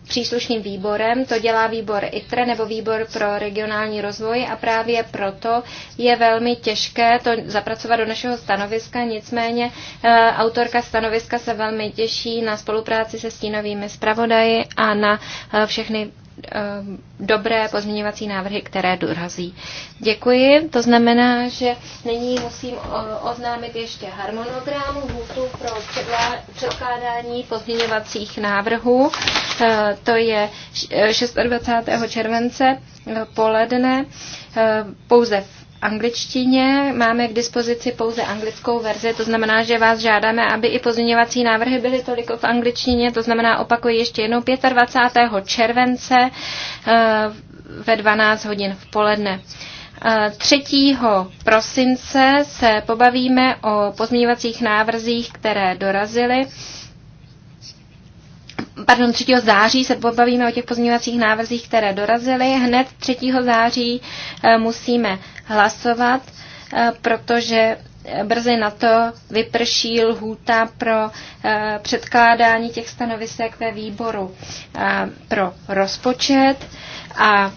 příslušným výborem, to dělá výbor ITRE nebo výbor pro regionální rozvoj a právě proto je velmi těžké to zapracovat do našeho stanoviska, nicméně eh, autorka stanoviska se velmi těší na spolupráci se stínovými zpravodaji a na eh, všechny Eh, dobré pozměňovací návrhy, které dorazí. Děkuji. To znamená, že nyní musím eh, oznámit ještě harmonogram hůtu pro předkládání pozměňovacích návrhů. Eh, to je 26. července poledne pouze v angličtině, máme k dispozici pouze anglickou verzi, to znamená, že vás žádáme, aby i pozměňovací návrhy byly toliko v angličtině, to znamená, opakuji ještě jednou, 25. července eh, ve 12 hodin v poledne. 3. Eh, prosince se pobavíme o pozměňovacích návrzích, které dorazily pardon, 3. září se pobavíme o těch pozměňovacích návrzích, které dorazily. Hned 3. září eh, musíme hlasovat, eh, protože eh, brzy na to vyprší lhůta pro předkládání těch stanovisek ve výboru pro rozpočet a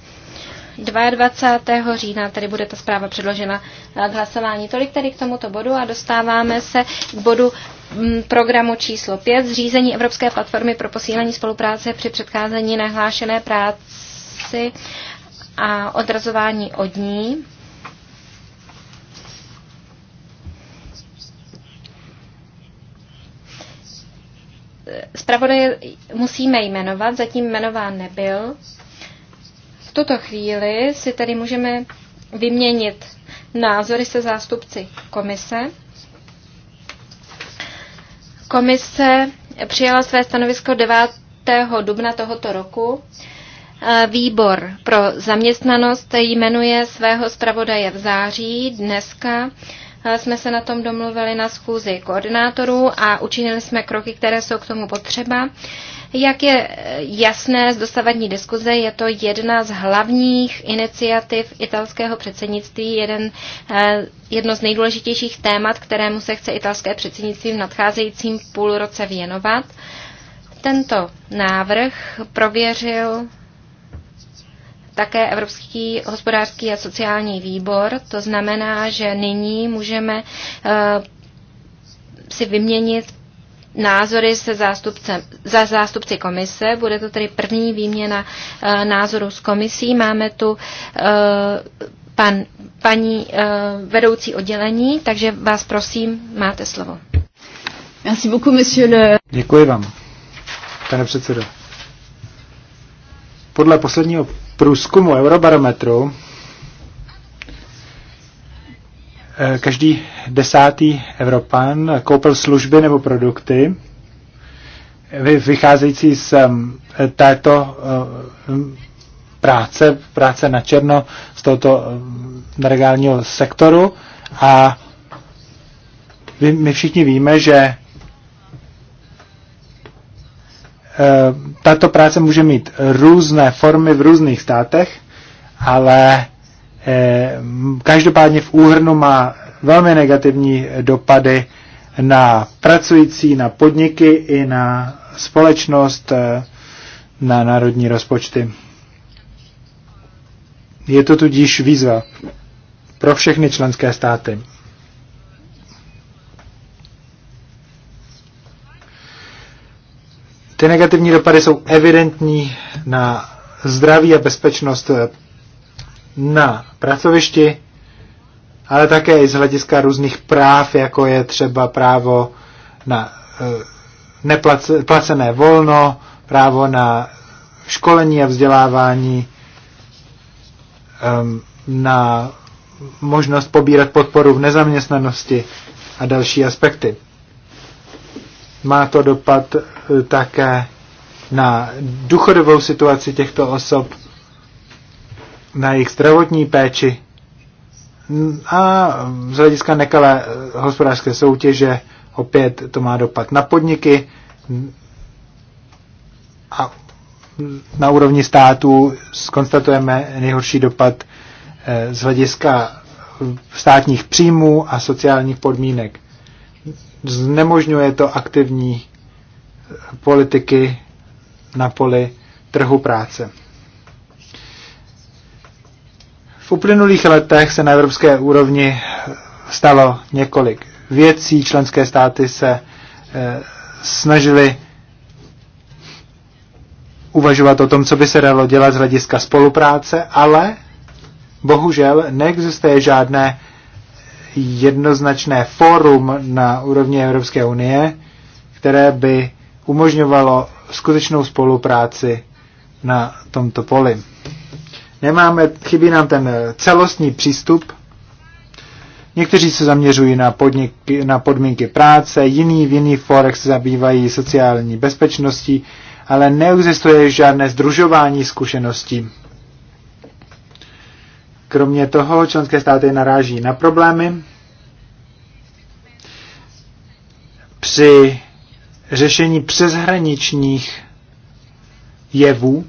22. října tady bude ta zpráva předložena k hlasování. Tolik tedy k tomuto bodu a dostáváme se k bodu Mm, programu číslo 5, zřízení Evropské platformy pro posílení spolupráce při předcházení nahlášené práci a odrazování od ní. Spravodaj musíme jmenovat, zatím jmenován nebyl. V tuto chvíli si tedy můžeme vyměnit názory se zástupci komise. Komise přijala své stanovisko 9. dubna tohoto roku. E, výbor pro zaměstnanost jmenuje svého zpravodaje v září dneska e, jsme se na tom domluvili na schůzi koordinátorů a učinili jsme kroky, které jsou k tomu potřeba. Jak je eh, jasné z dosavadní diskuze, je to jedna z hlavních iniciativ italského předsednictví, jeden, eh, jedno z nejdůležitějších témat, kterému se chce italské předsednictví v nadcházejícím půlroce věnovat. Tento návrh prověřil také Evropský hospodářský a sociální výbor. To znamená, že nyní můžeme eh, si vyměnit názory se zástupcem, za zástupci komise. Bude to tedy první výměna e, eh, názorů s komisí. Máme tu e, pan, paní e, vedoucí oddělení, takže vás prosím, máte slovo. Merci beaucoup, monsieur le... Děkuji vám, pane předsedo. Podle posledního průzkumu Eurobarometru Eh, každý desátý Evropan koupil služby nebo produkty eh, vycházející z eh, této práce, práce na černo z tohoto regálního sektoru a my všichni víme, že tato práce může mít různé formy v různých státech, ale Eh, každopádně v úhrnu má velmi negativní dopady na pracující, na podniky i na společnost, eh, na národní rozpočty. Je to tudíž výzva pro všechny členské státy. Ty negativní dopady jsou evidentní na zdraví a bezpečnost na pracovišti, ale také i z hlediska různých práv, jako je třeba právo na eh, neplacené volno, právo na školení a vzdělávání, ehm, na možnost pobírat podporu v nezaměstnanosti a další aspekty. Má to dopad eh, také na duchodovou situaci těchto osob na jejich zdravotní péči a z hlediska nekalé eh, hospodářské soutěže opět to má dopad na podniky a na úrovni států skonstatujeme nejhorší dopad eh, z hlediska státních příjmů a sociálních podmínek. Znemožňuje to aktivní eh, politiky na poli trhu práce. uplynulých letech se na evropské úrovni eh, stalo několik věcí. Členské státy se e, snažily uvažovat o tom, co by se dalo dělat z hlediska spolupráce, ale bohužel neexistuje žádné jednoznačné fórum na úrovni Evropské unie, které by umožňovalo skutečnou spolupráci na tomto poli. Nemáme, chybí nám ten eh, celostní přístup. Někteří se zaměřují na, podniky, na podmínky práce, jiní v jiných forech se zabývají sociální bezpečností, ale neexistuje žádné združování zkušeností. Kromě toho členské státy naráží na problémy při řešení přeshraničních jevů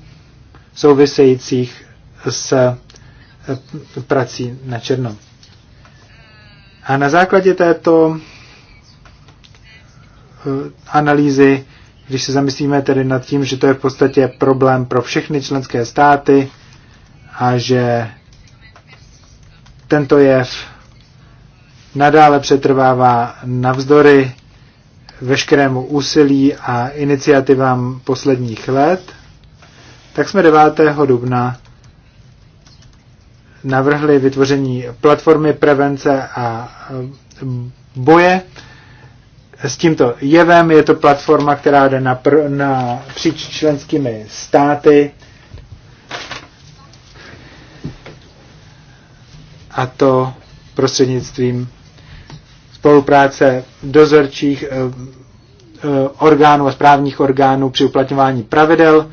souvisejících s eh, prací na černo. A na základě této eh, analýzy, když se zamyslíme tedy nad tím, že to je v podstatě problém pro všechny členské státy a že tento jev nadále přetrvává navzdory veškerému úsilí a iniciativám posledních let, tak jsme 9. dubna navrhli vytvoření platformy prevence a e, boje s tímto jevem. Je to platforma, která jde na, na příč členskými státy. A to prostřednictvím spolupráce dozorčích e, e, orgánů a správních orgánů při uplatňování pravidel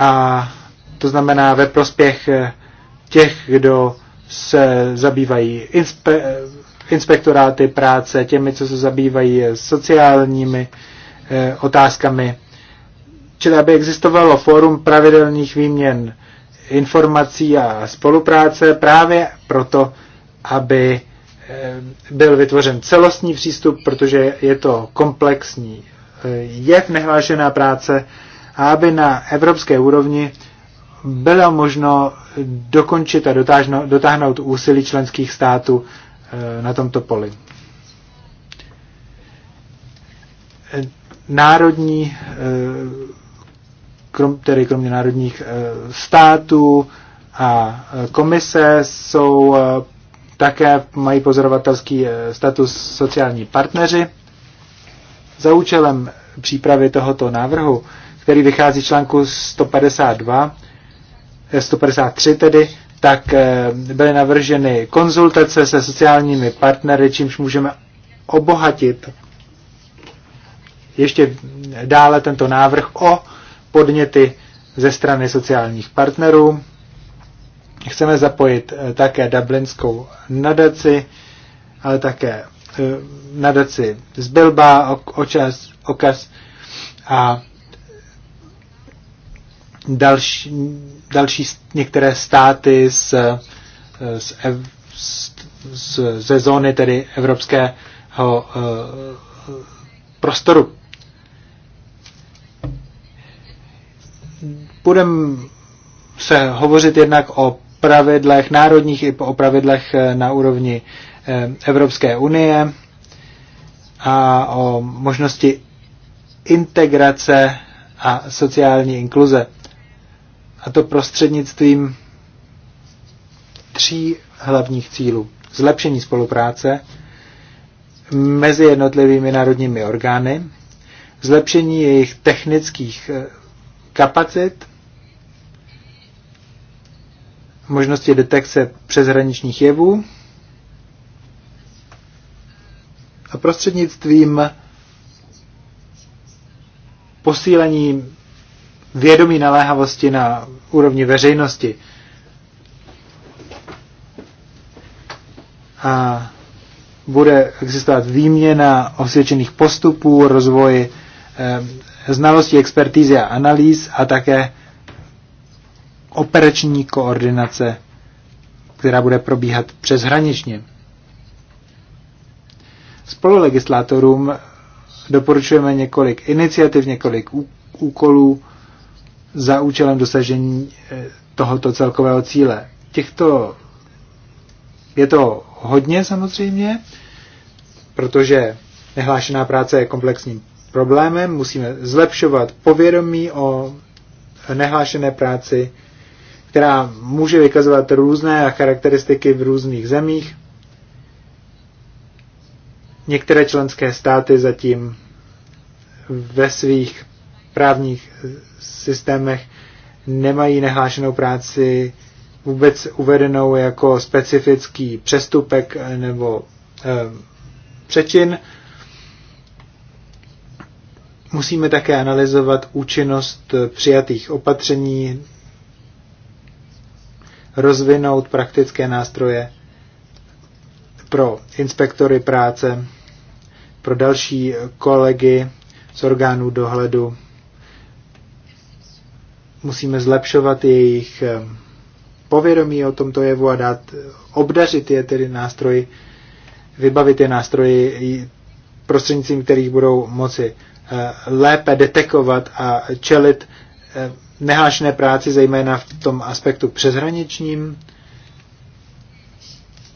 a to znamená ve prospěch eh, těch, kdo se zabývají inspe, eh, inspektoráty práce, těmi, co se zabývají eh, sociálními e, otázkami. Čili aby existovalo fórum pravidelných výměn informací a spolupráce právě proto, aby byl vytvořen celostní přístup, protože je to komplexní jev nehlášená práce a aby na evropské úrovni bylo možno dokončit a dotáhnout úsilí členských států eh, na tomto poli. Eh, národní, eh, krom, tedy kromě národních států a komise jsou také mají pozorovatelský status sociální partneři. Za účelem přípravy tohoto návrhu který vychází článku 152, 153 eh, tedy, tak eh, byly navrženy konzultace se sociálními partnery, čímž můžeme obohatit ještě dále tento návrh o podněty ze strany sociálních partnerů. Chceme zapojit eh, také Dublinskou nadaci, ale také nadaci z Bilba, okaz, a další, další některé státy z, z, z, z, ze zóny tedy evropského eh, prostoru. Budeme se hovořit jednak o pravidlech národních i o pravidlech eh, na úrovni eh, Evropské unie a o možnosti integrace a sociální inkluze a to prostřednictvím tří hlavních cílů. Zlepšení spolupráce mezi jednotlivými národními orgány, zlepšení jejich technických eh, kapacit, možnosti detekce přeshraničních jevů a prostřednictvím posílení vědomí naléhavosti na úrovni veřejnosti. A bude existovat výměna osvědčených postupů, rozvoj eh, znalostí, expertízy a analýz a také operační koordinace, která bude probíhat přeshraničně. Spolulegislátorům doporučujeme několik iniciativ, několik úkolů, za účelem dosažení eh, tohoto celkového cíle. Těchto je to hodně samozřejmě, protože nehlášená práce je komplexním problémem, musíme zlepšovat povědomí o nehlášené práci, která může vykazovat různé charakteristiky v různých zemích. Některé členské státy zatím ve svých právních systémech nemají nehlášenou práci vůbec uvedenou jako specifický přestupek nebo e, přečin. Musíme také analyzovat účinnost přijatých opatření, rozvinout praktické nástroje pro inspektory práce, pro další kolegy z orgánů dohledu musíme zlepšovat jejich eh, povědomí o tomto jevu a dát, obdařit je tedy nástroji, vybavit je nástroji prostřednictvím kterých budou moci eh, lépe detekovat a čelit eh, nehlášené práci, zejména v tom aspektu přeshraničním.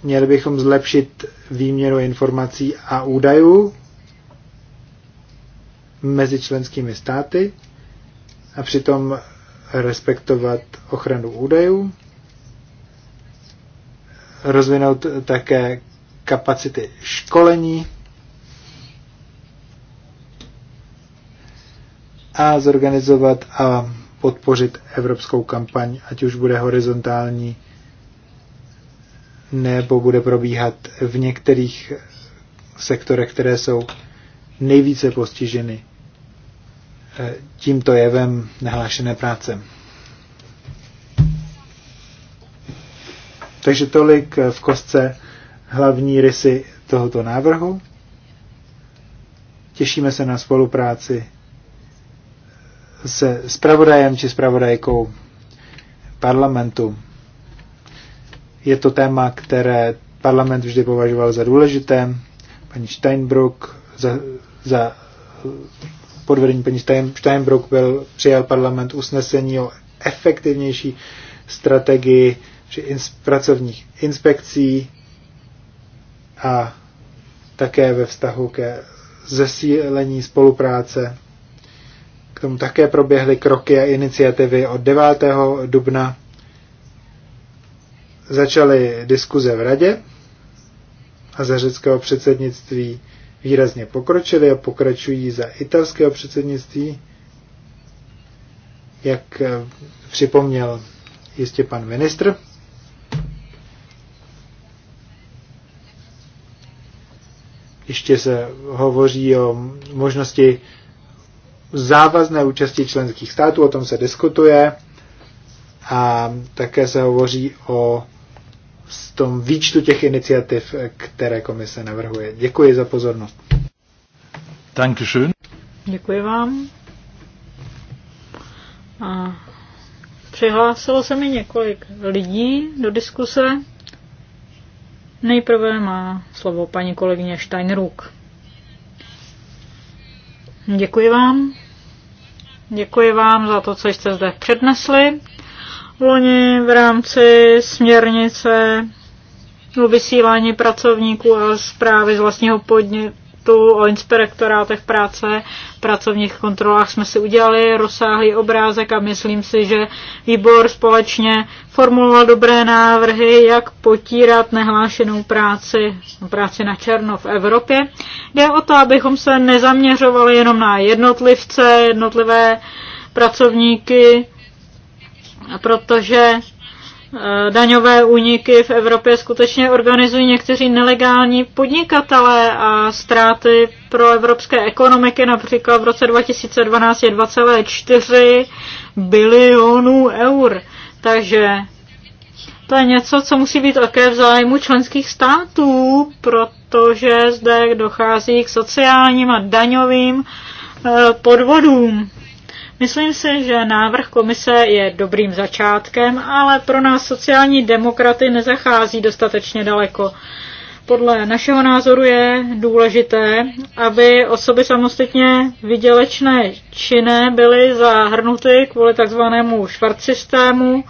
Měli bychom zlepšit výměnu informací a údajů mezi členskými státy a přitom respektovat ochranu údajů, rozvinout také kapacity školení a zorganizovat a podpořit evropskou kampaň, ať už bude horizontální nebo bude probíhat v některých sektorech, které jsou nejvíce postiženy tímto jevem nehlášené práce. Takže tolik v kostce hlavní rysy tohoto návrhu. Těšíme se na spolupráci se spravodajem či spravodajkou parlamentu. Je to téma, které parlament vždy považoval za důležité. Paní Steinbrück za, za vedením peněz Steinbrück byl, přijal parlament usnesení o efektivnější strategii při ins, pracovních inspekcí a také ve vztahu ke zesílení spolupráce. K tomu také proběhly kroky a iniciativy od 9. dubna. Začaly diskuze v radě a za řeckého předsednictví výrazně pokročily a pokračují za italského předsednictví, jak eh, připomněl jistě pan ministr. Ještě se hovoří o možnosti závazné účasti členských států, o tom se diskutuje a také se hovoří o v tom výčtu těch iniciativ, které komise navrhuje. Děkuji za pozornost. Dankeschön. Děkuji vám. A přihlásilo se mi několik lidí do diskuse. Nejprve má slovo paní kolegyně Steinruck. Děkuji vám. Děkuji vám za to, co jste zde přednesli loni v rámci směrnice o vysílání pracovníků a zprávy z vlastního podnětu o inspektorátech práce, pracovních kontrolách jsme si udělali rozsáhlý obrázek a myslím si, že výbor společně formuloval dobré návrhy, jak potírat nehlášenou práci, práci na černo v Evropě. Jde o to, abychom se nezaměřovali jenom na jednotlivce, jednotlivé pracovníky, protože e, daňové úniky v Evropě skutečně organizují někteří nelegální podnikatelé a ztráty pro evropské ekonomiky například v roce 2012 je 2,4 bilionů eur. Takže to je něco, co musí být také v zájmu členských států, protože zde dochází k sociálním a daňovým e, podvodům. Myslím si, že návrh komise je dobrým začátkem, ale pro nás sociální demokraty nezachází dostatečně daleko. Podle našeho názoru je důležité, aby osoby samostatně vydělečné činné byly zahrnuty kvůli takzvanému švart systému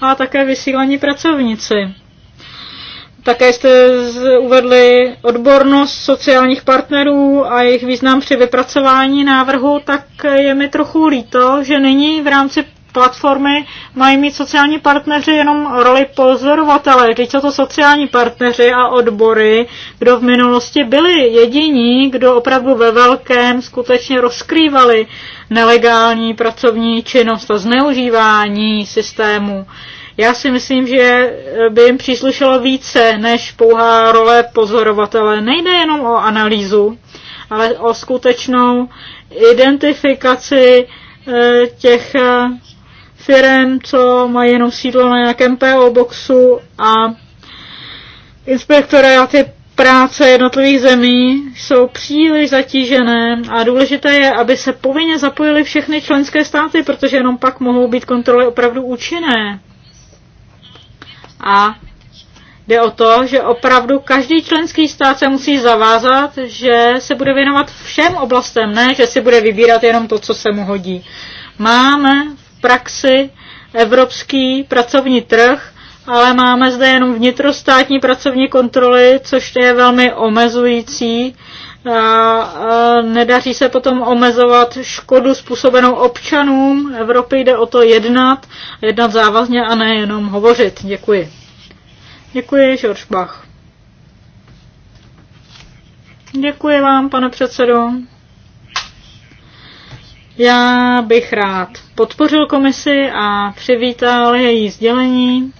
a také vysílaní pracovníci. Také jste uvedli odbornost sociálních partnerů a jejich význam při vypracování návrhu, tak je mi trochu líto, že nyní v rámci platformy mají mít sociální partneři jenom roli pozorovatele. Teď jsou to sociální partneři a odbory, kdo v minulosti byli jediní, kdo opravdu ve velkém skutečně rozkrývali nelegální pracovní činnost a zneužívání systému. Já si myslím, že eh, by jim příslušelo více než pouhá role pozorovatele. Nejde jenom o analýzu, ale o skutečnou identifikaci eh, těch eh, firm, co mají jenom sídlo na nějakém PO boxu a inspektoráty práce jednotlivých zemí jsou příliš zatížené a důležité je, aby se povinně zapojili všechny členské státy, protože jenom pak mohou být kontroly opravdu účinné. A jde o to, že opravdu každý členský stát se musí zavázat, že se bude věnovat všem oblastem, ne, že si bude vybírat jenom to, co se mu hodí. Máme v praxi evropský pracovní trh, ale máme zde jenom vnitrostátní pracovní kontroly, což je velmi omezující a nedaří se potom omezovat škodu způsobenou občanům Evropy. Jde o to jednat, jednat závazně a nejenom hovořit. Děkuji. Děkuji, George Bach. Děkuji vám, pane předsedo. Já bych rád podpořil komisi a přivítal její sdělení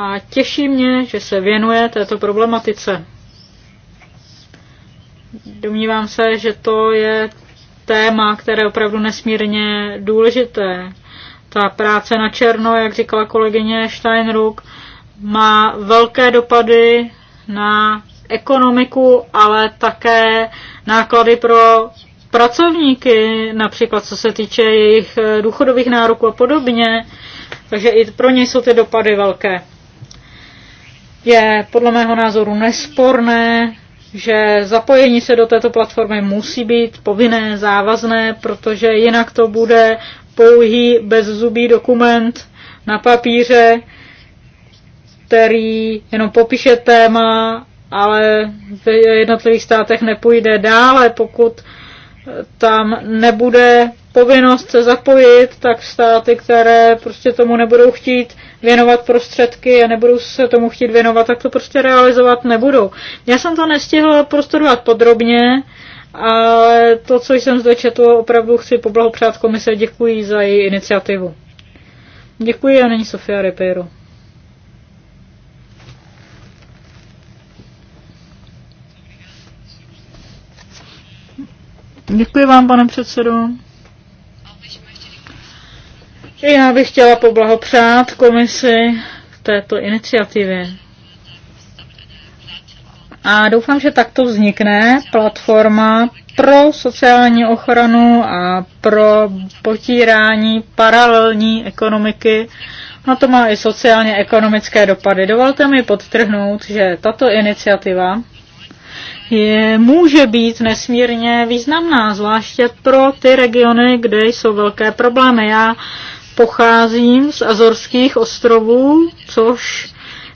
a těší mě, že se věnuje této problematice. Domnívám se, že to je téma, které je opravdu nesmírně důležité. Ta práce na černo, jak říkala kolegyně Steinruck, má velké dopady na ekonomiku, ale také náklady pro pracovníky, například co se týče jejich důchodových nároků a podobně. Takže i pro ně jsou ty dopady velké. Je podle mého názoru nesporné, že zapojení se do této platformy musí být povinné, závazné, protože jinak to bude pouhý bezzubý dokument na papíře, který jenom popíše téma, ale v jednotlivých státech nepůjde dále, pokud tam nebude povinnost se zapojit, tak státy, které prostě tomu nebudou chtít věnovat prostředky a nebudou se tomu chtít věnovat, tak to prostě realizovat nebudou. Já jsem to nestihl prostudovat podrobně, ale to, co jsem zde četl, opravdu chci poblahopřát komise. Děkuji za její iniciativu. Děkuji a není Sofia Ribeiro. Děkuji vám, pane předsedo já bych chtěla poblahopřát komisi k této iniciativě. A doufám, že takto vznikne platforma pro sociální ochranu a pro potírání paralelní ekonomiky. Na to má i sociálně ekonomické dopady. Dovolte mi podtrhnout, že tato iniciativa je, může být nesmírně významná, zvláště pro ty regiony, kde jsou velké problémy. Já pocházím z Azorských ostrovů, což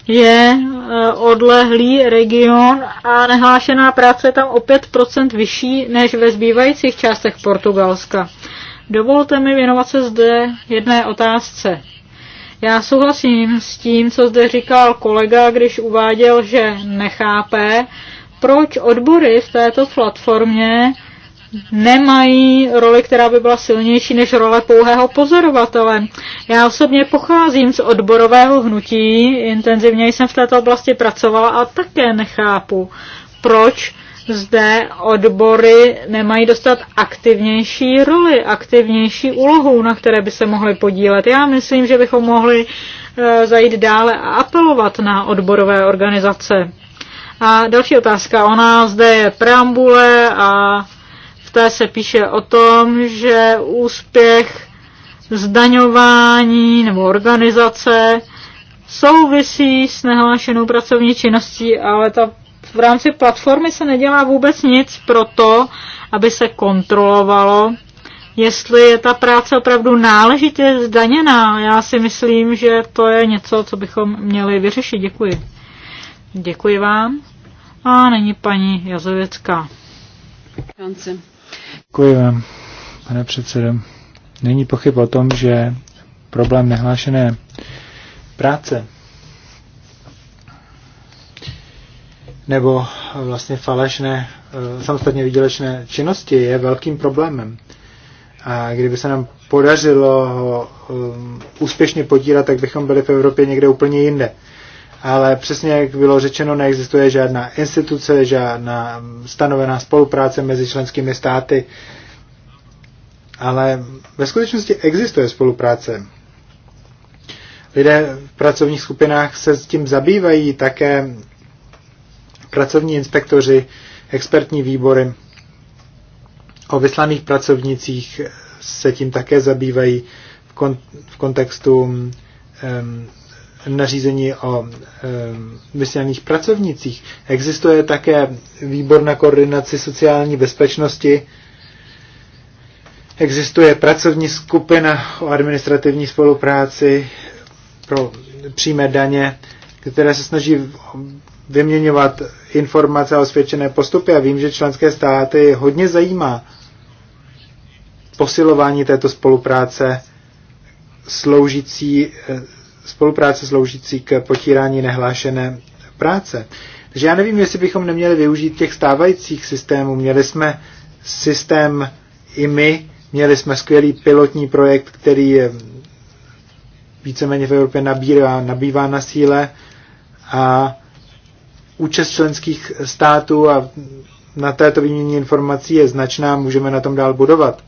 je e, odlehlý region a nehlášená práce je tam o 5% vyšší než ve zbývajících částech Portugalska. Dovolte mi věnovat se zde jedné otázce. Já souhlasím s tím, co zde říkal kolega, když uváděl, že nechápe, proč odbory v této platformě nemají roli, která by byla silnější než role pouhého pozorovatele. Já osobně pocházím z odborového hnutí, intenzivně jsem v této oblasti pracovala a také nechápu, proč zde odbory nemají dostat aktivnější roli, aktivnější úlohu, na které by se mohly podílet. Já myslím, že bychom mohli e, zajít dále a apelovat na odborové organizace. A další otázka. Ona zde je preambule a té se píše o tom, že úspěch zdaňování nebo organizace souvisí s nehlášenou pracovní činností, ale ta v rámci platformy se nedělá vůbec nic pro to, aby se kontrolovalo, jestli je ta práce opravdu náležitě zdaněná. Já si myslím, že to je něco, co bychom měli vyřešit. Děkuji. Děkuji vám. A není paní Jazověcká. Děkujeme. Děkuji vám, pane předsedo. Není pochyb o tom, že problém nehlášené práce nebo vlastně falešné, eh, samostatně výdělečné činnosti je velkým problémem. A kdyby se nám podařilo ho eh, úspěšně potírat, tak bychom byli v Evropě někde úplně jinde ale přesně jak bylo řečeno, neexistuje žádná instituce, žádná stanovená spolupráce mezi členskými státy, ale ve skutečnosti existuje spolupráce. Lidé v pracovních skupinách se s tím zabývají také pracovní inspektoři, expertní výbory. O vyslaných pracovnicích se tím také zabývají v, kont- v kontextu um, nařízení o eh, vysílaných pracovnicích. Existuje také výbor na koordinaci sociální bezpečnosti, existuje pracovní skupina o administrativní spolupráci pro přímé daně, které se snaží vyměňovat informace a osvědčené postupy a vím, že členské státy hodně zajímá posilování této spolupráce sloužící eh, spolupráce sloužící k potírání nehlášené práce. Takže já nevím, jestli bychom neměli využít těch stávajících systémů. Měli jsme systém i my, měli jsme skvělý pilotní projekt, který víceméně v Evropě nabírá, nabývá na síle a účast členských států a na této výměně informací je značná, můžeme na tom dál budovat.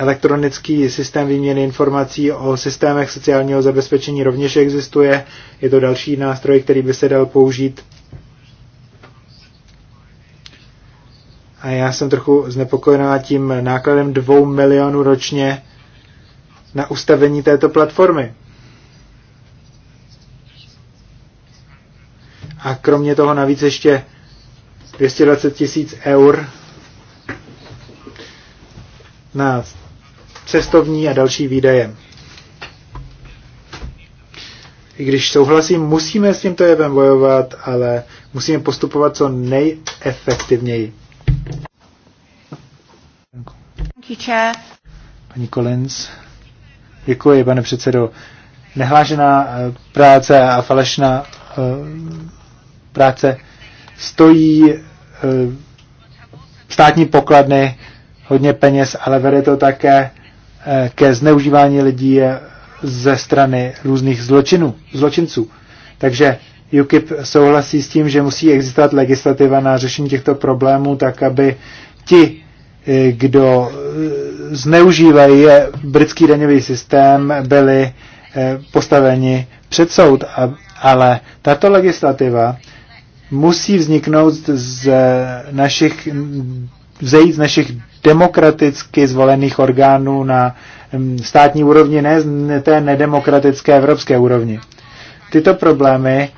Elektronický systém výměny informací o systémech sociálního zabezpečení rovněž existuje. Je to další nástroj, který by se dal použít. A já jsem trochu znepokojená tím nákladem dvou milionů ročně na ustavení této platformy. A kromě toho navíc ještě 220 tisíc eur na cestovní a další výdaje. I když souhlasím, musíme s tímto jevem bojovat, ale musíme postupovat co nejefektivněji. Paní Collins. Děkuji, pane předsedo. Nehlášená eh, práce a falešná eh, práce stojí eh, státní pokladny hodně peněz, ale vede to také Eh, ke zneužívání lidí ze strany různých zločinů, zločinců. Takže UKIP souhlasí s tím, že musí existovat legislativa na řešení těchto problémů, tak aby ti, eh, kdo eh, zneužívají britský daňový systém, byli postaveni před soud. Ale tato legislativa musí vzniknout z našich, vzejít z našich demokraticky zvolených orgánů na státní úrovni, ne té nedemokratické evropské úrovni. Tyto problémy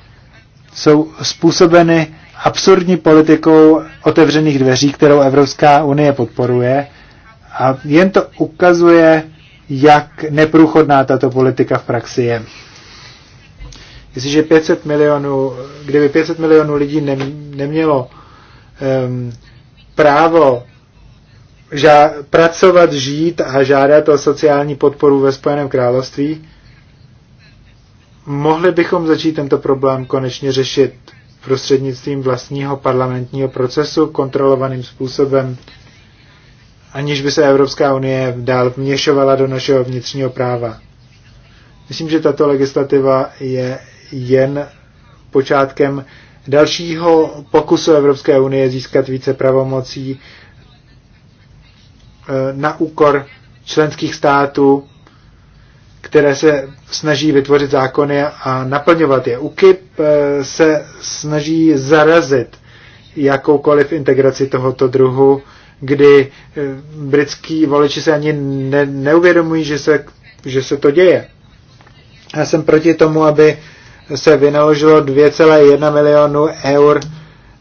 jsou způsobeny absurdní politikou otevřených dveří, kterou Evropská unie podporuje a jen to ukazuje, jak neprůchodná tato politika v praxi je. Jestliže 500 milionů, kdyby 500 milionů lidí nemělo um, právo ža- pracovat, žít a žádat o sociální podporu ve Spojeném království, mohli bychom začít tento problém konečně řešit prostřednictvím vlastního parlamentního procesu kontrolovaným způsobem, aniž by se Evropská unie dál vměšovala do našeho vnitřního práva. Myslím, že tato legislativa je jen počátkem dalšího pokusu Evropské unie získat více pravomocí Eh, na úkor členských států, které se snaží vytvořit zákony a naplňovat je. UKIP eh, se snaží zarazit jakoukoliv integraci tohoto druhu, kdy eh, britský voliči se ani ne, neuvědomují, že se, že se to děje. Já jsem proti tomu, aby se vynaložilo 2,1 milionu eur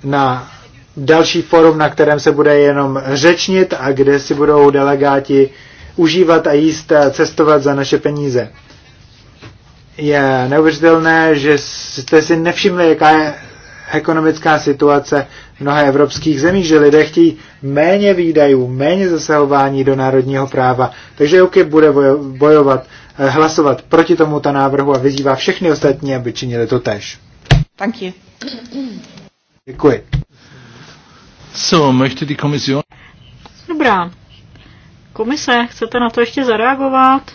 na další forum, na kterém se bude jenom řečnit a kde si budou delegáti užívat a jíst a cestovat za naše peníze. Je neuvěřitelné, že jste si nevšimli, jaká je ekonomická situace v mnoha evropských zemí. že lidé chtějí méně výdajů, méně zasahování do národního práva. Takže UKIP bude bojovat, eh, hlasovat proti tomuto návrhu a vyzývá všechny ostatní, aby činili to tež. Thank you. Děkuji. So, möchte die Kommission... Dobrá. Komise, chcete na to ještě zareagovat?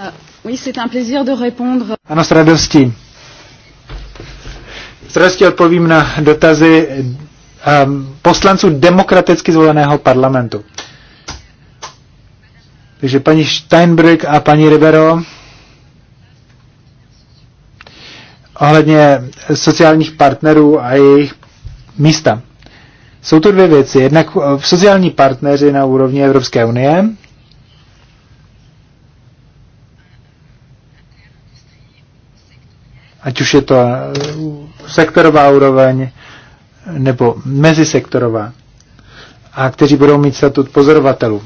Uh, oui, c'est un plaisir de répondre. Ano, s radostí. S radostí odpovím na dotazy um, poslanců demokraticky zvoleného parlamentu. Takže paní Steinbrück a paní Rivero, ohledně sociálních partnerů a jejich místa. Jsou to dvě věci. Jednak eh, sociální partneři na úrovni Evropské unie, ať už je to eh, sektorová úroveň nebo mezisektorová, a kteří budou mít statut pozorovatelů.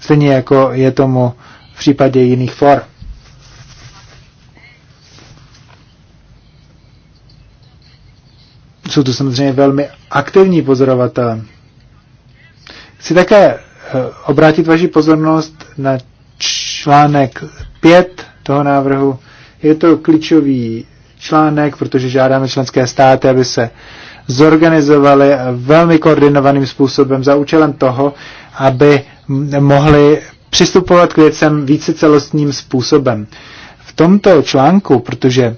Stejně jako je tomu v případě jiných form. jsou tu samozřejmě velmi aktivní pozorovatelé. Chci také eh, obrátit vaši pozornost na článek 5 toho návrhu. Je to klíčový článek, protože žádáme členské státy, aby se zorganizovali velmi koordinovaným způsobem za účelem toho, aby mohli přistupovat k věcem více celostním způsobem. V tomto článku, protože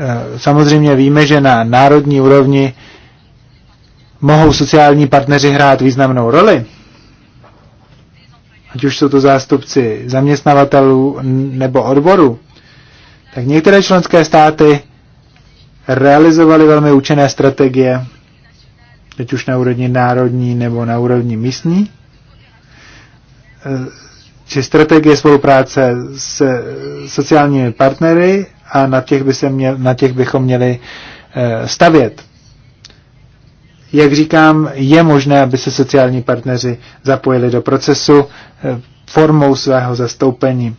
Eh, samozřejmě víme, že na národní úrovni mohou sociální partneři hrát významnou roli, ať už jsou to zástupci zaměstnavatelů nebo odborů, tak některé členské státy realizovaly velmi účinné strategie, ať už na úrovni národní nebo na úrovni místní, eh, či strategie spolupráce s sociálními partnery a na těch, by se měl, na těch bychom měli eh, stavět. Jak říkám, je možné, aby se sociální partneři zapojili do procesu eh, formou svého zastoupení.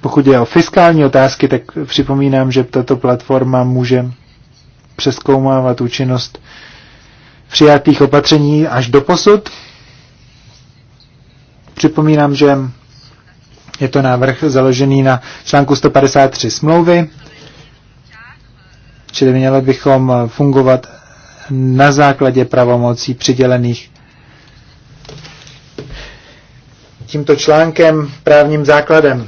Pokud je o fiskální otázky, tak připomínám, že tato platforma může přeskoumávat účinnost přijatých opatření až do posud Připomínám, že je to návrh založený na článku 153 smlouvy, čili měli bychom fungovat na základě pravomocí přidělených tímto článkem právním základem.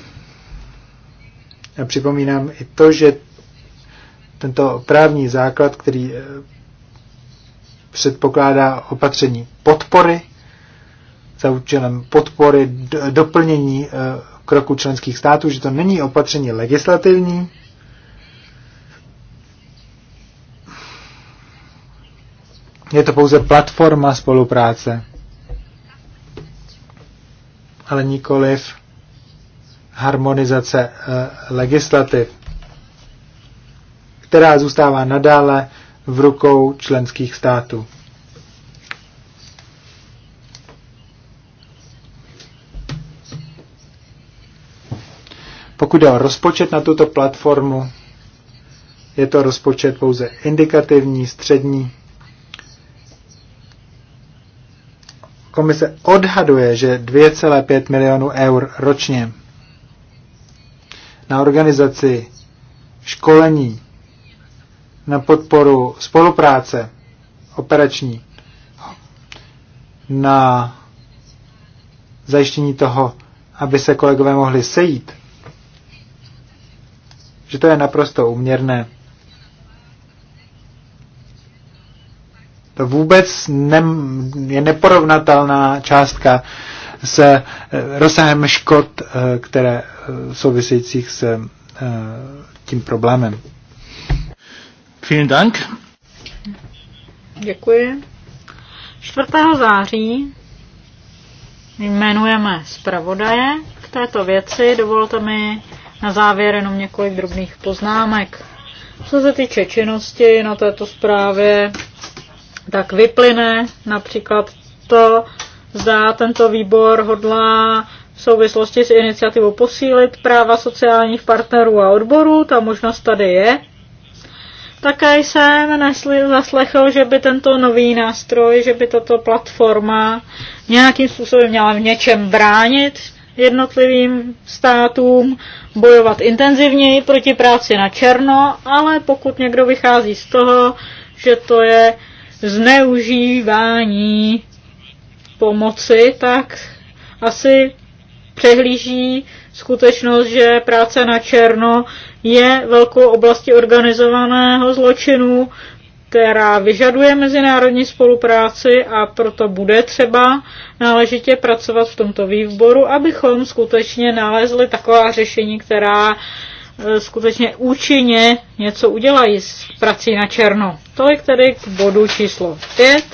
Já připomínám i to, že tento právní základ, který eh, předpokládá opatření podpory, za účelem podpory doplnění e, kroku členských států, že to není opatření legislativní, Je to pouze platforma spolupráce, ale nikoliv harmonizace e, legislativ, která zůstává nadále v rukou členských států. Pokud jde o rozpočet na tuto platformu, je to rozpočet pouze indikativní, střední. Komise odhaduje, že 2,5 milionů eur ročně na organizaci školení, na podporu spolupráce operační, na zajištění toho, aby se kolegové mohli sejít, že to je naprosto uměrné. To vůbec ne, je neporovnatelná částka s eh, rozsahem škod, eh, které eh, souvisejících s tím problémem. Vielen Dank. Děkuji. 4. září jmenujeme zpravodaje k této věci. Dovolte mi na závěr jenom několik drobných poznámek. Co se týče činnosti na této zprávě, tak vyplyne například to, zda tento výbor hodlá v souvislosti s iniciativou posílit práva sociálních partnerů a odborů, ta možnost tady je. Také jsem nesli, zaslechl, že by tento nový nástroj, že by tato platforma nějakým způsobem měla v něčem bránit, jednotlivým státům bojovat intenzivněji proti práci na černo, ale pokud někdo vychází z toho, že to je zneužívání pomoci, tak asi přehlíží skutečnost, že práce na černo je velkou oblastí organizovaného zločinu, která vyžaduje mezinárodní spolupráci a proto bude třeba náležitě pracovat v tomto výboru, abychom skutečně nalezli taková řešení, která eh, skutečně účinně něco udělají s prací na černo. Tolik tedy k bodu číslo 5.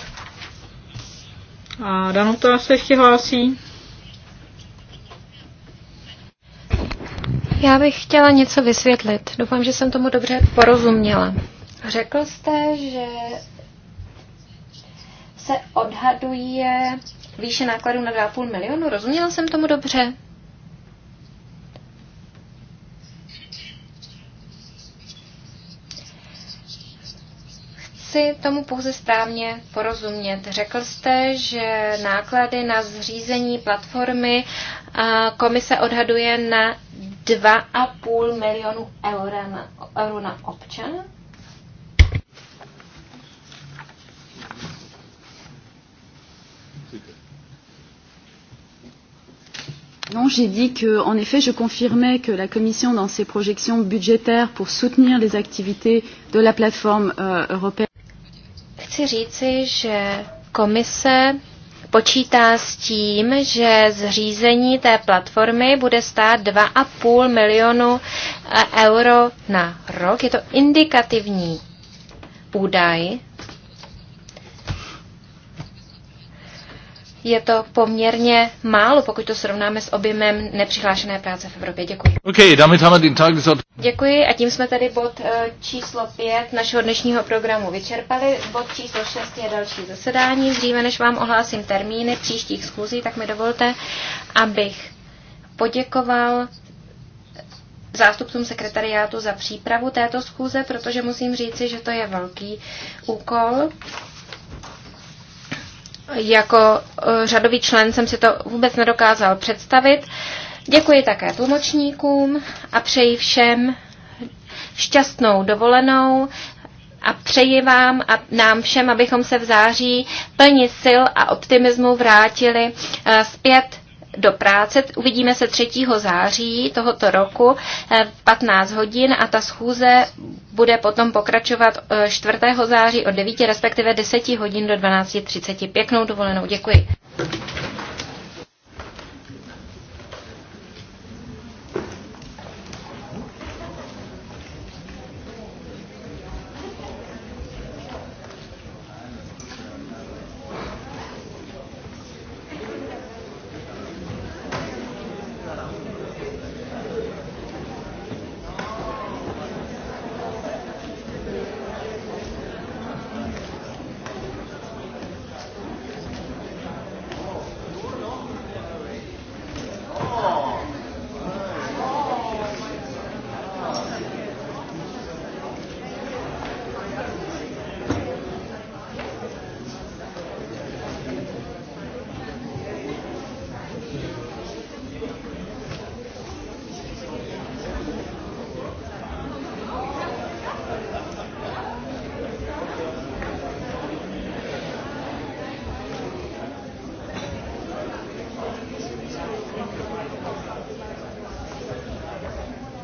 A Danuta se ještě hlásí. Já bych chtěla něco vysvětlit. Doufám, že jsem tomu dobře porozuměla. Řekl jste, že se odhaduje výše nákladů na 2,5 milionu. Rozuměl jsem tomu dobře? chci tomu pouze správně porozumět. Řekl jste, že náklady na zřízení platformy komise odhaduje na 2,5 milionu euro na, euro na občana? Non, j'ai dit que, en effet, je confirmais que la Commission, dans ses projections budgétaires pour soutenir les activités de la plateforme euh, européenne. Chci říci, že komise počítá s tím, že zřízení té platformy bude stát 2,5 milionu eh, euro na rok. Je to indikativní údaj, je to poměrně málo, pokud to srovnáme s objemem nepřihlášené práce v Evropě. Děkuji. Okay, damit haben wir den Tag Děkuji a tím jsme tady bod eh, číslo 5 našeho dnešního programu vyčerpali. Bod číslo 6 je další zasedání. Dříve než vám ohlásím termíny příštích schůzí, tak mi dovolte, abych poděkoval zástupcům sekretariátu za přípravu této schůze, protože musím říci, že to je velký úkol jako e, řadový člen jsem si to vůbec nedokázal představit. Děkuji také tlumočníkům a přeji všem šťastnou dovolenou a přeji vám a nám všem, abychom se v září plni sil a optimismu vrátili e, zpět do práce. Uvidíme se 3. září tohoto roku v 15 hodin a ta schůze bude potom pokračovat 4. Eh, září od 9, respektive 10 hodin do 12.30. Pěknou dovolenou. Děkuji.